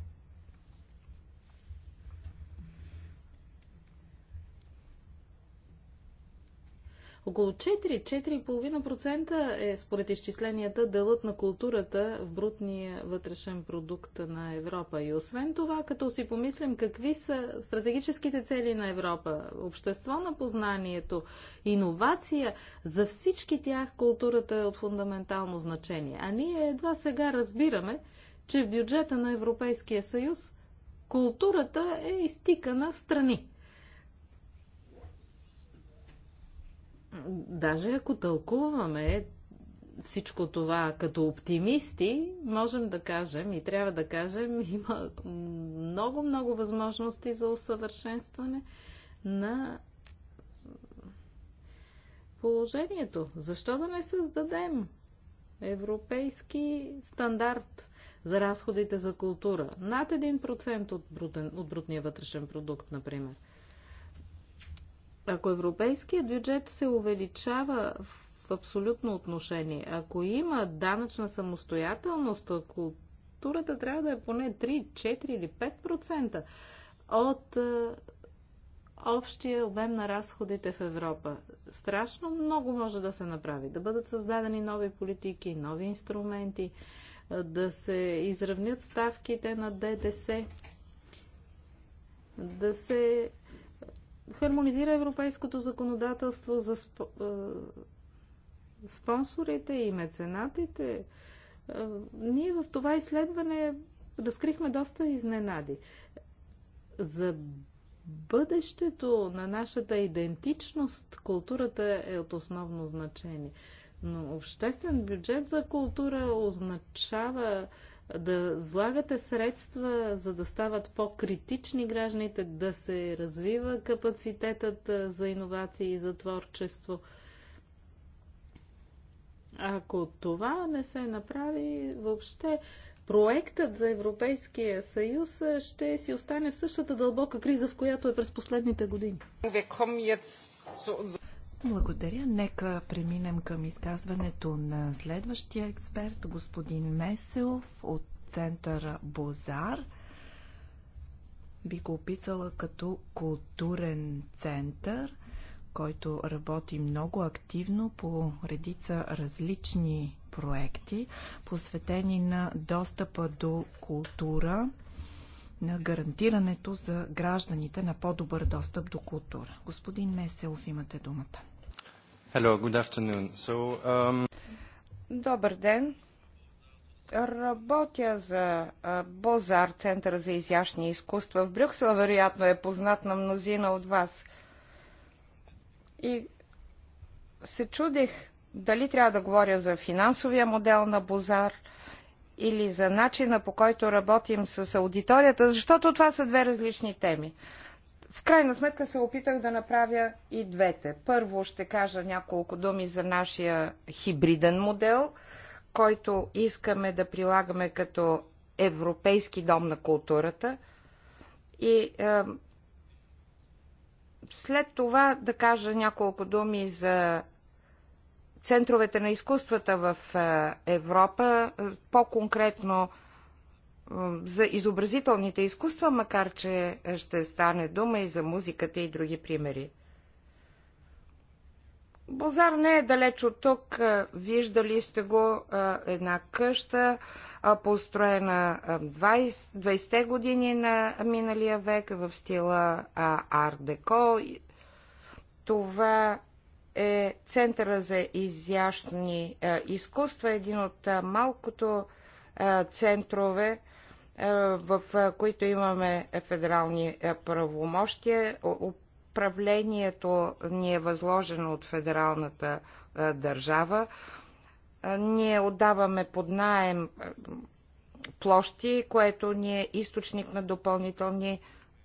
Около 4-4,5% е според изчисленията делът на културата в брутния вътрешен продукт на Европа. И освен това, като си помислим какви са стратегическите цели на Европа, общество на познанието, иновация, за всички тях културата е от фундаментално значение. А ние едва сега разбираме, че в бюджета на Европейския съюз културата е изтикана в страни. Даже ако тълкуваме всичко това като оптимисти, можем да кажем и трябва да кажем, има много-много възможности за усъвършенстване на положението. Защо да не създадем европейски стандарт за разходите за култура? Над 1% от, брутен, от брутния вътрешен продукт, например – ако европейският бюджет се увеличава в абсолютно отношение, ако има данъчна самостоятелност, културата трябва да е поне 3, 4 или 5% от е, общия обем на разходите в Европа. Страшно много може да се направи. Да бъдат създадени нови политики, нови инструменти, е, да се изравнят ставките на ДДС, да се хармонизира европейското законодателство за сп... спонсорите и меценатите. Ние в това изследване разкрихме доста изненади. За бъдещето на нашата идентичност културата е от основно значение. Но обществен бюджет за култура означава да влагате средства, за да стават по-критични гражданите, да се развива капацитетът за иновации и за творчество. Ако това не се направи, въобще проектът за Европейския съюз ще си остане в същата дълбока криза, в която е през последните години. Благодаря. Нека преминем към изказването на следващия експерт, господин Меселов от центъра Бозар. Би го описала като културен център, който работи много активно по редица различни проекти, посветени на достъпа до култура, на гарантирането за гражданите на по-добър достъп до култура. Господин Меселов, имате думата. Hello, good afternoon. So, um... Добър ден. Работя за Бозар, Център за изящни изкуства в Брюксел. Вероятно е познат на мнозина от вас. И се чудих дали трябва да говоря за финансовия модел на Бозар – или за начина по който работим с аудиторията, защото това са две различни теми. В крайна сметка се опитах да направя и двете. Първо ще кажа няколко думи за нашия хибриден модел, който искаме да прилагаме като Европейски дом на културата. И е, след това да кажа няколко думи за центровете на изкуствата в е, Европа, е, по-конкретно е, за изобразителните изкуства, макар че ще стане дума и за музиката и други примери. Бозар не е далеч от тук. Виждали сте го една къща, построена 20, 20-те години на миналия век в стила Ар Деко. Това е Центъра за изящни е, изкуства, един от е, малкото е, центрове, в които имаме федерални правомощия. Управлението ни е възложено от федералната държава. Ние отдаваме под наем площи, което ни е източник на допълнителни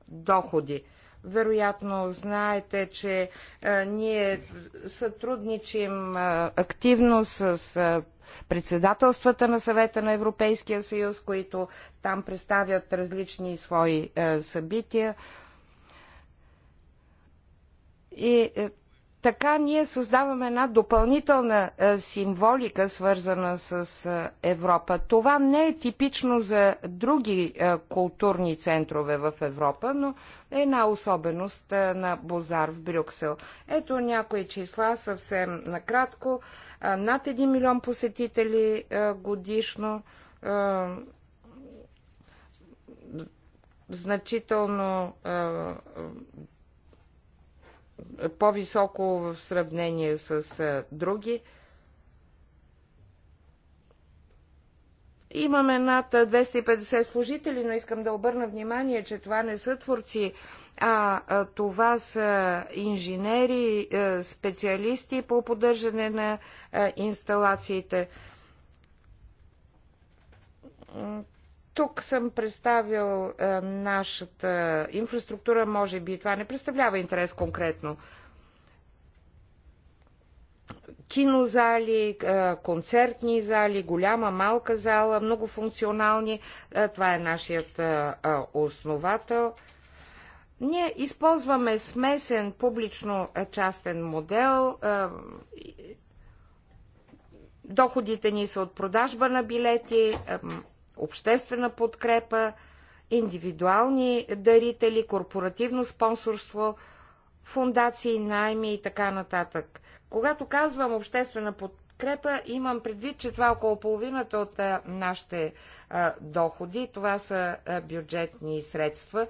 доходи. Вероятно знаете, че а, ние сътрудничим а, активно с а, председателствата на съвета на Европейския съюз, които там представят различни свои а, събития. И е, така ние създаваме една допълнителна е, символика, свързана с е, Европа. Това не е типично за други е, културни центрове в Европа, но е една особеност на Бозар в Брюксел. Ето някои числа съвсем накратко. Над 1 милион посетители годишно. Значително по-високо в сравнение с други. Имаме над 250 служители, но искам да обърна внимание, че това не са творци, а, това са инженери, специалисти по поддържане на инсталациите. Тук съм представил е, нашата инфраструктура, може би това не представлява интерес конкретно. Кинозали, е, концертни зали, голяма, малка зала, многофункционални. Е, това е нашият е, е основател. Ние използваме смесен публично-частен е, модел. Е, доходите ни са от продажба на билети, обществена подкрепа, индивидуални дарители, корпоративно спонсорство, фундации, найми и така нататък. Когато казвам обществена подкрепа, имам предвид, че това е около половината от нашите доходи. Това са бюджетни средства.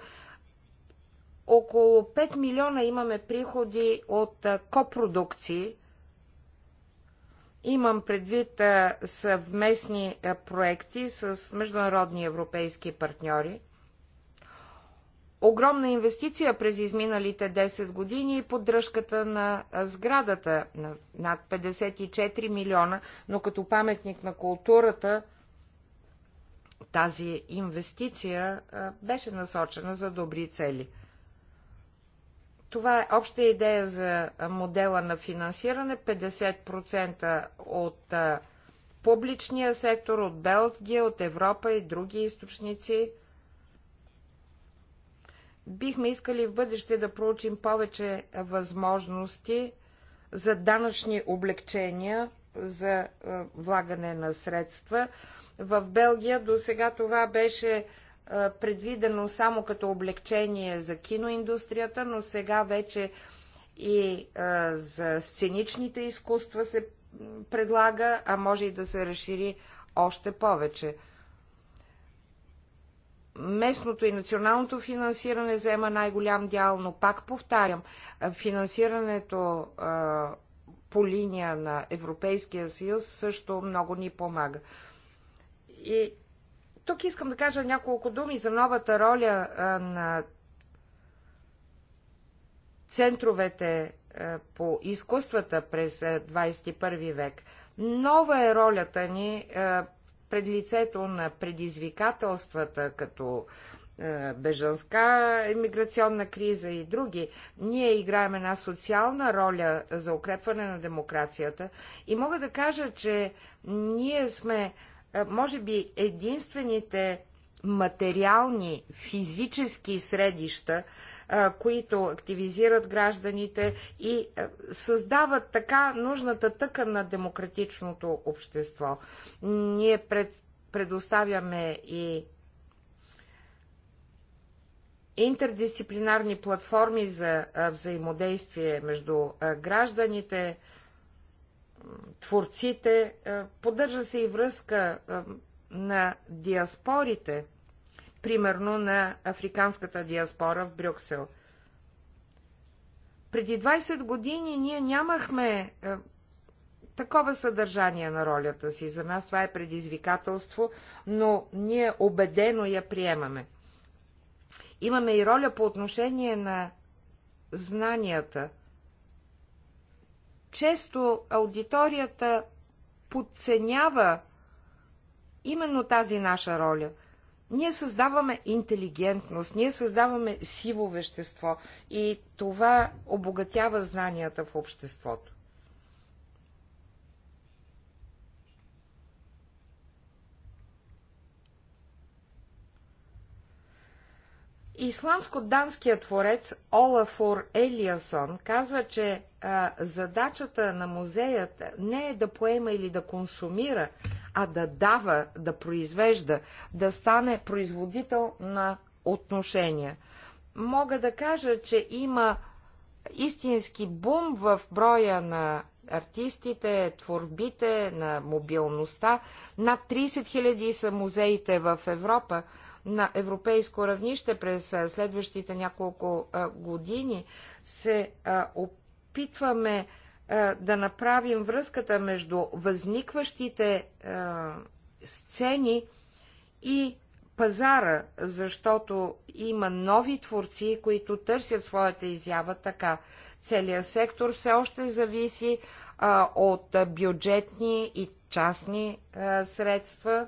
Около 5 милиона имаме приходи от копродукции, Имам предвид съвместни проекти с международни европейски партньори. Огромна инвестиция през изминалите 10 години и поддръжката на сградата на над 54 милиона, но като паметник на културата тази инвестиция беше насочена за добри цели – това е обща идея за модела на финансиране. 50% от а, публичния сектор, от Белгия, от Европа и други източници. Бихме искали в бъдеще да проучим повече възможности за данъчни облегчения за а, влагане на средства. В Белгия до сега това беше предвидено само като облегчение за киноиндустрията, но сега вече и за сценичните изкуства се предлага, а може и да се разшири още повече. Местното и националното финансиране взема най-голям дял, но пак повтарям, финансирането а, по линия на Европейския съюз също много ни помага. И тук искам да кажа няколко думи за новата роля на центровете по изкуствата през 21 век. Нова е ролята ни пред лицето на предизвикателствата, като бежанска емиграционна криза и други, ние играем една социална роля за укрепване на демокрацията и мога да кажа, че ние сме е, може би единствените материални, физически средища, е, които активизират гражданите и е, създават така нужната тъка на демократичното общество. Ние пред, предоставяме и интердисциплинарни платформи за взаимодействие между гражданите, творците. Е, поддържа се и връзка е, на диаспорите, примерно на африканската диаспора в Брюксел. Преди 20 години ние нямахме е, такова съдържание на ролята си. За нас това е предизвикателство, но ние убедено я приемаме. Имаме и роля по отношение на знанията – често аудиторията подценява именно тази наша роля. Ние създаваме интелигентност, ние създаваме сиво вещество и това обогатява знанията в обществото. Исландско-данският творец Олафур Елиасон казва, че а, задачата на музеят не е да поема или да консумира, а да дава, да произвежда, да стане производител на отношения. Мога да кажа, че има истински бум в броя на артистите, творбите, на мобилността. Над 30 000 са музеите в Европа, на европейско равнище през следващите няколко години се опитваме да направим връзката между възникващите сцени и пазара, защото има нови творци, които търсят своята изява така. Целият сектор все още зависи а, от бюджетни и частни а, средства,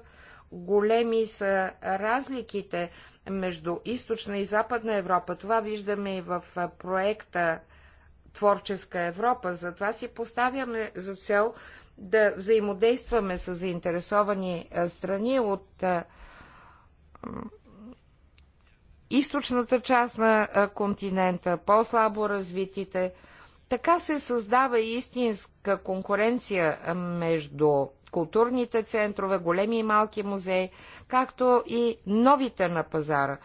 големи са разликите между източна и западна Европа. Това виждаме и в проекта Творческа Европа. Затова си поставяме за цел да взаимодействаме с заинтересовани страни от източната част на континента, по-слабо развитите. Така се създава истинска конкуренция между културните центрове, големи и малки музеи, както и новите на пазара.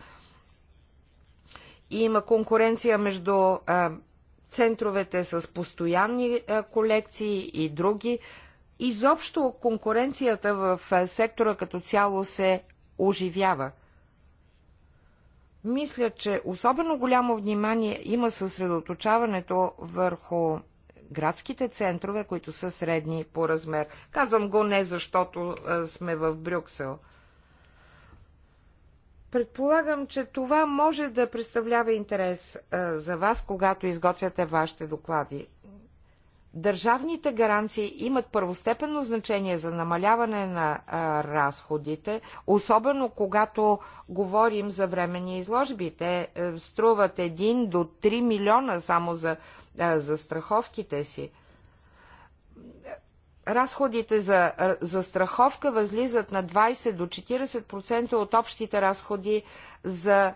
И има конкуренция между а, центровете с постоянни а, колекции и други. Изобщо конкуренцията в а, сектора като цяло се оживява. Мисля, че особено голямо внимание има съсредоточаването върху градските центрове, които са средни по размер. Казвам го не защото сме в Брюксел. Предполагам, че това може да представлява интерес за вас, когато изготвяте вашите доклади. Държавните гаранции имат първостепенно значение за намаляване на а, разходите, особено когато говорим за временни изложби. Те е, струват 1 до 3 милиона само за за страховките си. Разходите за застраховка възлизат на 20 до 40% от общите разходи за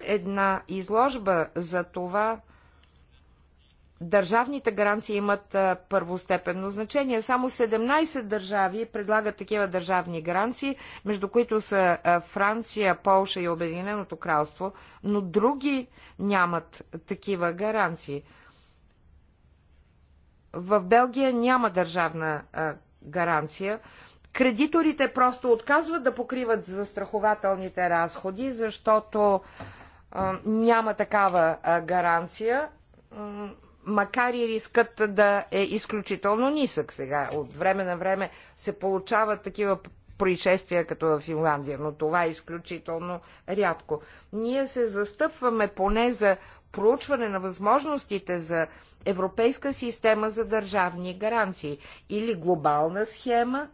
една изложба. За това държавните гаранции имат първостепенно значение. Само 17 държави предлагат такива държавни гаранции, между които са Франция, Полша и Обединеното кралство, но други нямат такива гаранции. В Белгия няма държавна а, гаранция. Кредиторите просто отказват да покриват застрахователните разходи, защото а, няма такава а, гаранция, макар и рискът да е изключително нисък сега. От време на време се получават такива происшествия, като в Финландия, но това е изключително рядко. Ние се застъпваме поне за проучване на възможностите за европейска система за държавни гаранции или глобална схема,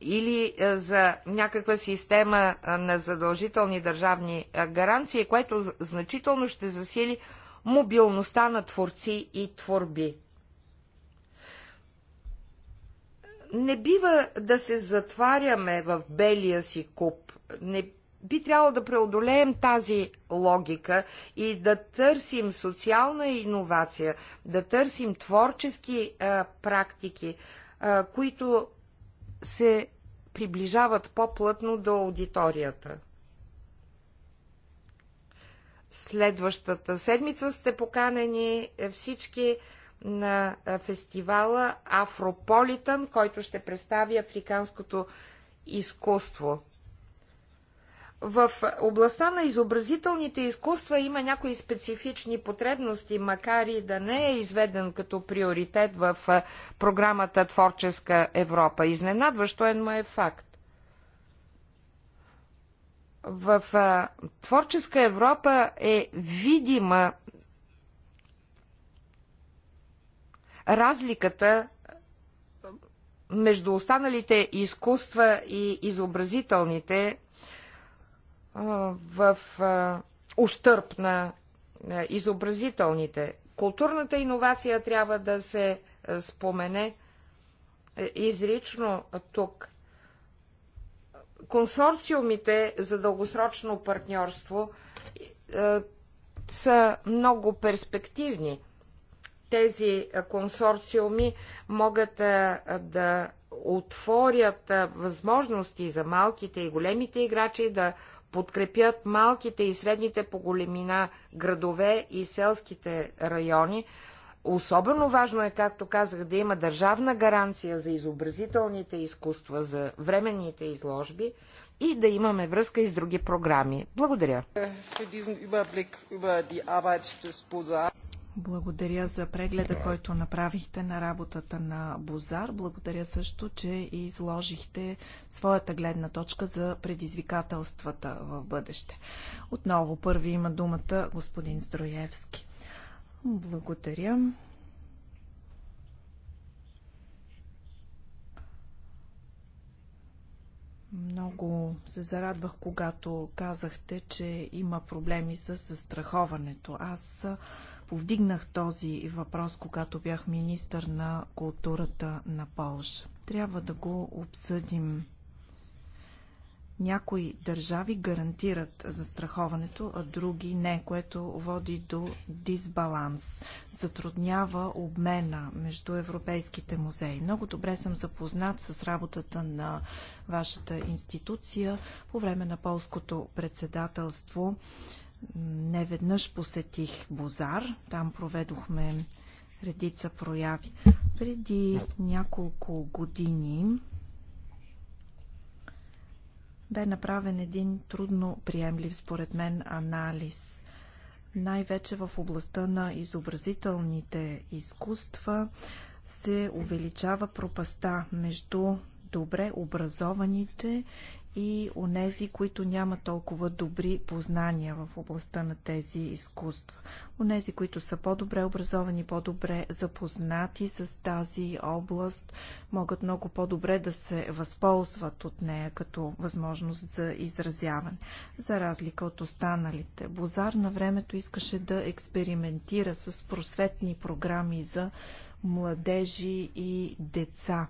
или е, за някаква система е, на задължителни държавни е, гаранции, което значително ще засили мобилността на творци и творби. Не бива да се затваряме в белия си куп, не би трябвало да преодолеем тази логика и да търсим социална иновация, да търсим творчески а, практики, а, които се приближават по-плътно до аудиторията. Следващата седмица сте поканени всички на фестивала Афрополитън, който ще представи африканското изкуство. В областта на изобразителните изкуства има някои специфични потребности, макар и да не е изведен като приоритет в програмата Творческа Европа. Изненадващо е, но е факт. В Творческа Европа е видима разликата между останалите изкуства и изобразителните в ущърп на изобразителните. Културната иновация трябва да се спомене е, изрично тук. Консорциумите за дългосрочно партньорство е, са много перспективни. Тези консорциуми могат е, да отворят възможности за малките и големите играчи да подкрепят малките и средните по големина градове и селските райони. Особено важно е, както казах, да има държавна гаранция за изобразителните изкуства, за временните изложби и да имаме връзка и с други програми. Благодаря. Благодаря за прегледа, който направихте на работата на Бозар. Благодаря също, че изложихте своята гледна точка за предизвикателствата в бъдеще. Отново първи има думата господин Строевски. Благодаря. Много се зарадвах, когато казахте, че има проблеми с застраховането. Аз Повдигнах този въпрос, когато бях министър на културата на Полша. Трябва да го обсъдим. Някои държави гарантират застраховането, а други не, което води до дисбаланс. Затруднява обмена между европейските музеи. Много добре съм запознат с работата на вашата институция по време на полското председателство Неведнъж посетих Бозар. Там проведохме редица прояви. Преди няколко години бе направен един трудно приемлив според мен анализ. Най-вече в областта на изобразителните изкуства се увеличава пропаста между добре образованите и онези, които нямат толкова добри познания в областта на тези изкуства. Онези, които са по-добре образовани, по-добре запознати с тази област, могат много по-добре да се възползват от нея като възможност за изразяване, за разлика от останалите. Бозар на времето искаше да експериментира с просветни програми за младежи и деца.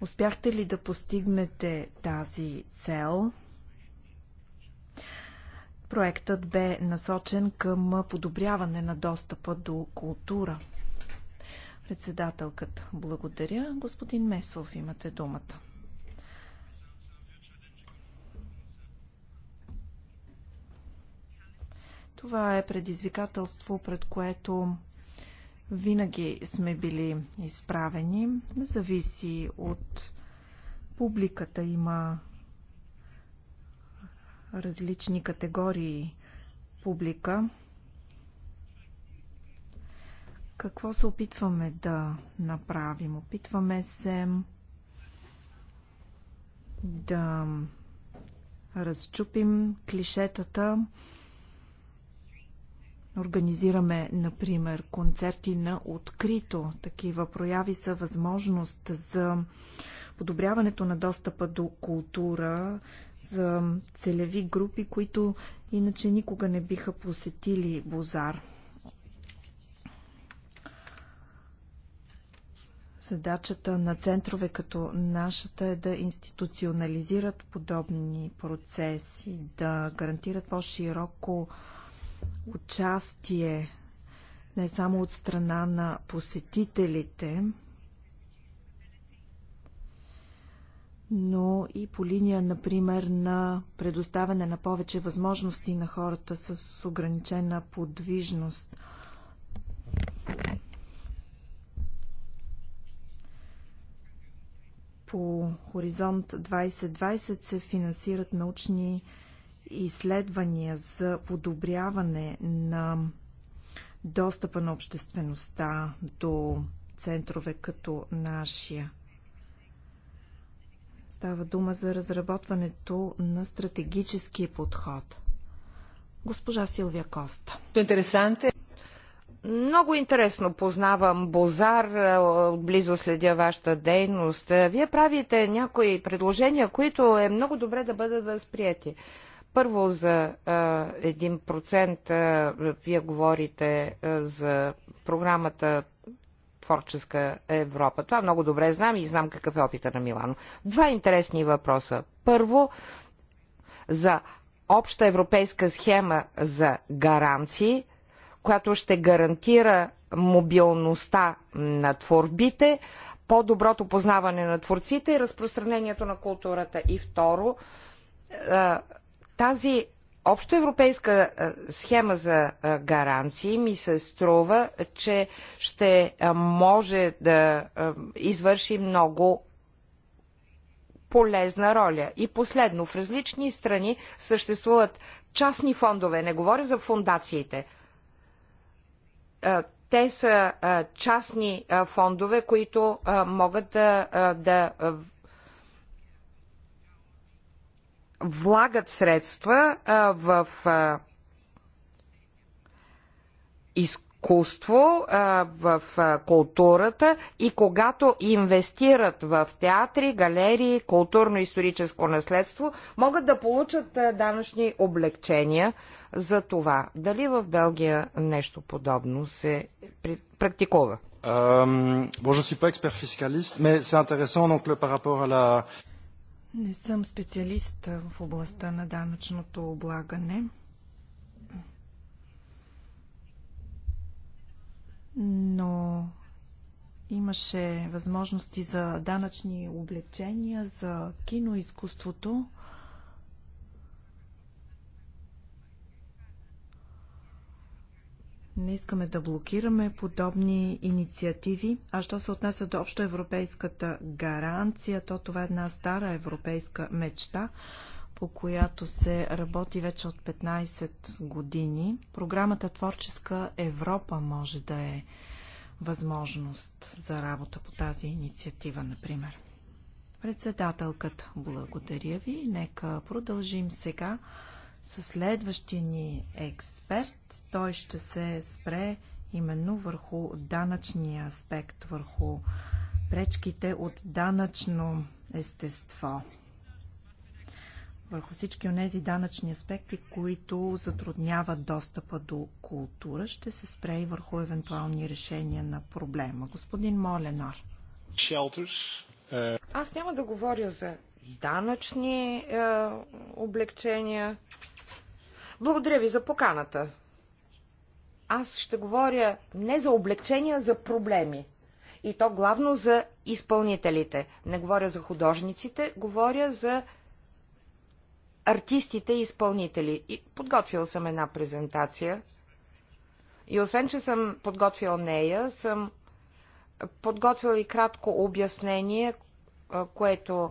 Успяхте ли да постигнете тази цел? Проектът бе насочен към подобряване на достъпа до култура. Председателката, благодаря. Господин Месов, имате думата. Това е предизвикателство, пред което винаги сме били изправени. Зависи от публиката. Има различни категории публика. Какво се опитваме да направим? Опитваме се да разчупим клишетата, Организираме, например, концерти на открито. Такива прояви са възможност за подобряването на достъпа до култура, за целеви групи, които иначе никога не биха посетили Бозар. Задачата на центрове като нашата е да институционализират подобни процеси, да гарантират по-широко участие не само от страна на посетителите, но и по линия, например, на предоставяне на повече възможности на хората с ограничена подвижност. По Хоризонт 2020 се финансират научни изследвания за подобряване на достъпа на обществеността до центрове като нашия. Става дума за разработването на стратегически подход. Госпожа Силвия Коста. Интересанте. Много интересно познавам Бозар, близо следя вашата дейност. Вие правите някои предложения, които е много добре да бъдат възприяти. Първо за 1% вие говорите за програмата Творческа Европа. Това много добре знам и знам какъв е опита на Милано. Два интересни въпроса. Първо, за обща европейска схема за гаранции, която ще гарантира мобилността на творбите, по-доброто познаване на творците и разпространението на културата. И второ, тази общоевропейска е, схема за е, гаранции ми се струва, че ще е, може да извърши много полезна роля. И последно, в различни страни съществуват частни фондове, не говоря за фундациите. Те са частни фондове, които могат да, да влагат средства а, в а, изкуство, а, в а, културата и когато инвестират в театри, галерии, културно-историческо наследство, могат да получат а, данъчни облегчения за това. Дали в Белгия нещо подобно се практикува? Um, bon, je ne suis pas expert fiscaliste, mais c'est intéressant donc le, par rapport à la. Не съм специалист в областта на данъчното облагане. Но имаше възможности за данъчни облегчения за киноизкуството. Не искаме да блокираме подобни инициативи. А що се отнася до общо европейската гаранция, то това е една стара европейска мечта, по която се работи вече от 15 години. Програмата Творческа Европа може да е възможност за работа по тази инициатива, например. Председателката, благодаря ви. Нека продължим сега с следващия ни експерт. Той ще се спре именно върху данъчния аспект, върху пречките от данъчно естество, върху всички от тези данъчни аспекти, които затрудняват достъпа до култура. Ще се спре и върху евентуални решения на проблема. Господин Моленар. Е, Аз няма да говоря за данъчни е, облегчения. Благодаря ви за поканата. Аз ще говоря не за облегчения, за проблеми. И то главно за изпълнителите. Не говоря за художниците, говоря за артистите и изпълнители. И подготвил съм една презентация. И освен, че съм подготвил нея, съм подготвил и кратко обяснение, е, което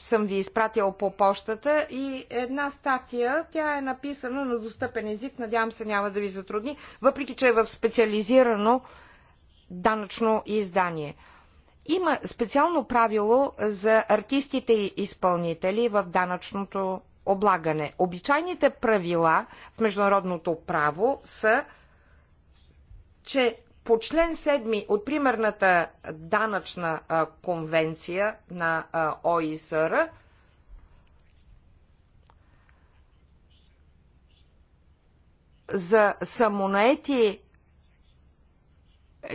съм ви изпратил по почтата и една статия, тя е написана на достъпен език, надявам се няма да ви затрудни, въпреки че е в специализирано данъчно издание. Има специално правило за артистите и изпълнители в данъчното облагане. Обичайните правила в международното право са, че по член 7 от примерната данъчна конвенция на ОИСР за самонаети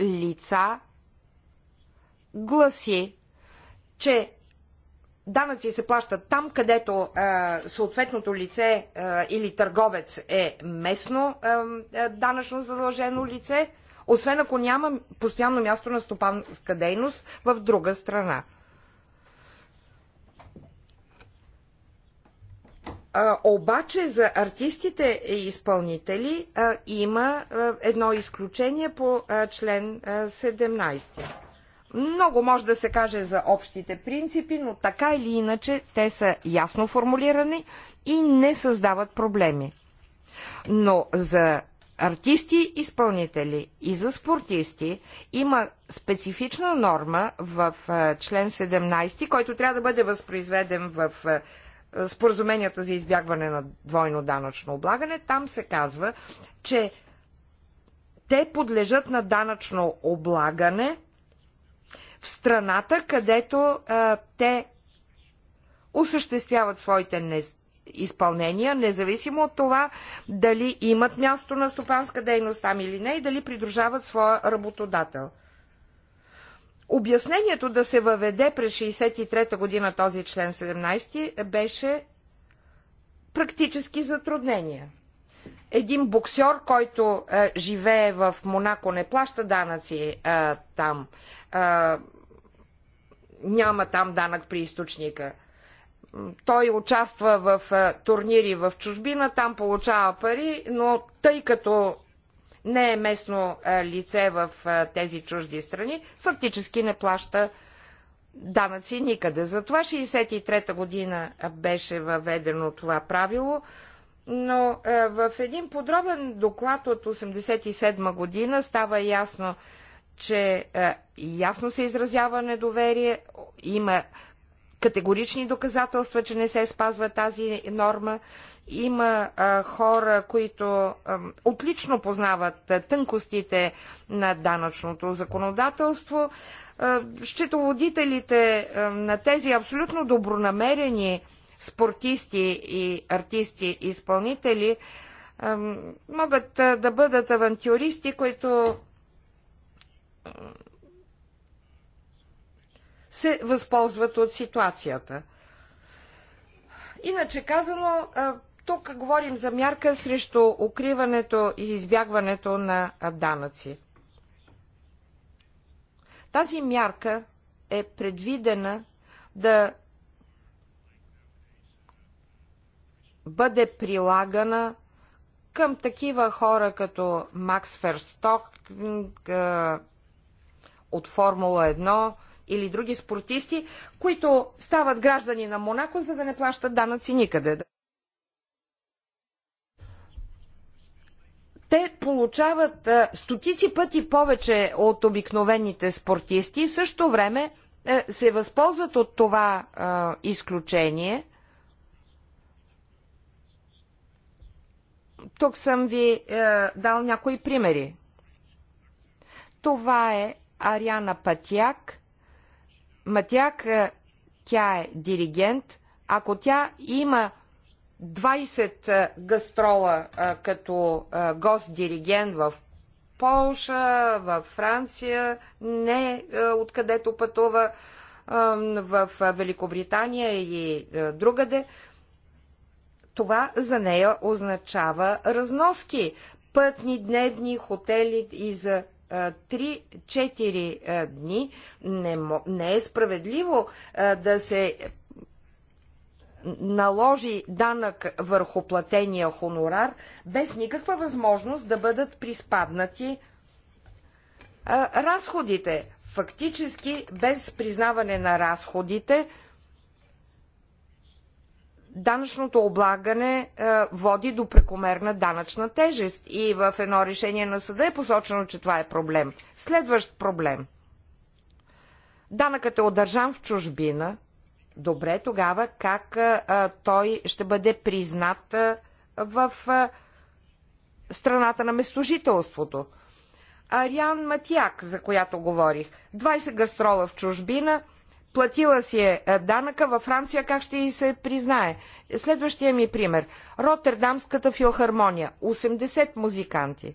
лица гласи, че данъци се плащат там, където а, съответното лице а, или търговец е местно а, данъчно задължено лице освен ако няма постоянно място на стопанска дейност в друга страна. А, обаче за артистите и изпълнители а, има а, едно изключение по а, член а, 17. Много може да се каже за общите принципи, но така или иначе те са ясно формулирани и не създават проблеми. Но за артисти-изпълнители и за спортисти има специфична норма в член 17, който трябва да бъде възпроизведен в споразуменията за избягване на двойно данъчно облагане. Там се казва, че те подлежат на данъчно облагане в страната, където те осъществяват своите изпълнения, независимо от това дали имат място на стопанска дейност там или не и дали придружават своя работодател. Обяснението да се въведе през 63-та година този член 17 беше практически затруднения. Един боксер, който е, живее в Монако, не плаща данъци е, там. Е, няма там данък при източника той участва в турнири в чужбина, там получава пари, но тъй като не е местно лице в тези чужди страни, фактически не плаща данъци никъде. Затова 63-та година беше въведено това правило, но в един подробен доклад от 87 година става ясно, че ясно се изразява недоверие, има категорични доказателства, че не се спазва тази норма. Има а, хора, които а, отлично познават а, тънкостите на данъчното законодателство. А, счетоводителите а, на тези абсолютно добронамерени спортисти и артисти-изпълнители могат а, да бъдат авантюристи, които се възползват от ситуацията. Иначе казано, тук говорим за мярка срещу укриването и избягването на данъци. Тази мярка е предвидена да бъде прилагана към такива хора като Макс Ферсток от Формула или други спортисти, които стават граждани на Монако, за да не плащат данъци никъде. те получават е, стотици пъти повече от обикновените спортисти и в същото време е, се възползват от това е, изключение. Тук съм ви дал някои примери. Това е Ариана Патяк, Матяк, е, тя е диригент. Ако тя има 20 е, гастрола е, като гост-диригент в Полша, в Франция, не откъдето пътува, в Великобритания и другаде, това за нея означава разноски. Пътни, дневни, хотели и за 3-4 дни не, не е справедливо да се наложи данък върху платения хонорар без никаква възможност да бъдат приспаднати разходите. Фактически без признаване на разходите данъчното облагане е, води до прекомерна данъчна тежест. И в едно решение на съда е посочено, че това е проблем. Следващ проблем. Данъкът е удържан в чужбина. Добре, тогава как е, е, той ще бъде признат в страната на местожителството? Ариан Матяк, за която говорих. 20 гастрола в чужбина – Платила си е, е данъка, във Франция как ще й се признае? Следващия ми пример. Роттердамската филхармония. 80 музиканти.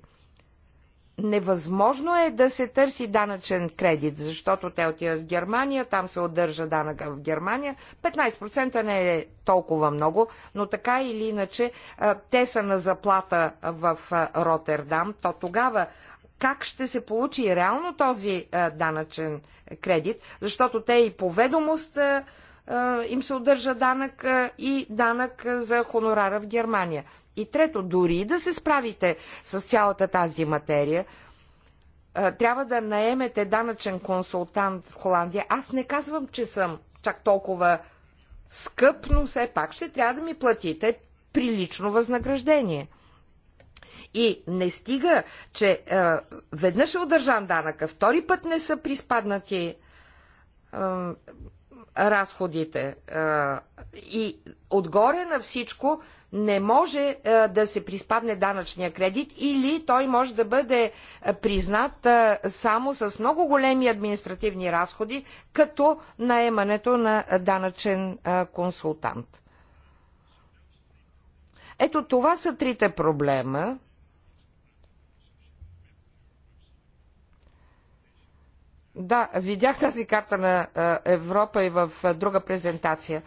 Невъзможно е да се търси данъчен кредит, защото те отиват в Германия, там се отдържа данъка в Германия. 15% не е толкова много, но така или иначе те са на заплата в Роттердам, то тогава как ще се получи реално този данъчен кредит, защото те и по ведомост им се удържа данък и данък за хонорара в Германия. И трето, дори да се справите с цялата тази материя, трябва да наемете данъчен консултант в Холандия. Аз не казвам, че съм чак толкова скъп, но все пак ще трябва да ми платите прилично възнаграждение – и не стига, че е, веднъж е удържан данъка, втори път не са приспаднати е, разходите. Е, и отгоре на всичко не може е, да се приспадне данъчния кредит или той може да бъде признат е, само с много големи административни разходи, като наемането на данъчен е, консултант. Ето това са трите проблема Да, видях тази карта на Европа и в друга презентация.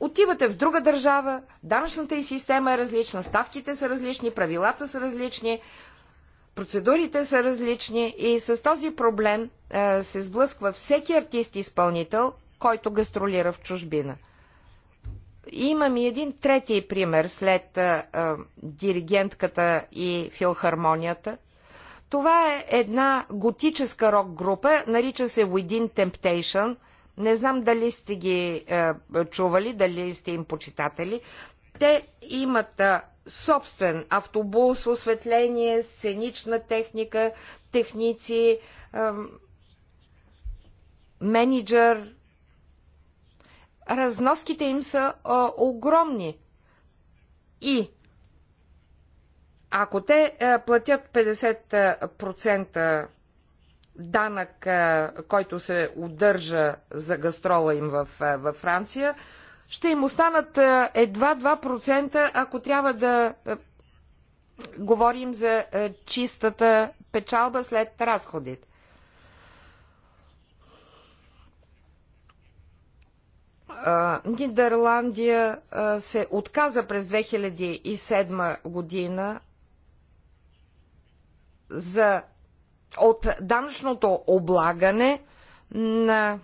Отивате в друга държава, данъчната и система е различна, ставките са различни, правилата са различни, процедурите са различни и с този проблем се сблъсква всеки артист-изпълнител, който гастролира в чужбина. Имам и един трети пример след а, а, диригентката и филхармонията. Това е една готическа рок група, нарича се Within Temptation. Не знам дали сте ги е, чували, дали сте им почитатели. Те имат е, собствен автобус, осветление, сценична техника, техници, е, менеджер. Разноските им са е, огромни. И ако те е, платят 50% данък, е, който се удържа за гастрола им в, е, Франция, ще им останат едва 2%, ако трябва да говорим за чистата печалба след разходите. Нидерландия се отказа през 2007 година за, от данъчното облагане на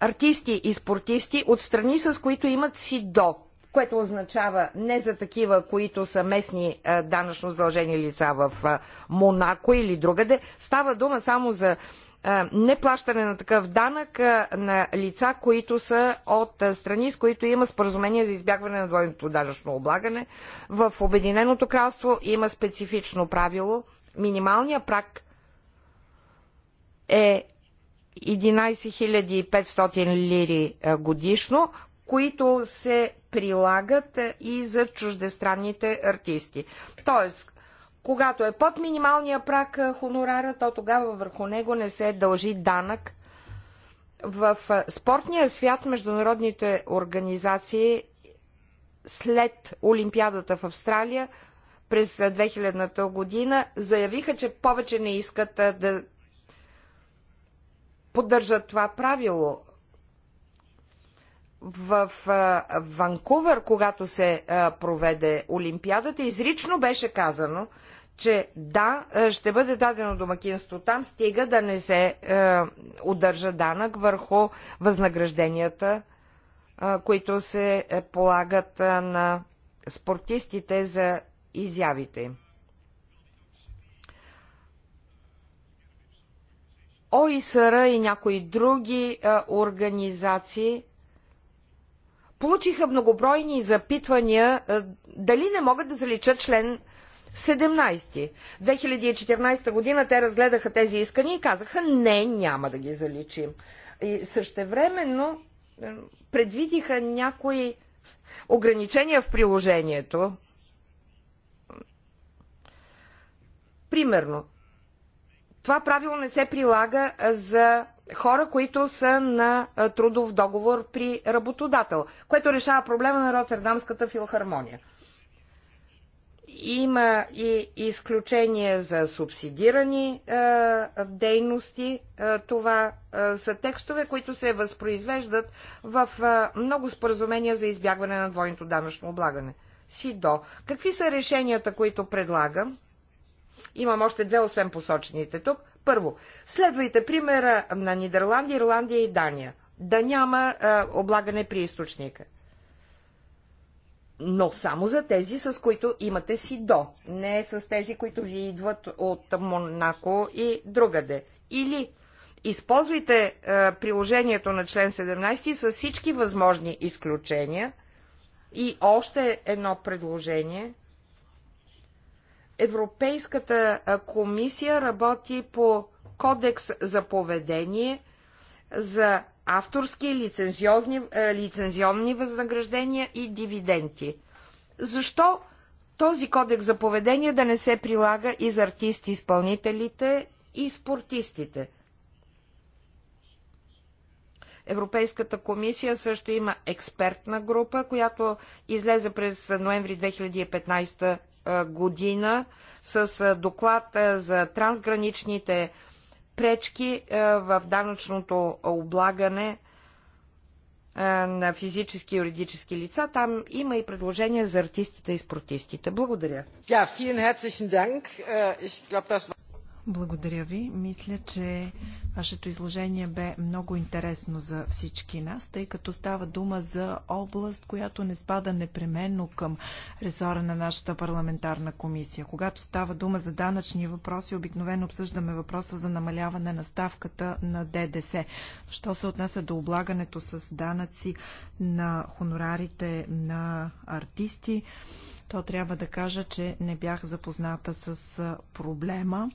артисти и спортисти от страни, с които имат СИДО, което означава не за такива, които са местни е, данъчно задължени лица в е, Монако или другаде. Става дума само за неплащане на такъв данък на лица, които са от страни, с които има споразумение за избягване на двойното данъчно облагане. В Обединеното кралство има специфично правило. Минималният прак е 11 500 лири годишно, които се прилагат и за чуждестранните артисти. Тоест, когато е под минималния прак хонорара, то тогава върху него не се дължи данък. В спортния свят международните организации след Олимпиадата в Австралия през 2000-та година заявиха, че повече не искат да поддържат това правило. В Ванкувър, когато се проведе Олимпиадата, изрично беше казано, че да, е, ще бъде дадено домакинство там, стига да не се е, удържа данък върху възнагражденията, е, които се полагат е, на спортистите за изявите им. ОИСР и някои други е, организации получиха многобройни запитвания е, дали не могат да заличат член 17. 2014 година те разгледаха тези искания и казаха не, няма да ги заличим. И същевременно е, предвидиха някои ограничения в приложението. Примерно, това правило не се прилага за хора, които са на е, трудов договор при работодател, което решава проблема на Роттердамската филхармония. Има и изключения за субсидирани а, дейности. А, това а, са текстове, които се възпроизвеждат в а, много споразумения за избягване на двойното данъчно облагане. СИДО. Какви са решенията, които предлагам? Имам още две, освен посочените тук. Първо, следвайте примера на Нидерландия, Ирландия и Дания. Да няма а, облагане при източника но само за тези, с които имате си до, не с тези, които ви идват от Монако и другаде. Или използвайте а, е, приложението на член 17 с всички възможни изключения. И още едно предложение. Европейската е, комисия работи по кодекс за поведение за авторски, лицензионни, е, лицензионни възнаграждения и дивиденти. Защо този кодекс за поведение да не се прилага и за артисти, изпълнителите и спортистите? Европейската комисия също има експертна група, която излезе през ноември 2015 е, година с е, доклад за трансграничните пречки е, в данъчното облагане е, на физически и юридически лица. Там има и предложения за артистите и спортистите. Благодаря. Yeah, благодаря ви. Мисля, че вашето изложение бе много интересно за всички нас, тъй като става дума за област, която не спада непременно към ресора на нашата парламентарна комисия. Когато става дума за данъчни въпроси, обикновено обсъждаме въпроса за намаляване на ставката на ДДС. Що се отнася до облагането с данъци на хонорарите на артисти, то трябва да кажа, че не бях запозната с проблема.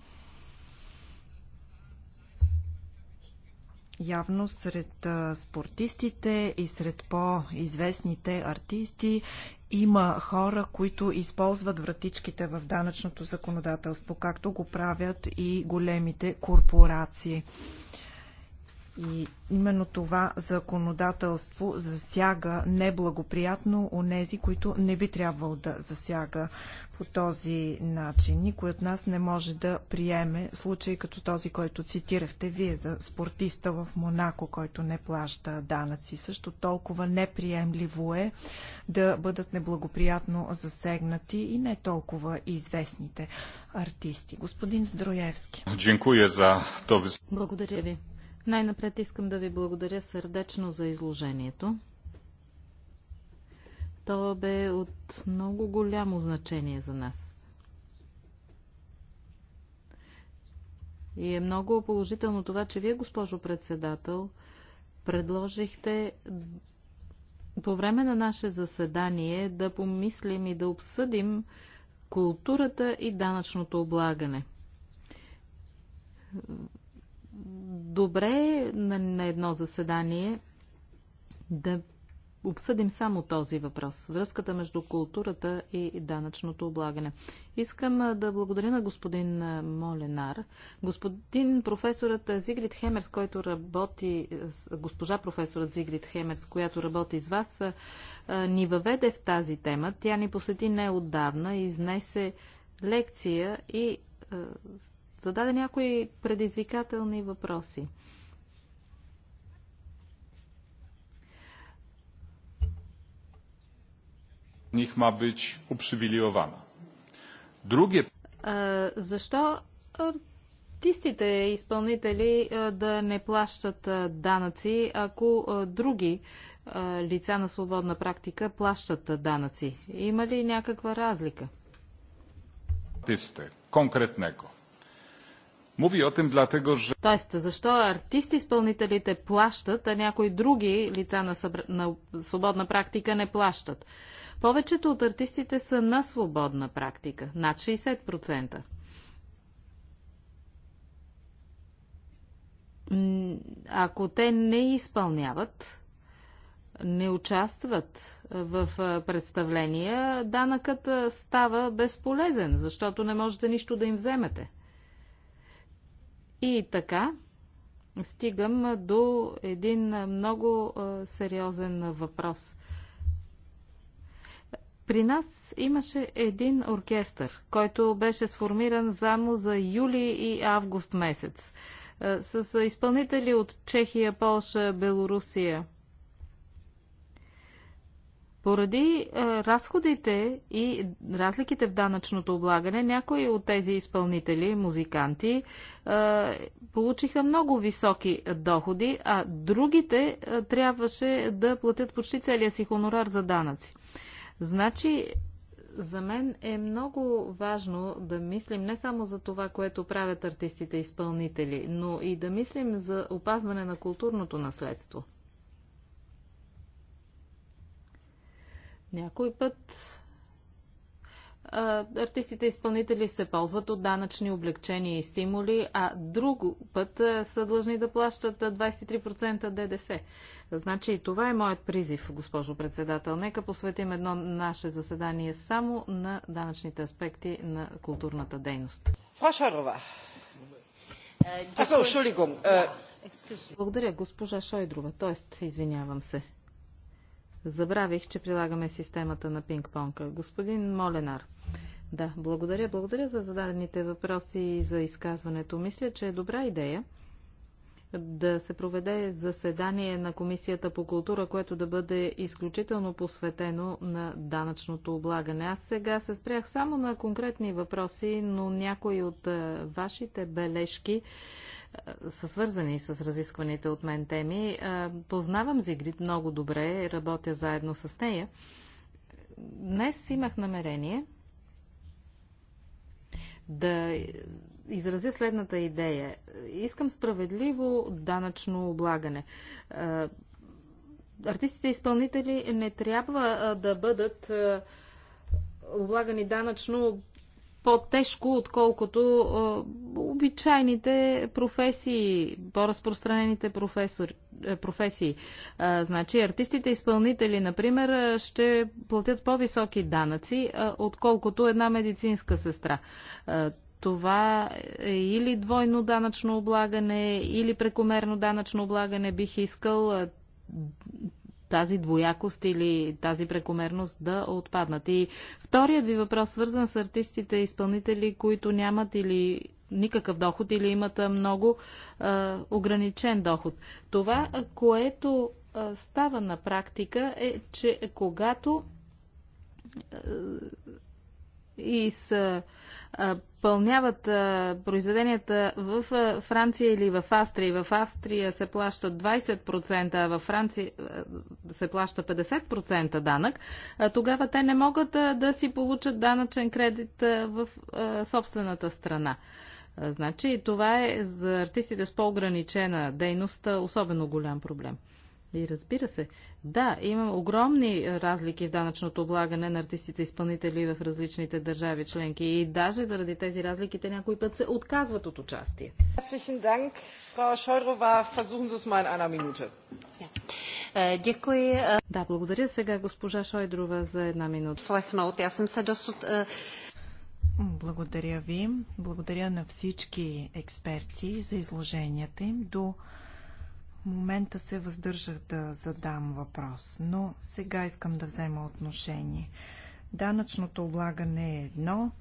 Явно сред спортистите и сред по-известните артисти има хора, които използват вратичките в данъчното законодателство, както го правят и големите корпорации. И именно това законодателство засяга неблагоприятно нези, които не би трябвало да засяга по този начин. Никой от нас не може да приеме случай като този, който цитирахте вие за спортиста в Монако, който не плаща данъци. Също толкова неприемливо е да бъдат неблагоприятно засегнати и не толкова известните артисти. Господин Здроевски. Благодаря ви. Най-напред искам да ви благодаря сърдечно за изложението. То бе от много голямо значение за нас. И е много положително това, че вие, госпожо председател, предложихте по време на наше заседание да помислим и да обсъдим културата и данъчното облагане добре на, на едно заседание да обсъдим само този въпрос. Връзката между културата и данъчното облагане. Искам да благодаря на господин Моленар. Господин професорът Зигрид Хемерс, който работи, госпожа професорът Зигрид Хемерс, която работи с вас, ни въведе в тази тема. Тя ни посети неотдавна изнесе лекция и зададе някои предизвикателни въпроси. Них ма бич обшивилиована. Други... Защо артистите изпълнители да не плащат данъци, ако други лица на свободна практика плащат данъци? Има ли някаква разлика? Артистите, конкретно. Mówi o tym dlatego, że... Тоест, защо артисти-изпълнителите плащат, а някои други лица на, събр... на свободна практика не плащат? Повечето от артистите са на свободна практика, над 60%. Ако те не изпълняват, не участват в представления, данъкът става безполезен, защото не можете нищо да им вземете. И така, стигам до един много сериозен въпрос. При нас имаше един оркестър, който беше сформиран само за юли и август месец с изпълнители от Чехия, Полша, Белорусия – поради е, разходите и разликите в данъчното облагане, някои от тези изпълнители, музиканти, е, получиха много високи доходи, а другите е, трябваше да платят почти целия си хонорар за данъци. Значи, за мен е много важно да мислим не само за това, което правят артистите-изпълнители, но и да мислим за опазване на културното наследство. Някой път артистите изпълнители се ползват от данъчни облегчения и стимули, а друг път са длъжни да плащат 23% ДДС. Значи и това е моят призив, госпожо председател. Нека посветим едно наше заседание само на данъчните аспекти на културната дейност. Фашарова. Е, е. Е, Благодаря, госпожа Шойдрова. Тоест, извинявам се. Забравих, че прилагаме системата на пинг-понка. Господин Моленар. Да, благодаря. Благодаря за зададените въпроси и за изказването. Мисля, че е добра идея да се проведе заседание на Комисията по култура, което да бъде изключително посветено на данъчното облагане. Аз сега се спрях само на конкретни въпроси, но някои от вашите бележки е, са свързани с разискваните от мен теми. Е, познавам Зигрид много добре, работя заедно с нея. Днес имах намерение да изразя следната идея. Искам справедливо данъчно облагане. Е, артистите и изпълнители не трябва да бъдат облагани данъчно по-тежко, отколкото е, обичайните професии, по-разпространените професори, е, професии. значи, артистите изпълнители, например, ще платят по-високи данъци, отколкото една медицинска сестра. Това е или двойно данъчно облагане, или прекомерно данъчно облагане. Бих искал тази двоякост или тази прекомерност да отпаднат. И вторият ви въпрос, свързан с артистите, изпълнители, които нямат или никакъв доход или имат много а, ограничен доход. Това, което а, става на практика е, че когато и са пълняват произведенията в Франция или в Австрия. В Австрия се плащат 20%, а във Франция се плаща 50% данък, тогава те не могат да си получат данъчен кредит в собствената страна. Значи това е за артистите с по-ограничена дейност особено голям проблем. И разбира се, да, има огромни разлики в данъчното облагане на артистите и изпълнители в различните държави членки и даже заради тези разлики те някой път се отказват от участие. Е, děkuji. Е, да, благодаря сега госпожа Шойдрова за една минута. Слехнат, аз съм се досуд... Е, благодаря ви. Благодаря на всички експерти за изложенията им. До момента се въздържах да задам въпрос, но сега искам да взема отношение. Данъчното облагане е едно,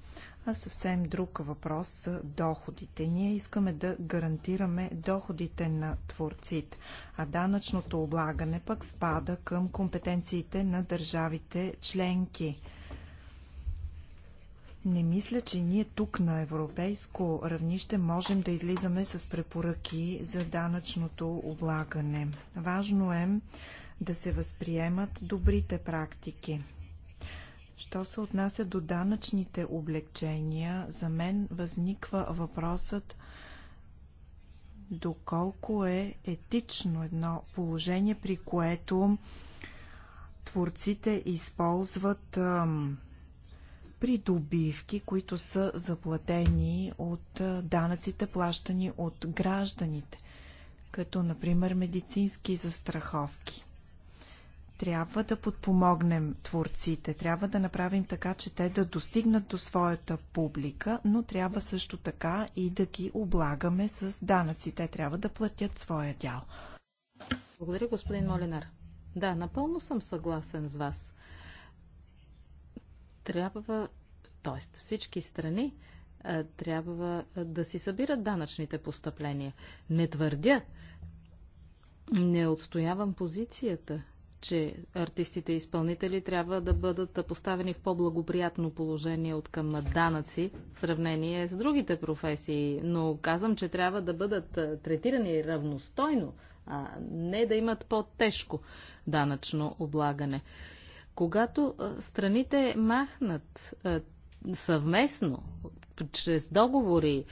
а съвсем друг въпрос са доходите. Ние искаме да гарантираме доходите на творците, а данъчното облагане пък спада към компетенциите на държавите членки. Не мисля, че ние тук на европейско равнище можем да излизаме с препоръки за данъчното облагане. Важно е да се възприемат добрите практики. Що се отнася до данъчните облегчения, за мен възниква въпросът доколко е етично едно положение, при което творците използват придобивки, които са заплатени от данъците, плащани от гражданите, като например медицински застраховки. Трябва да подпомогнем творците, трябва да направим така, че те да достигнат до своята публика, но трябва също така и да ги облагаме с данъци. Те трябва да платят своя дял. Благодаря, господин Молинар. Да, напълно съм съгласен с вас трябва, т.е. всички страни, е, трябва е, да си събират данъчните постъпления. Не твърдя, не отстоявам позицията, че артистите и изпълнители трябва да бъдат поставени в по-благоприятно положение от към данъци в сравнение с другите професии, но казвам, че трябва да бъдат е, третирани равностойно, а не да имат по-тежко данъчно облагане. Когато страните махнат съвместно чрез договори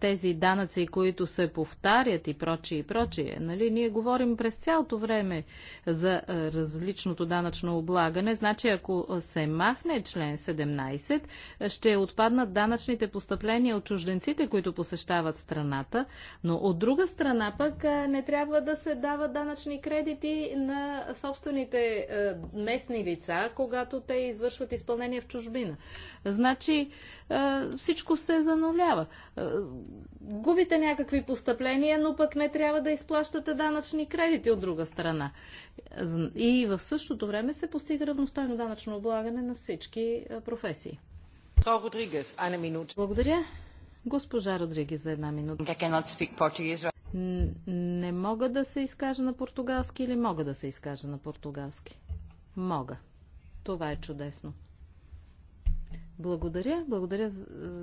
тези данъци, които се повтарят и прочие и прочие. Нали? Ние говорим през цялото време за различното данъчно облагане. Значи, ако се махне член 17, ще отпаднат данъчните постъпления от чужденците, които посещават страната, но от друга страна пък не трябва да се дават данъчни кредити на собствените местни лица, когато те извършват изпълнение в чужбина. Значи, всички всичко се занулява. Е, губите някакви постъпления, но пък не трябва да изплащате данъчни кредити от друга страна. И в същото време се постига равностойно данъчно облагане на всички е, професии. Благодаря. Госпожа Родригес за една минута. Не мога да се изкажа на португалски или мога да се изкажа на португалски? Мога. Това е чудесно. Благодаря. Благодаря.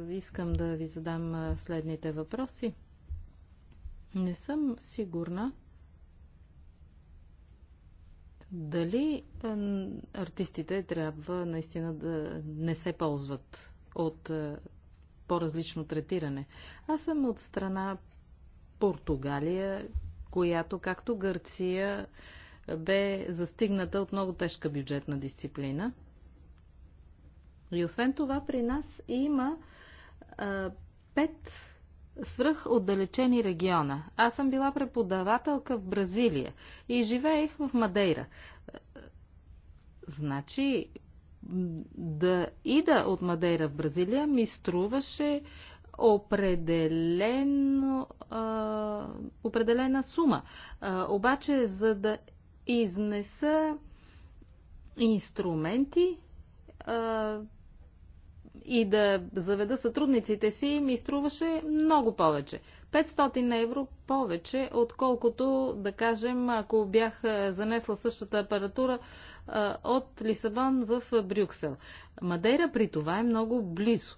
Е, искам да ви задам е, следните въпроси. Не съм сигурна дали е, артистите трябва наистина да не се ползват от по-различно третиране. Аз съм от страна Португалия, която, както Гърция, бе застигната от много тежка бюджетна дисциплина – и освен това, при нас има а, пет свръх отдалечени региона. Аз съм била преподавателка в Бразилия и живеех в Мадейра. Значи, да ида от Мадейра в Бразилия ми струваше определено, а, определена сума. А, обаче, за да изнеса инструменти, а, и да заведа сътрудниците си ми струваше много повече. 500 евро повече, отколкото, да кажем, ако бях занесла същата апаратура а, от Лисабон в Брюксел. Мадейра при това е много близо.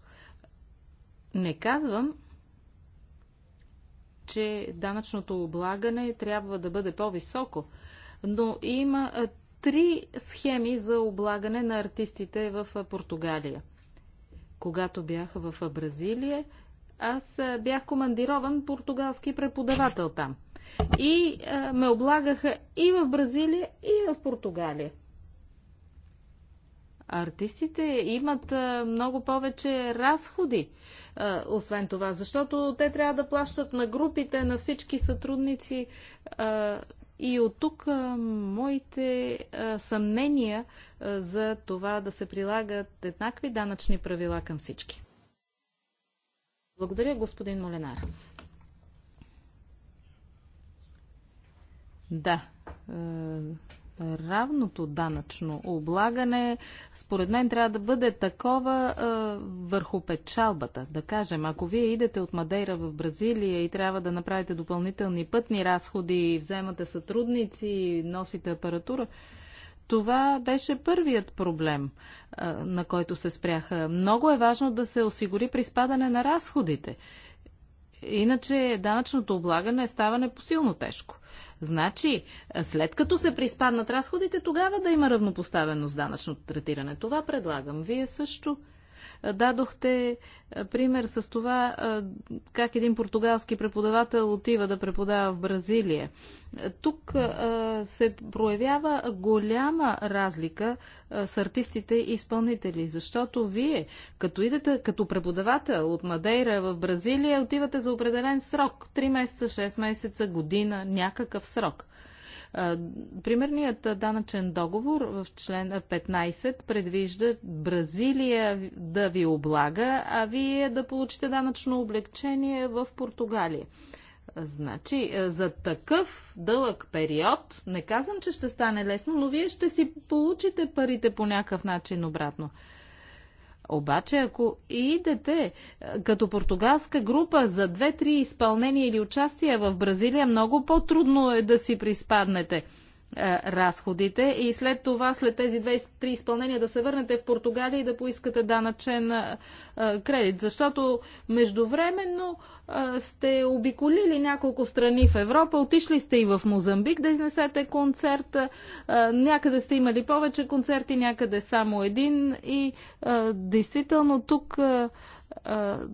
Не казвам, че данъчното облагане трябва да бъде по-високо, но има три схеми за облагане на артистите в Португалия. Когато бях в Бразилия, аз бях командирован португалски преподавател там. И а, ме облагаха и в Бразилия, и в Португалия. Артистите имат а, много повече разходи, а, освен това, защото те трябва да плащат на групите, на всички сътрудници. А, и от тук моите съмнения за това да се прилагат еднакви данъчни правила към всички. Благодаря, господин Моленар. Да равното данъчно облагане, според мен трябва да бъде такова а, върху печалбата. Да кажем, ако вие идете от Мадейра в Бразилия и трябва да направите допълнителни пътни разходи, вземате сътрудници, носите апаратура, това беше първият проблем, а, на който се спряха. Много е важно да се осигури при спадане на разходите. Иначе данъчното облагане става непосилно тежко. Значи, след като се приспаднат разходите, тогава да има равнопоставеност данъчното третиране. Това предлагам. Вие също Дадохте пример с това как един португалски преподавател отива да преподава в Бразилия. Тук се проявява голяма разлика с артистите и изпълнители, защото вие, като идете като преподавател от Мадейра в Бразилия, отивате за определен срок 3 месеца, 6 месеца, година, някакъв срок. Примерният данъчен договор в член 15 предвижда Бразилия да ви облага, а вие да получите данъчно облегчение в Португалия. Значи, за такъв дълъг период, не казвам, че ще стане лесно, но вие ще си получите парите по някакъв начин обратно. Обаче, ако идете е, като португалска група за 2-3 изпълнения или участия в Бразилия, много по-трудно е да си приспаднете е, разходите и след това, след тези 23 изпълнения да се върнете в Португалия и да поискате данъчен е, е, кредит. Защото междувременно сте обиколили няколко страни в Европа, отишли сте и в Мозамбик да изнесете концерт, някъде сте имали повече концерти, някъде само един и действително тук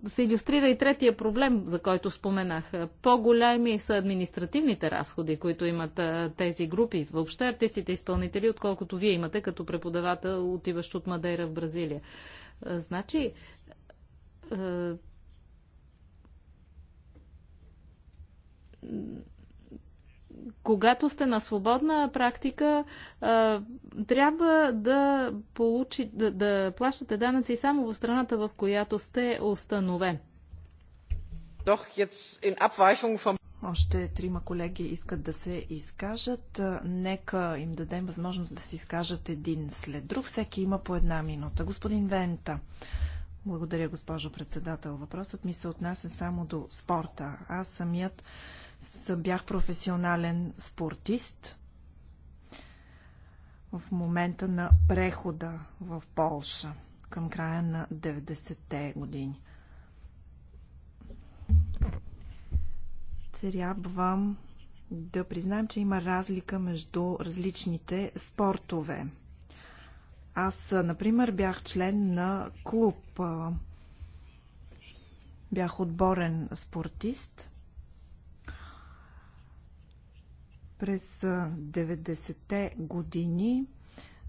се иллюстрира и третия проблем, за който споменах. По-големи са административните разходи, които имат тези групи, въобще артистите изпълнители, отколкото вие имате като преподавател, отиващ от Мадейра в Бразилия. Значи, когато сте на свободна практика, а, трябва да, получи, да, да плащате данъци само в страната, в която сте установен. Още трима колеги искат да се изкажат. Нека им дадем възможност да се изкажат един след друг. Всеки има по една минута. Господин Вента. Благодаря, госпожо председател. Въпросът ми се отнася само до спорта. Аз самият съм бях професионален спортист в момента на прехода в Полша към края на 90-те години. Трябва да признаем, че има разлика между различните спортове. Аз, например, бях член на клуб. Бях отборен спортист. През 90-те години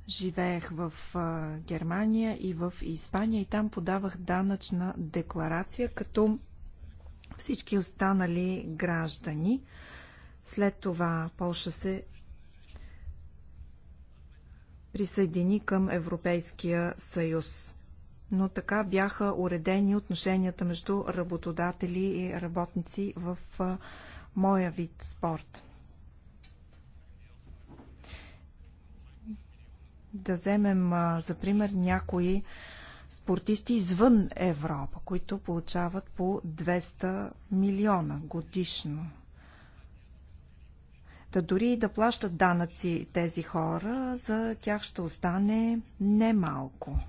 живеех в Германия и в Испания и там подавах данъчна декларация като всички останали граждани. След това Полша се присъедини към Европейския съюз. Но така бяха уредени отношенията между работодатели и работници в моя вид спорт. да вземем за пример някои спортисти извън Европа, които получават по 200 милиона годишно. да дори и да плащат данъци тези хора, за тях ще остане немалко. малко.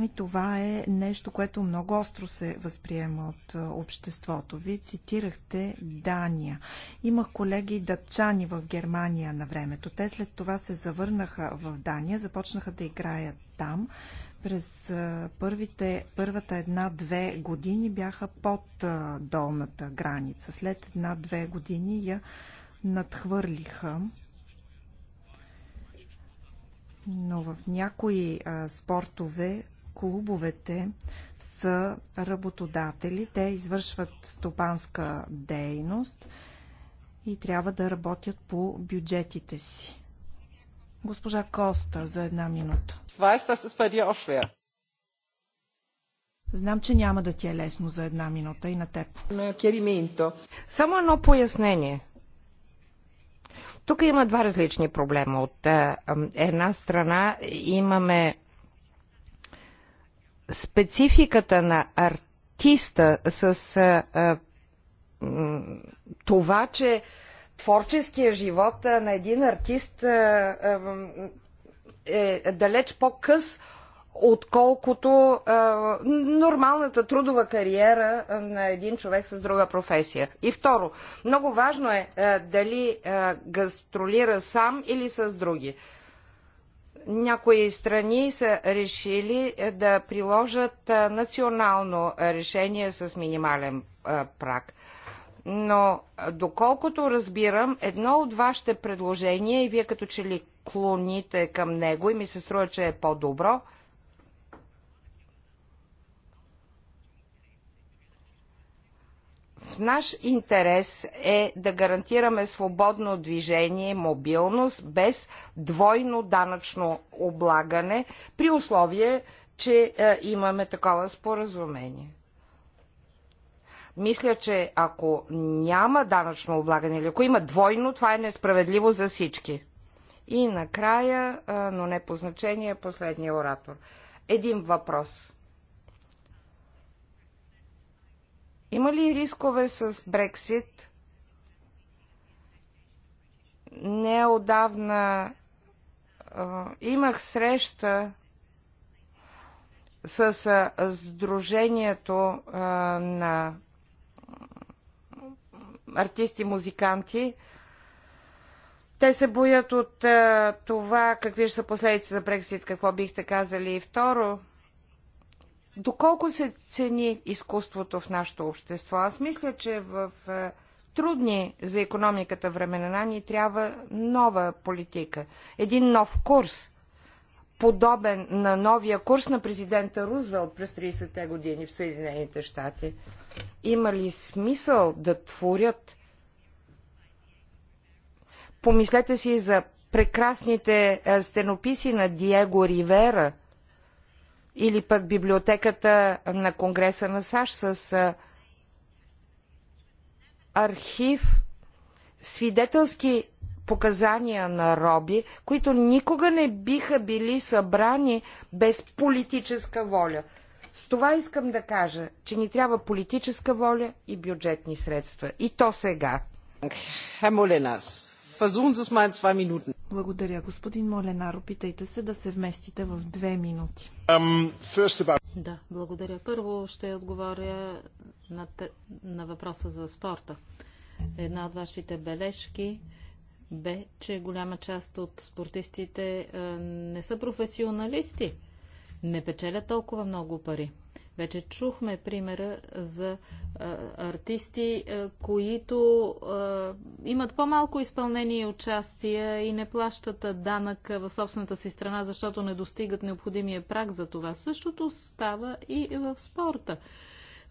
И това е нещо, което много остро се възприема от обществото. Вие цитирахте Дания. Имах колеги датчани в Германия на времето. Те след това се завърнаха в Дания, започнаха да играят там. През първите, първата една-две години бяха под долната граница. След една-две години я надхвърлиха но в някои а, спортове Клубовете са работодатели, те извършват стопанска дейност и трябва да работят по бюджетите си. Госпожа Коста за една минута. Знам, че няма да ти е лесно за една минута и на теб. Само едно пояснение. Тук има два различни проблема. От е, една страна имаме спецификата на артиста с а, а, това, че творческия живот на един артист а, а, е далеч по-къс, отколкото а, нормалната трудова кариера на един човек с друга професия. И второ, много важно е а, дали а, гастролира сам или с други някои страни са решили е, да приложат е, национално решение с минимален е, прак. Но доколкото разбирам, едно от вашите предложения и вие като че ли клоните към него и ми се струва, че е по-добро – В наш интерес е да гарантираме свободно движение, мобилност без двойно данъчно облагане при условие, че е, имаме такова споразумение. Мисля, че ако няма данъчно облагане или ако има двойно, това е несправедливо за всички. И накрая, е, но не по значение, последния оратор. Един въпрос. Има ли рискове с Брексит? Не отдавна а, имах среща с а, Сдружението а, на артисти-музиканти. Те се боят от а, това какви ще са последици за Брексит, какво бихте казали. И второ, Доколко се цени изкуството в нашето общество? Аз мисля, че в е, трудни за економиката времена ни трябва нова политика, един нов курс, подобен на новия курс на президента Рузвелт през 30-те години в Съединените щати. Има ли смисъл да творят? Помислете си за прекрасните е, стенописи на Диего Ривера – или пък библиотеката на Конгреса на САЩ с архив свидетелски показания на роби, които никога не биха били събрани без политическа воля. С това искам да кажа, че ни трябва политическа воля и бюджетни средства. И то сега. Herr фазун versuchen Sie 2 минути. Благодаря, господин Моленар. Опитайте се да се вместите в две минути. Um, about... Да, благодаря. Първо ще отговоря на, те... на въпроса за спорта. Една от вашите бележки бе, че голяма част от спортистите е, не са професионалисти. Не печелят толкова много пари. Вече чухме примера за а, артисти, а, които а, имат по-малко изпълнение и участие и не плащат данък в собствената си страна, защото не достигат необходимия праг за това. Същото става и в спорта.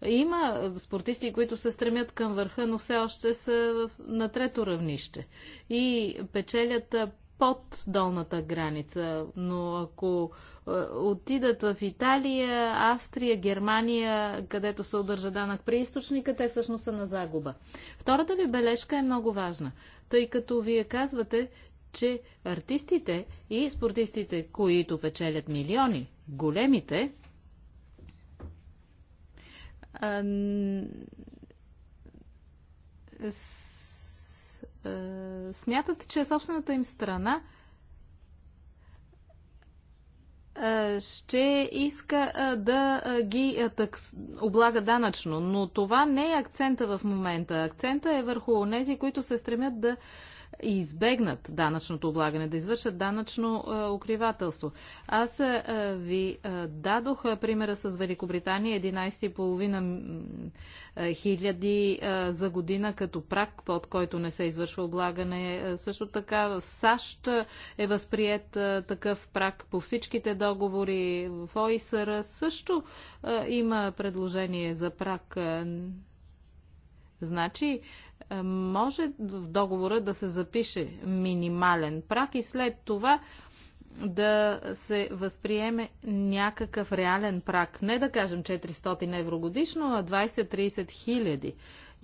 Има спортисти, които се стремят към върха, но все още са на трето равнище и печелят под долната граница, но ако е, отидат в Италия, Австрия, Германия, където се удържа данък при източника, те всъщност са на загуба. Втората ви бележка е много важна, тъй като вие казвате, че артистите и спортистите, които печелят милиони, големите, а, е, с е, смятат, че собствената им страна е, ще иска е, да ги так, облага данъчно. Но това не е акцента в момента. Акцента е върху тези, които се стремят да избегнат данъчното облагане, да извършат данъчно е, укривателство. Аз е, ви е, дадох примера с Великобритания 11,5 хиляди за година като прак, под който не се извършва облагане. Също така в САЩ е възприят такъв прак по всичките договори. В ОИСР също има предложение за прак. Значи, е, може в договора да се запише минимален прак и след това да се възприеме някакъв реален прак. Не да кажем 400 евро годишно, а 20-30 хиляди.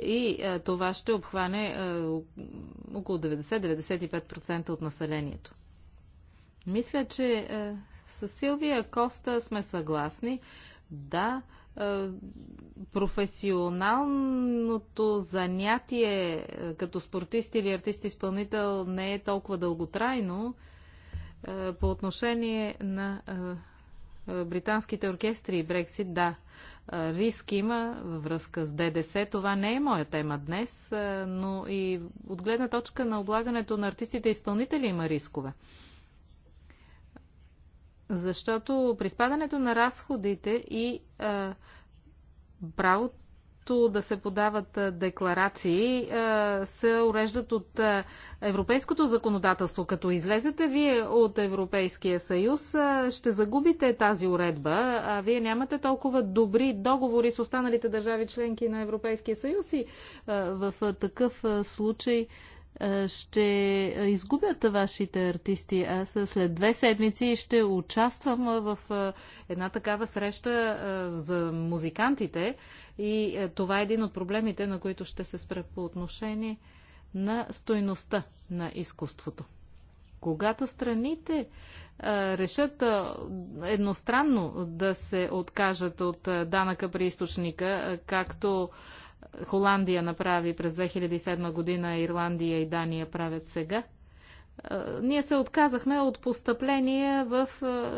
И а, е, това ще обхване а, е, около 90-95% от населението. Мисля, че а, с Силвия Коста сме съгласни. Да, е, професионалното занятие е, като спортист или артист-изпълнител не е толкова дълготрайно е, по отношение на британските оркестри и Брексит, да, риск има във връзка с ДДС. Това не е моя тема днес, но и от гледна точка на облагането на артистите и изпълнители има рискове. Защото при спадането на разходите и а, правото да се подават декларации а, се уреждат от а, европейското законодателство. Като излезете вие от Европейския съюз, а, ще загубите тази уредба. А вие нямате толкова добри договори с останалите държави членки на Европейския съюз и а, в а, такъв а, случай. А, ще изгубят вашите артисти. Аз след две седмици ще участвам в една такава среща за музикантите и това е един от проблемите, на които ще се спра по отношение на стойността на изкуството. Когато страните решат едностранно да се откажат от данъка при източника, както Холандия направи през 2007 година, Ирландия и Дания правят сега, ние се отказахме от постъпления в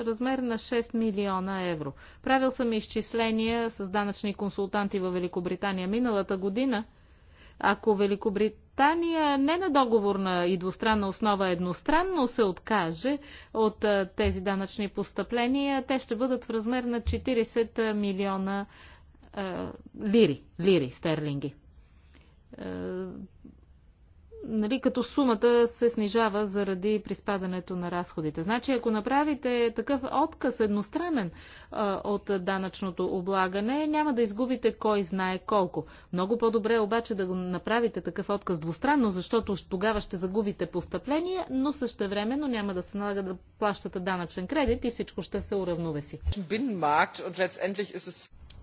размер на 6 милиона евро. Правил съм изчисления с данъчни консултанти във Великобритания миналата година. Ако Великобритания не на договорна и двустранна основа едностранно се откаже от тези данъчни постъпления, те ще бъдат в размер на 40 милиона е, лири, лири, стерлинги. Е, нали, като сумата се снижава заради приспадането на разходите. Значи, ако направите такъв отказ едностранен а, е, от данъчното облагане, няма да изгубите кой знае колко. Много по-добре обаче да го направите такъв отказ двустранно, защото тогава ще загубите постъпление, но също времено няма да се налага да плащате данъчен кредит и всичко ще се уравновеси.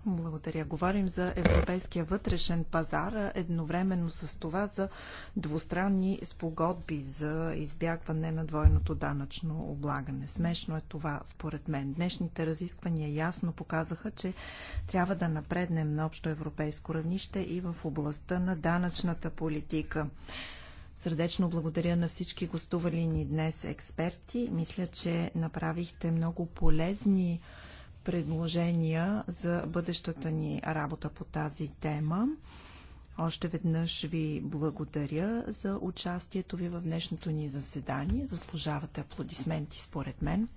Благодаря. Говорим за европейския вътрешен пазар, едновременно с това за двустранни спогодби за избягване на двойното данъчно облагане. Смешно е това, според мен. Днешните разисквания ясно показаха, че трябва да напреднем на общо европейско равнище и в областта на данъчната политика. Сърдечно благодаря на всички гостували ни днес експерти. Мисля, че направихте много полезни предложения за бъдещата ни работа по тази тема. Още веднъж ви благодаря за участието ви в днешното ни заседание. Заслужавате аплодисменти, според мен.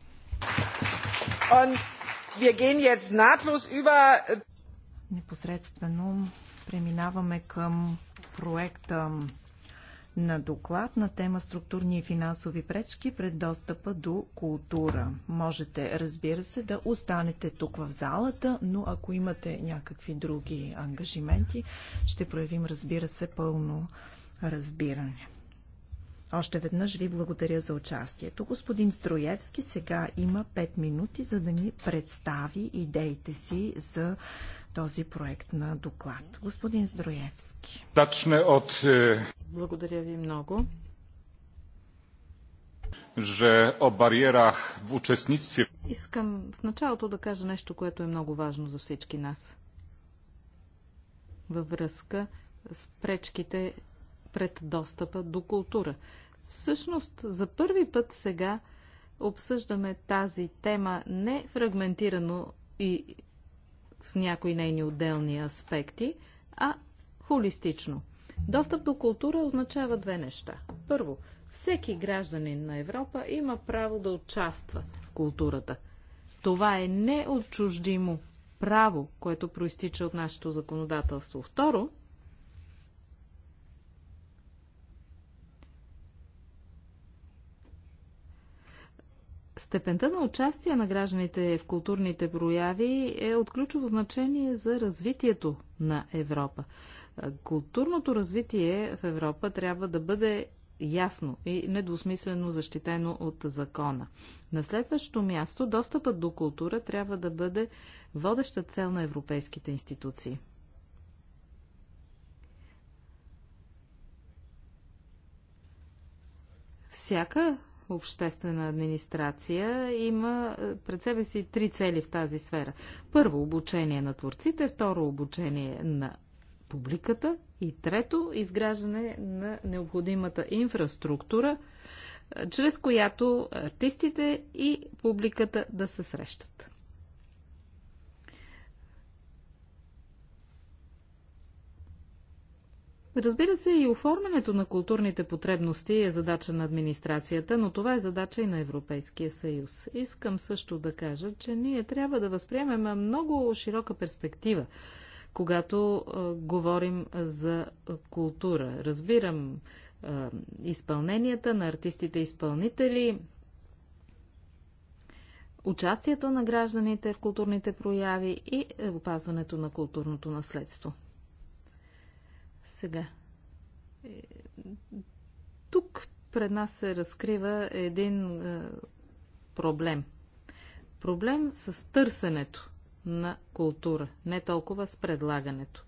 Непосредствено преминаваме към проекта на доклад на тема Структурни и финансови пречки пред достъпа до култура. Можете, разбира се, да останете тук в залата, но ако имате някакви други ангажименти, ще проявим, разбира се, пълно разбиране. Още веднъж ви благодаря за участието. Господин Строевски сега има 5 минути, за да ни представи идеите си за този проект на доклад. Господин Здроевски. Зачне от... Е, Благодаря ви много. Же о бариерах в участниците... Искам в началото да кажа нещо, което е много важно за всички нас. Във връзка с пречките пред достъпа до култура. Всъщност, за първи път сега обсъждаме тази тема не фрагментирано и в някои нейни отделни аспекти, а холистично. Достъп до култура означава две неща. Първо, всеки гражданин на Европа има право да участва в културата. Това е неотчуждимо право, което проистича от нашето законодателство. Второ, Степента на участие на гражданите в културните прояви е от ключово значение за развитието на Европа. Културното развитие в Европа трябва да бъде ясно и недвусмислено защитено от закона. На следващото място, достъпът до култура трябва да бъде водеща цел на европейските институции. Всяка обществена администрация има е, пред себе си три цели в тази сфера. Първо обучение на творците, второ обучение на публиката и трето изграждане на необходимата инфраструктура, е, чрез която артистите и публиката да се срещат. Разбира се, и оформянето на културните потребности е задача на администрацията, но това е задача и на Европейския съюз. Искам също да кажа, че ние трябва да възприемем много широка перспектива, когато е, говорим за култура. Разбирам е, изпълненията на артистите-изпълнители, участието на гражданите в културните прояви и е, опазването на културното наследство. Сега. Е, тук пред нас се разкрива един е, проблем. Проблем с търсенето на култура, не толкова с предлагането.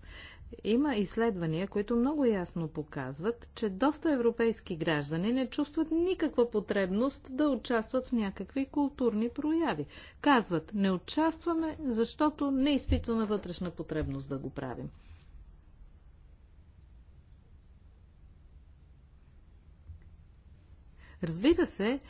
Има изследвания, които много ясно показват, че доста европейски граждани не чувстват никаква потребност да участват в някакви културни прояви. Казват, не участваме, защото не изпитваме вътрешна потребност да го правим. Разбира се,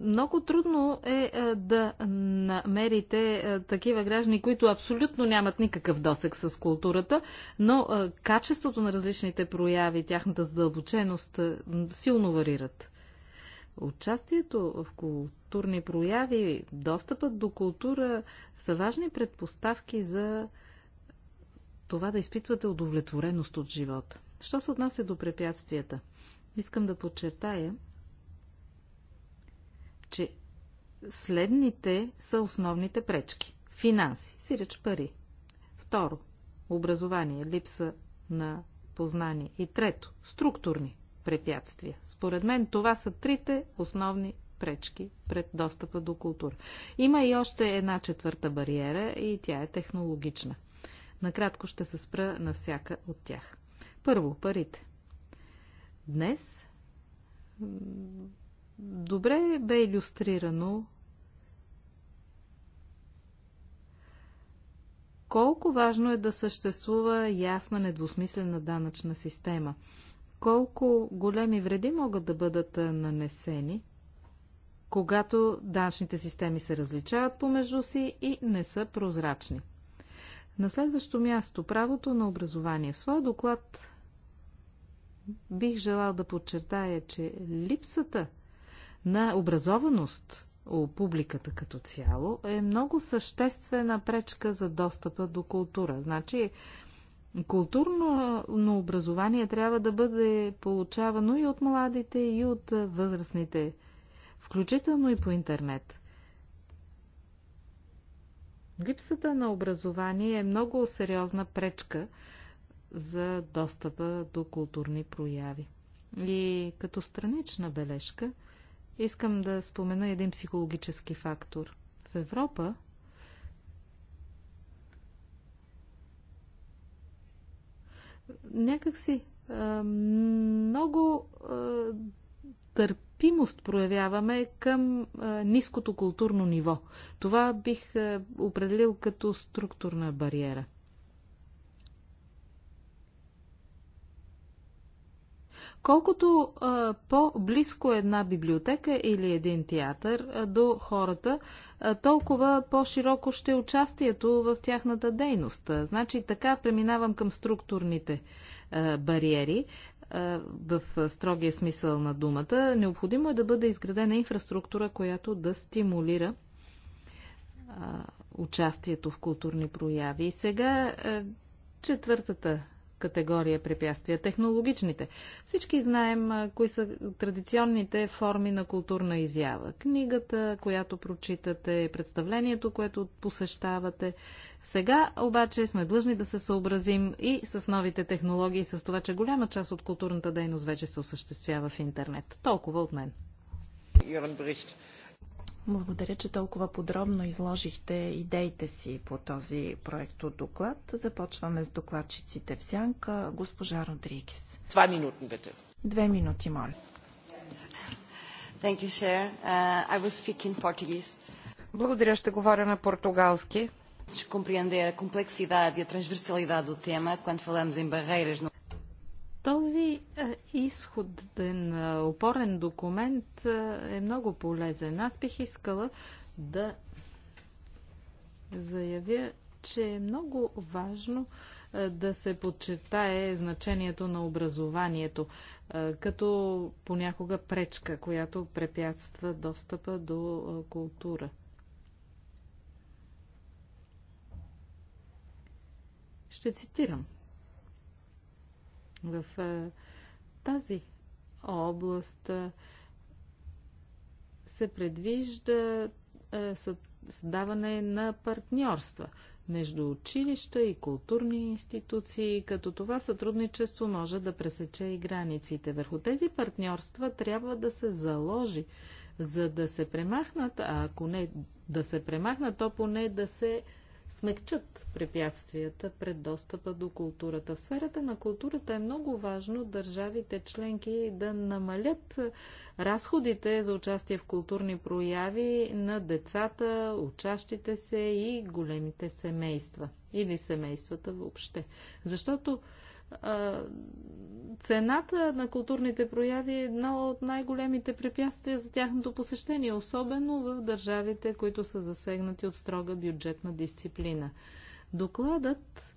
много трудно е да намерите такива граждани, които абсолютно нямат никакъв досек с културата, но качеството на различните прояви, тяхната задълбоченост силно варират. Участието в културни прояви, достъпът до култура са важни предпоставки за това да изпитвате удовлетвореност от живота. Що се отнася до препятствията? Искам да подчертая, че следните са основните пречки. Финанси, сиреч пари. Второ, образование, липса на познание. И трето, структурни препятствия. Според мен това са трите основни пречки пред достъпа до култура. Има и още една четвърта бариера и тя е технологична. Накратко ще се спра на всяка от тях. Първо, парите. Днес добре бе иллюстрирано колко важно е да съществува ясна, недвусмислена данъчна система. Колко големи вреди могат да бъдат нанесени, когато данъчните системи се различават помежду си и не са прозрачни. На следващо място, правото на образование. В своя доклад бих желал да подчертая, че липсата на образованост у публиката като цяло е много съществена пречка за достъпа до култура. Значи, културно образование трябва да бъде получавано и от младите, и от възрастните, включително и по интернет. Липсата на образование е много сериозна пречка за достъпа до културни прояви. И като странична бележка – искам да спомена един психологически фактор. В Европа някакси много търпимост проявяваме към ниското културно ниво. Това бих определил като структурна бариера – Колкото по-близко е една библиотека или един театър до хората, толкова по-широко ще е участието в тяхната дейност. Значи така преминавам към структурните бариери в строгия смисъл на думата. Необходимо е да бъде изградена инфраструктура, която да стимулира участието в културни прояви. И сега четвъртата категория препятствия. Технологичните. Всички знаем кои са традиционните форми на културна изява. Книгата, която прочитате, представлението, което посещавате. Сега обаче сме длъжни да се съобразим и с новите технологии, с това, че голяма част от културната дейност вече се осъществява в интернет. Толкова от мен. Благодаря, че толкова подробно изложихте идеите си по този проект от доклад. Започваме с докладчиците в сянка. Госпожа Родригес. Два минути, бете. Две минути, моля. Thank you, Chair. Uh, I will speak in Portuguese. Благодаря, ще говоря на португалски. Compreender a complexidade e a transversalidade do tema quando falamos em barreiras no този е, изходен е, опорен документ е, е много полезен. Аз бих искала да заявя, че е много важно да се подчертае значението на образованието като понякога пречка, която препятства достъпа до култура. Ще цитирам в тази област се предвижда създаване на партньорства между училища и културни институции, като това сътрудничество може да пресече и границите. Върху тези партньорства трябва да се заложи, за да се премахнат, а ако не да се премахнат, то поне да се смекчат препятствията пред достъпа до културата. В сферата на културата е много важно държавите членки да намалят разходите за участие в културни прояви на децата, учащите се и големите семейства или семействата въобще. Защото цената на културните прояви е едно от най-големите препятствия за тяхното посещение, особено в държавите, които са засегнати от строга бюджетна дисциплина. Докладът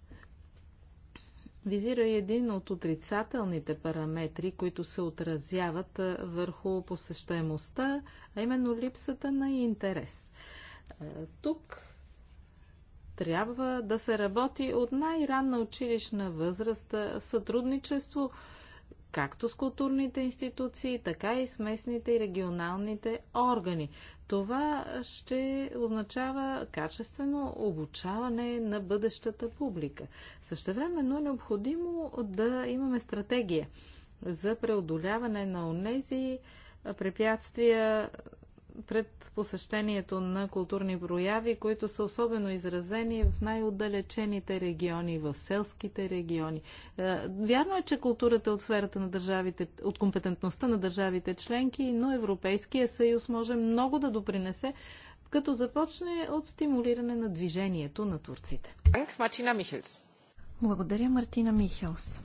визира и един от отрицателните параметри, които се отразяват върху посещаемостта, а именно липсата на интерес. Тук трябва да се работи от най-ранна училищна възраст, сътрудничество както с културните институции, така и с местните и регионалните органи. Това ще означава качествено обучаване на бъдещата публика. Същевременно е необходимо да имаме стратегия за преодоляване на онези препятствия пред посещението на културни прояви, които са особено изразени в най-отдалечените региони, в селските региони. Е, вярно е, че културата е от сферата на държавите, от компетентността на държавите членки, но Европейския съюз може много да допринесе, като започне от стимулиране на движението на турците. Мартина Михелс. Благодаря, Мартина Михелс.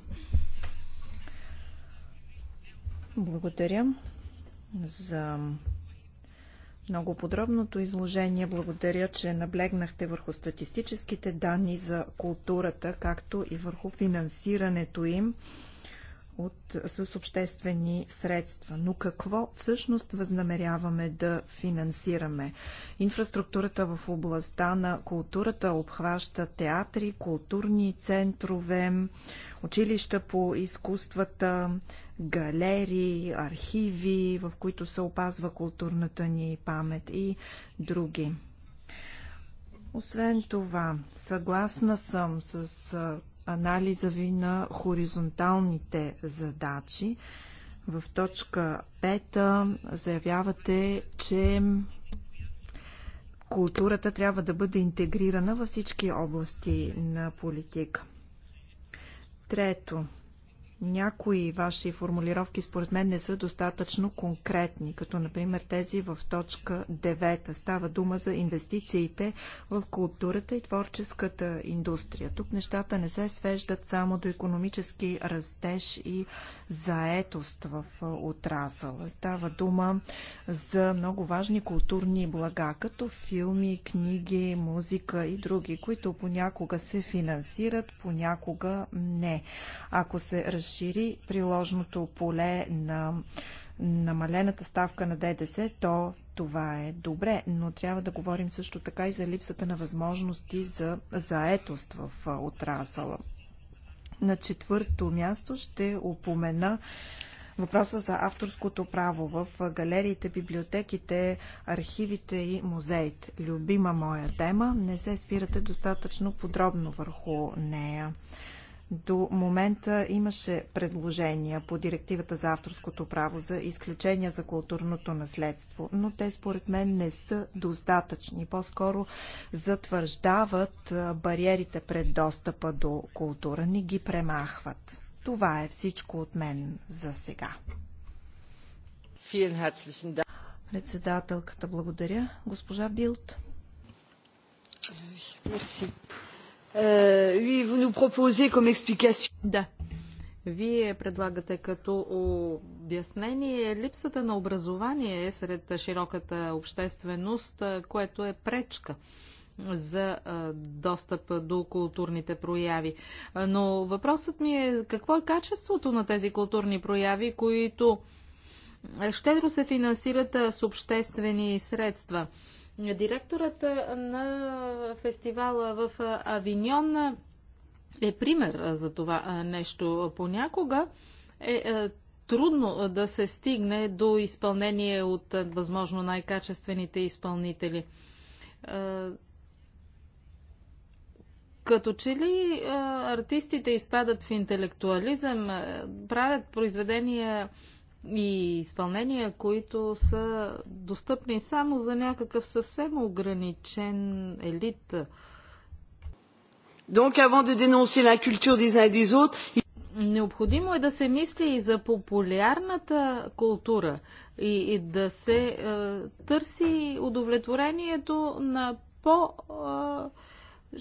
Благодаря за много подробното изложение. Благодаря, че наблегнахте върху статистическите данни за културата, както и върху финансирането им от, с обществени средства. Но какво всъщност възнамеряваме да финансираме? Инфраструктурата в областта на културата обхваща театри, културни центрове, училища по изкуствата, галери, архиви, в които се опазва културната ни памет и други. Освен това, съгласна съм с анализа ви на хоризонталните задачи. В точка 5 заявявате, че културата трябва да бъде интегрирана във всички области на политика. Трето, някои ваши формулировки според мен не са достатъчно конкретни, като например тези в точка 9. Става дума за инвестициите в културата и творческата индустрия. Тук нещата не се свеждат само до економически растеж и заетост в отрасъл. Става дума за много важни културни блага, като филми, книги, музика и други, които понякога се финансират, понякога не. Ако се разшири приложното поле на намалената ставка на ДДС, то това е добре, но трябва да говорим също така и за липсата на възможности за заетост в отрасъла. На четвърто място ще упомена въпроса за авторското право в галериите, библиотеките, архивите и музеите. Любима моя тема, не се спирате достатъчно подробно върху нея. До момента имаше предложения по директивата за авторското право за изключения за културното наследство, но те според мен не са достатъчни. По-скоро затвърждават бариерите пред достъпа до култура, не ги премахват. Това е всичко от мен за сега. Председателката благодаря. Госпожа Билт. Мерси. Euh, да. Вие предлагате като обяснение липсата на образование е сред широката общественост, което е пречка за достъп до културните прояви. Но въпросът ми е какво е качеството на тези културни прояви, които щедро се финансират с обществени средства. Директорът на фестивала в Авиньон е пример за това нещо. Понякога е трудно да се стигне до изпълнение от възможно най-качествените изпълнители. Като че ли артистите изпадат в интелектуализъм, правят произведения и изпълнения, които са достъпни само за някакъв съвсем ограничен елит. Donc, avant de dénoncer la culture des uns et des autres, Необходимо е да се мисли и за популярната култура и, и да се е, търси удовлетворението на по-широк е,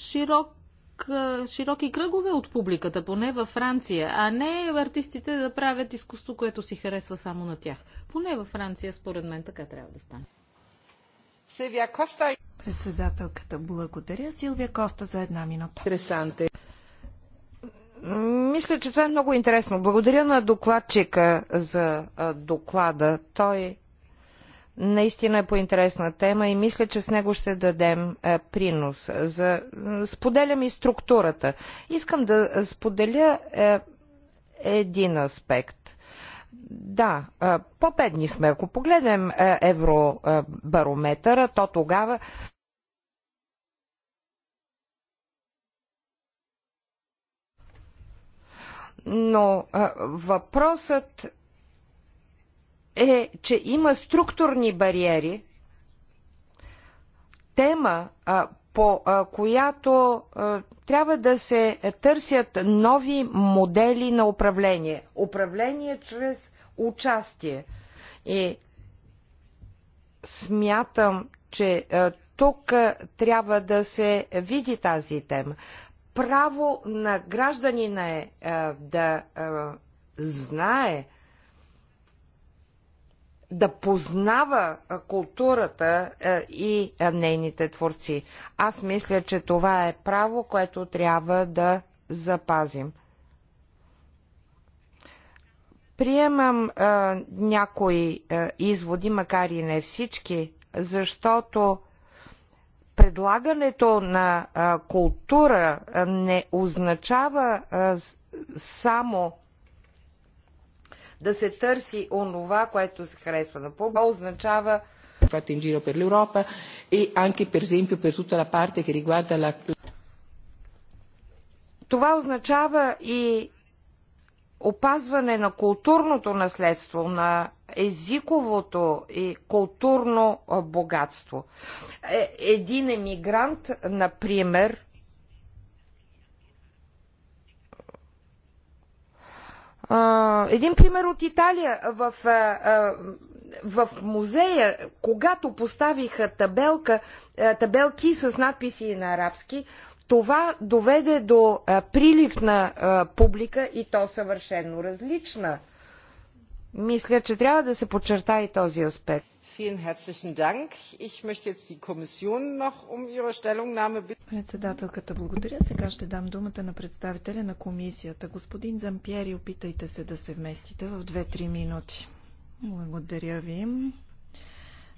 широки кръгове от публиката, поне във Франция, а не артистите да правят изкуство, което си харесва само на тях. Поне във Франция, според мен, така трябва да стане. Силвия Коста. Председателката, благодаря. Силвия Коста за една минута. Интересанте. Мисля, че това е много интересно. Благодаря на докладчика за доклада. Той наистина е по интересна тема и мисля, че с него ще дадем е, принос. За... Споделям и структурата. Искам да споделя е, един аспект. Да, е, по-бедни сме. Ако погледнем е, евробарометъра, то тогава но е, въпросът е, че има структурни бариери, тема, по която трябва да се търсят нови модели на управление. Управление чрез участие. И смятам, че тук трябва да се види тази тема. Право на гражданина е да знае да познава културата и нейните творци. Аз мисля, че това е право, което трябва да запазим. Приемам а, някои а, изводи, макар и не всички, защото предлагането на а, култура не означава а, само да се търси онова, което се харесва на публика, означава fatte in giro per l'Europa e anche per esempio per tutta la parte che riguarda la... Това означава и опазване на културното наследство, на езиковото и културно богатство. Е, един емигрант, например, един пример от Италия. В, в музея, когато поставиха табелка, табелки с надписи на арабски, това доведе до прилив на публика и то съвършено различна. Мисля, че трябва да се подчерта и този аспект. Vielen herzlichen Dank. Ich möchte jetzt die Kommission noch um ihre Stellungnahme bitten. Председателката, благодаря. Сега ще дам думата на представителя на комисията. Господин Зампиери, опитайте се да се вместите в 2-3 минути. Благодаря ви.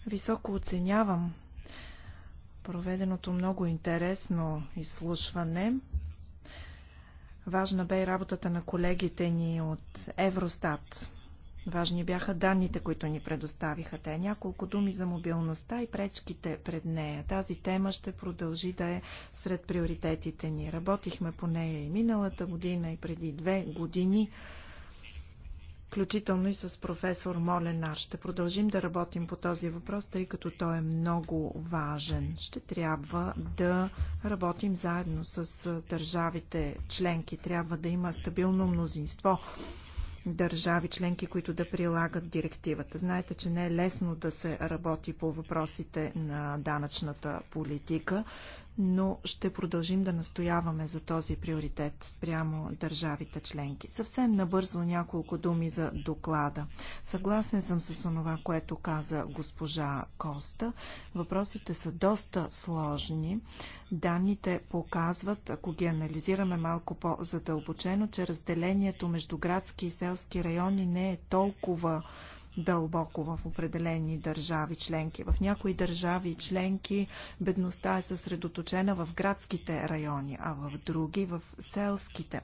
Високо оценявам проведеното много интересно изслушване. Важна бе и работата на колегите ни от Евростат Важни бяха данните, които ни предоставиха те. Няколко думи за мобилността и пречките пред нея. Тази тема ще продължи да е сред приоритетите ни. Работихме по нея и миналата година, и преди две години включително и с професор Моленар. Ще продължим да работим по този въпрос, тъй като той е много важен. Ще трябва да работим заедно с държавите членки. Трябва да има стабилно мнозинство държави членки, които да прилагат директивата. Знаете, че не е лесно да се работи по въпросите на данъчната политика, но ще продължим да настояваме за този приоритет спрямо държавите членки. Съвсем набързо няколко думи за доклада. Съгласен съм с онова, което каза госпожа Коста. Въпросите са доста сложни. Данните показват, ако ги анализираме малко по-задълбочено, че разделението между градски и селски райони не е толкова дълбоко в определени държави членки. В някои държави членки бедността е съсредоточена в градските райони, а в други в селските.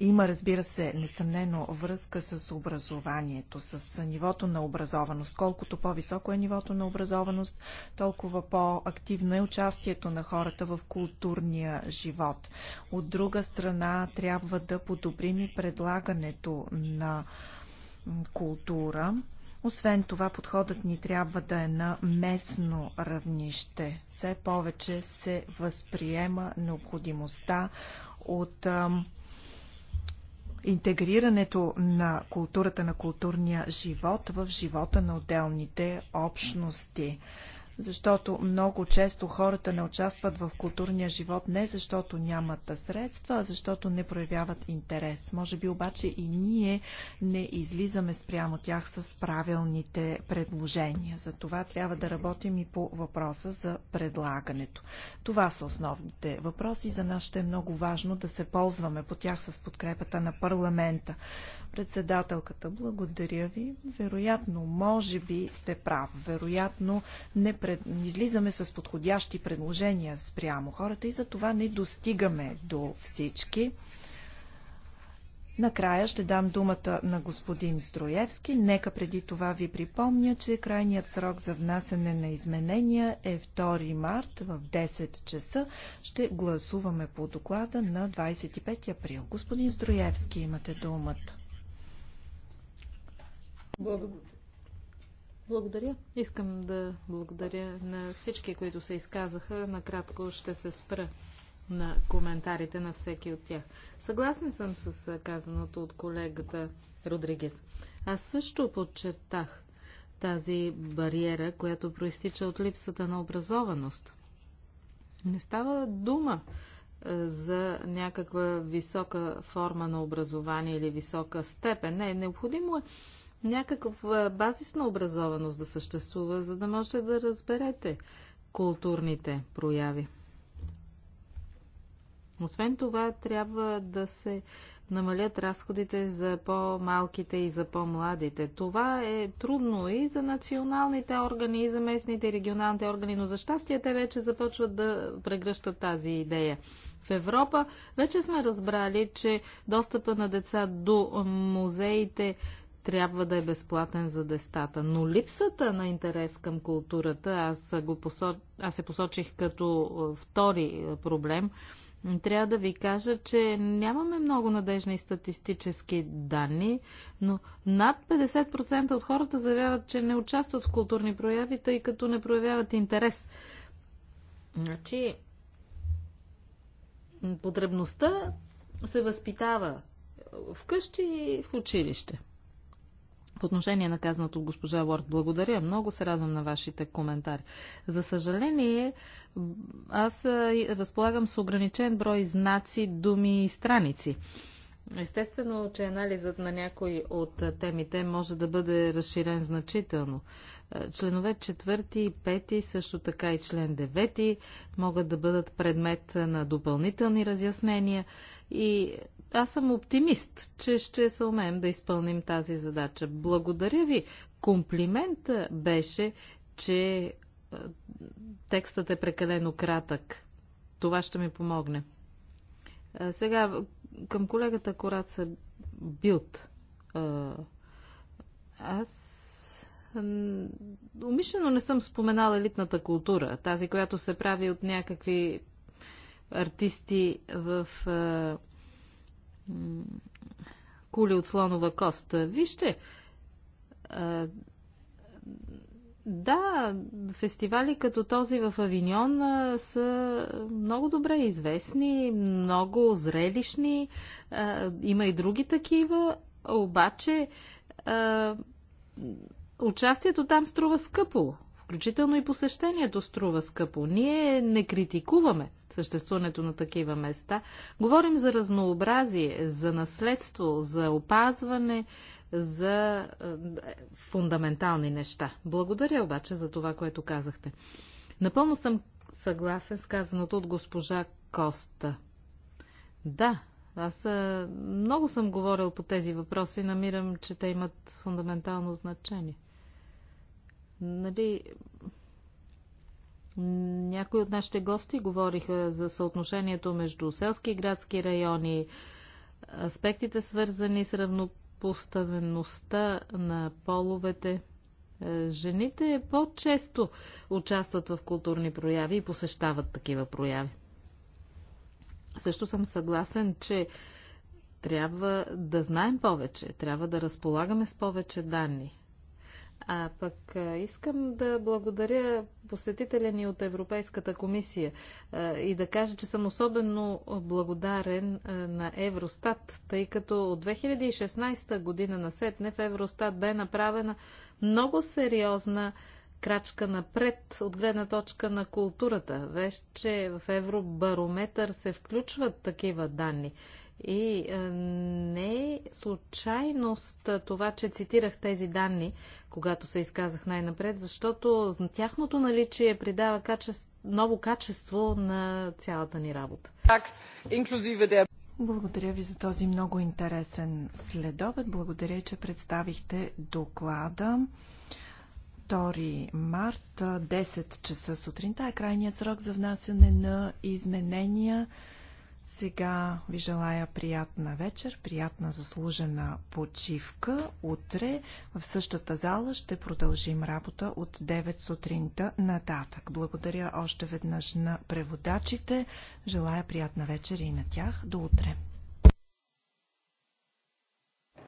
Има, разбира се, несъмнено връзка с образованието, с нивото на образованост. Колкото по-високо е нивото на образованост, толкова по-активно е участието на хората в културния живот. От друга страна, трябва да подобрим и предлагането на култура. Освен това, подходът ни трябва да е на местно равнище. Все повече се възприема необходимостта от ам, интегрирането на културата на културния живот в живота на отделните общности защото много често хората не участват в културния живот не защото нямат средства, а защото не проявяват интерес. Може би обаче и ние не излизаме спрямо тях с правилните предложения. За това трябва да работим и по въпроса за предлагането. Това са основните въпроси. За нас ще е много важно да се ползваме по тях с подкрепата на парламента. Председателката, благодаря ви. Вероятно, може би сте прав. Вероятно, не пред... излизаме с подходящи предложения спрямо хората и за това не достигаме до всички. Накрая ще дам думата на господин Строевски. Нека преди това ви припомня, че крайният срок за внасене на изменения е 2 март в 10 часа. Ще гласуваме по доклада на 25 април. Господин Строевски, имате думата. Благодаря. Искам да благодаря на всички, които се изказаха. Накратко ще се спра на коментарите на всеки от тях. Съгласен съм с казаното от колегата Родригес. Аз също подчертах тази бариера, която проистича от липсата на образованост. Не става дума за някаква висока форма на образование или висока степен. Не, необходимо е някаква базисна образованост да съществува, за да можете да разберете културните прояви. Освен това, трябва да се намалят разходите за по-малките и за по-младите. Това е трудно и за националните органи, и за местните и регионалните органи, но за щастие те вече започват да прегръщат тази идея. В Европа вече сме разбрали, че достъпа на деца до музеите трябва да е безплатен за дестата. Но липсата на интерес към културата, аз, го посоч... аз се посочих като е, втори е, проблем, трябва да ви кажа, че нямаме много надежни статистически данни, но над 50% от хората заявяват, че не участват в културни прояви, тъй като не проявяват интерес. Значи, потребността се възпитава вкъщи и в училище. По отношение на казаното от госпожа Лорд, благодаря. Много се радвам на вашите коментари. За съжаление, аз разполагам с ограничен брой знаци, думи и страници. Естествено, че анализът на някои от темите може да бъде разширен значително. Членове 4 и 5, също така и член 9 могат да бъдат предмет на допълнителни разяснения и аз съм оптимист, че ще се умеем да изпълним тази задача. Благодаря ви. Комплимент беше, че текстът е прекалено кратък. Това ще ми помогне. Сега към колегата Кораца Билт. Аз умишлено не съм споменала елитната култура, тази, която се прави от някакви артисти в кули от слонова кост. Вижте, да, фестивали като този в Авиньон са много добре известни, много зрелищни. Има и други такива, обаче участието там струва скъпо. Включително и посещението струва скъпо. Ние не критикуваме съществуването на такива места. Говорим за разнообразие, за наследство, за опазване, за е, фундаментални неща. Благодаря обаче за това, което казахте. Напълно съм съгласен с казаното от госпожа Коста. Да, аз е, много съм говорил по тези въпроси. Намирам, че те имат фундаментално значение. Нали, някои от нашите гости говориха за съотношението между селски и градски райони, аспектите свързани с равнопоставеността на половете. Е, жените по-често участват в културни прояви и посещават такива прояви. Също съм съгласен, че трябва да знаем повече, трябва да разполагаме с повече данни. А пък искам да благодаря посетителя ни от Европейската комисия и да кажа, че съм особено благодарен на Евростат, тъй като от 2016 година на сетне в Евростат бе направена много сериозна крачка напред от гледна точка на културата. Вече в Евробарометър се включват такива данни. И е, не е случайност е, това, че цитирах тези данни, когато се изказах най-напред, защото тяхното наличие придава качество, ново качество на цялата ни работа. Благодаря ви за този много интересен следобед. Благодаря, че представихте доклада. 2 март, 10 часа сутринта е крайният срок за внасяне на изменения. Сега ви желая приятна вечер, приятна заслужена почивка. Утре в същата зала ще продължим работа от 9 сутринта нататък. Благодаря още веднъж на преводачите. Желая приятна вечер и на тях. До утре.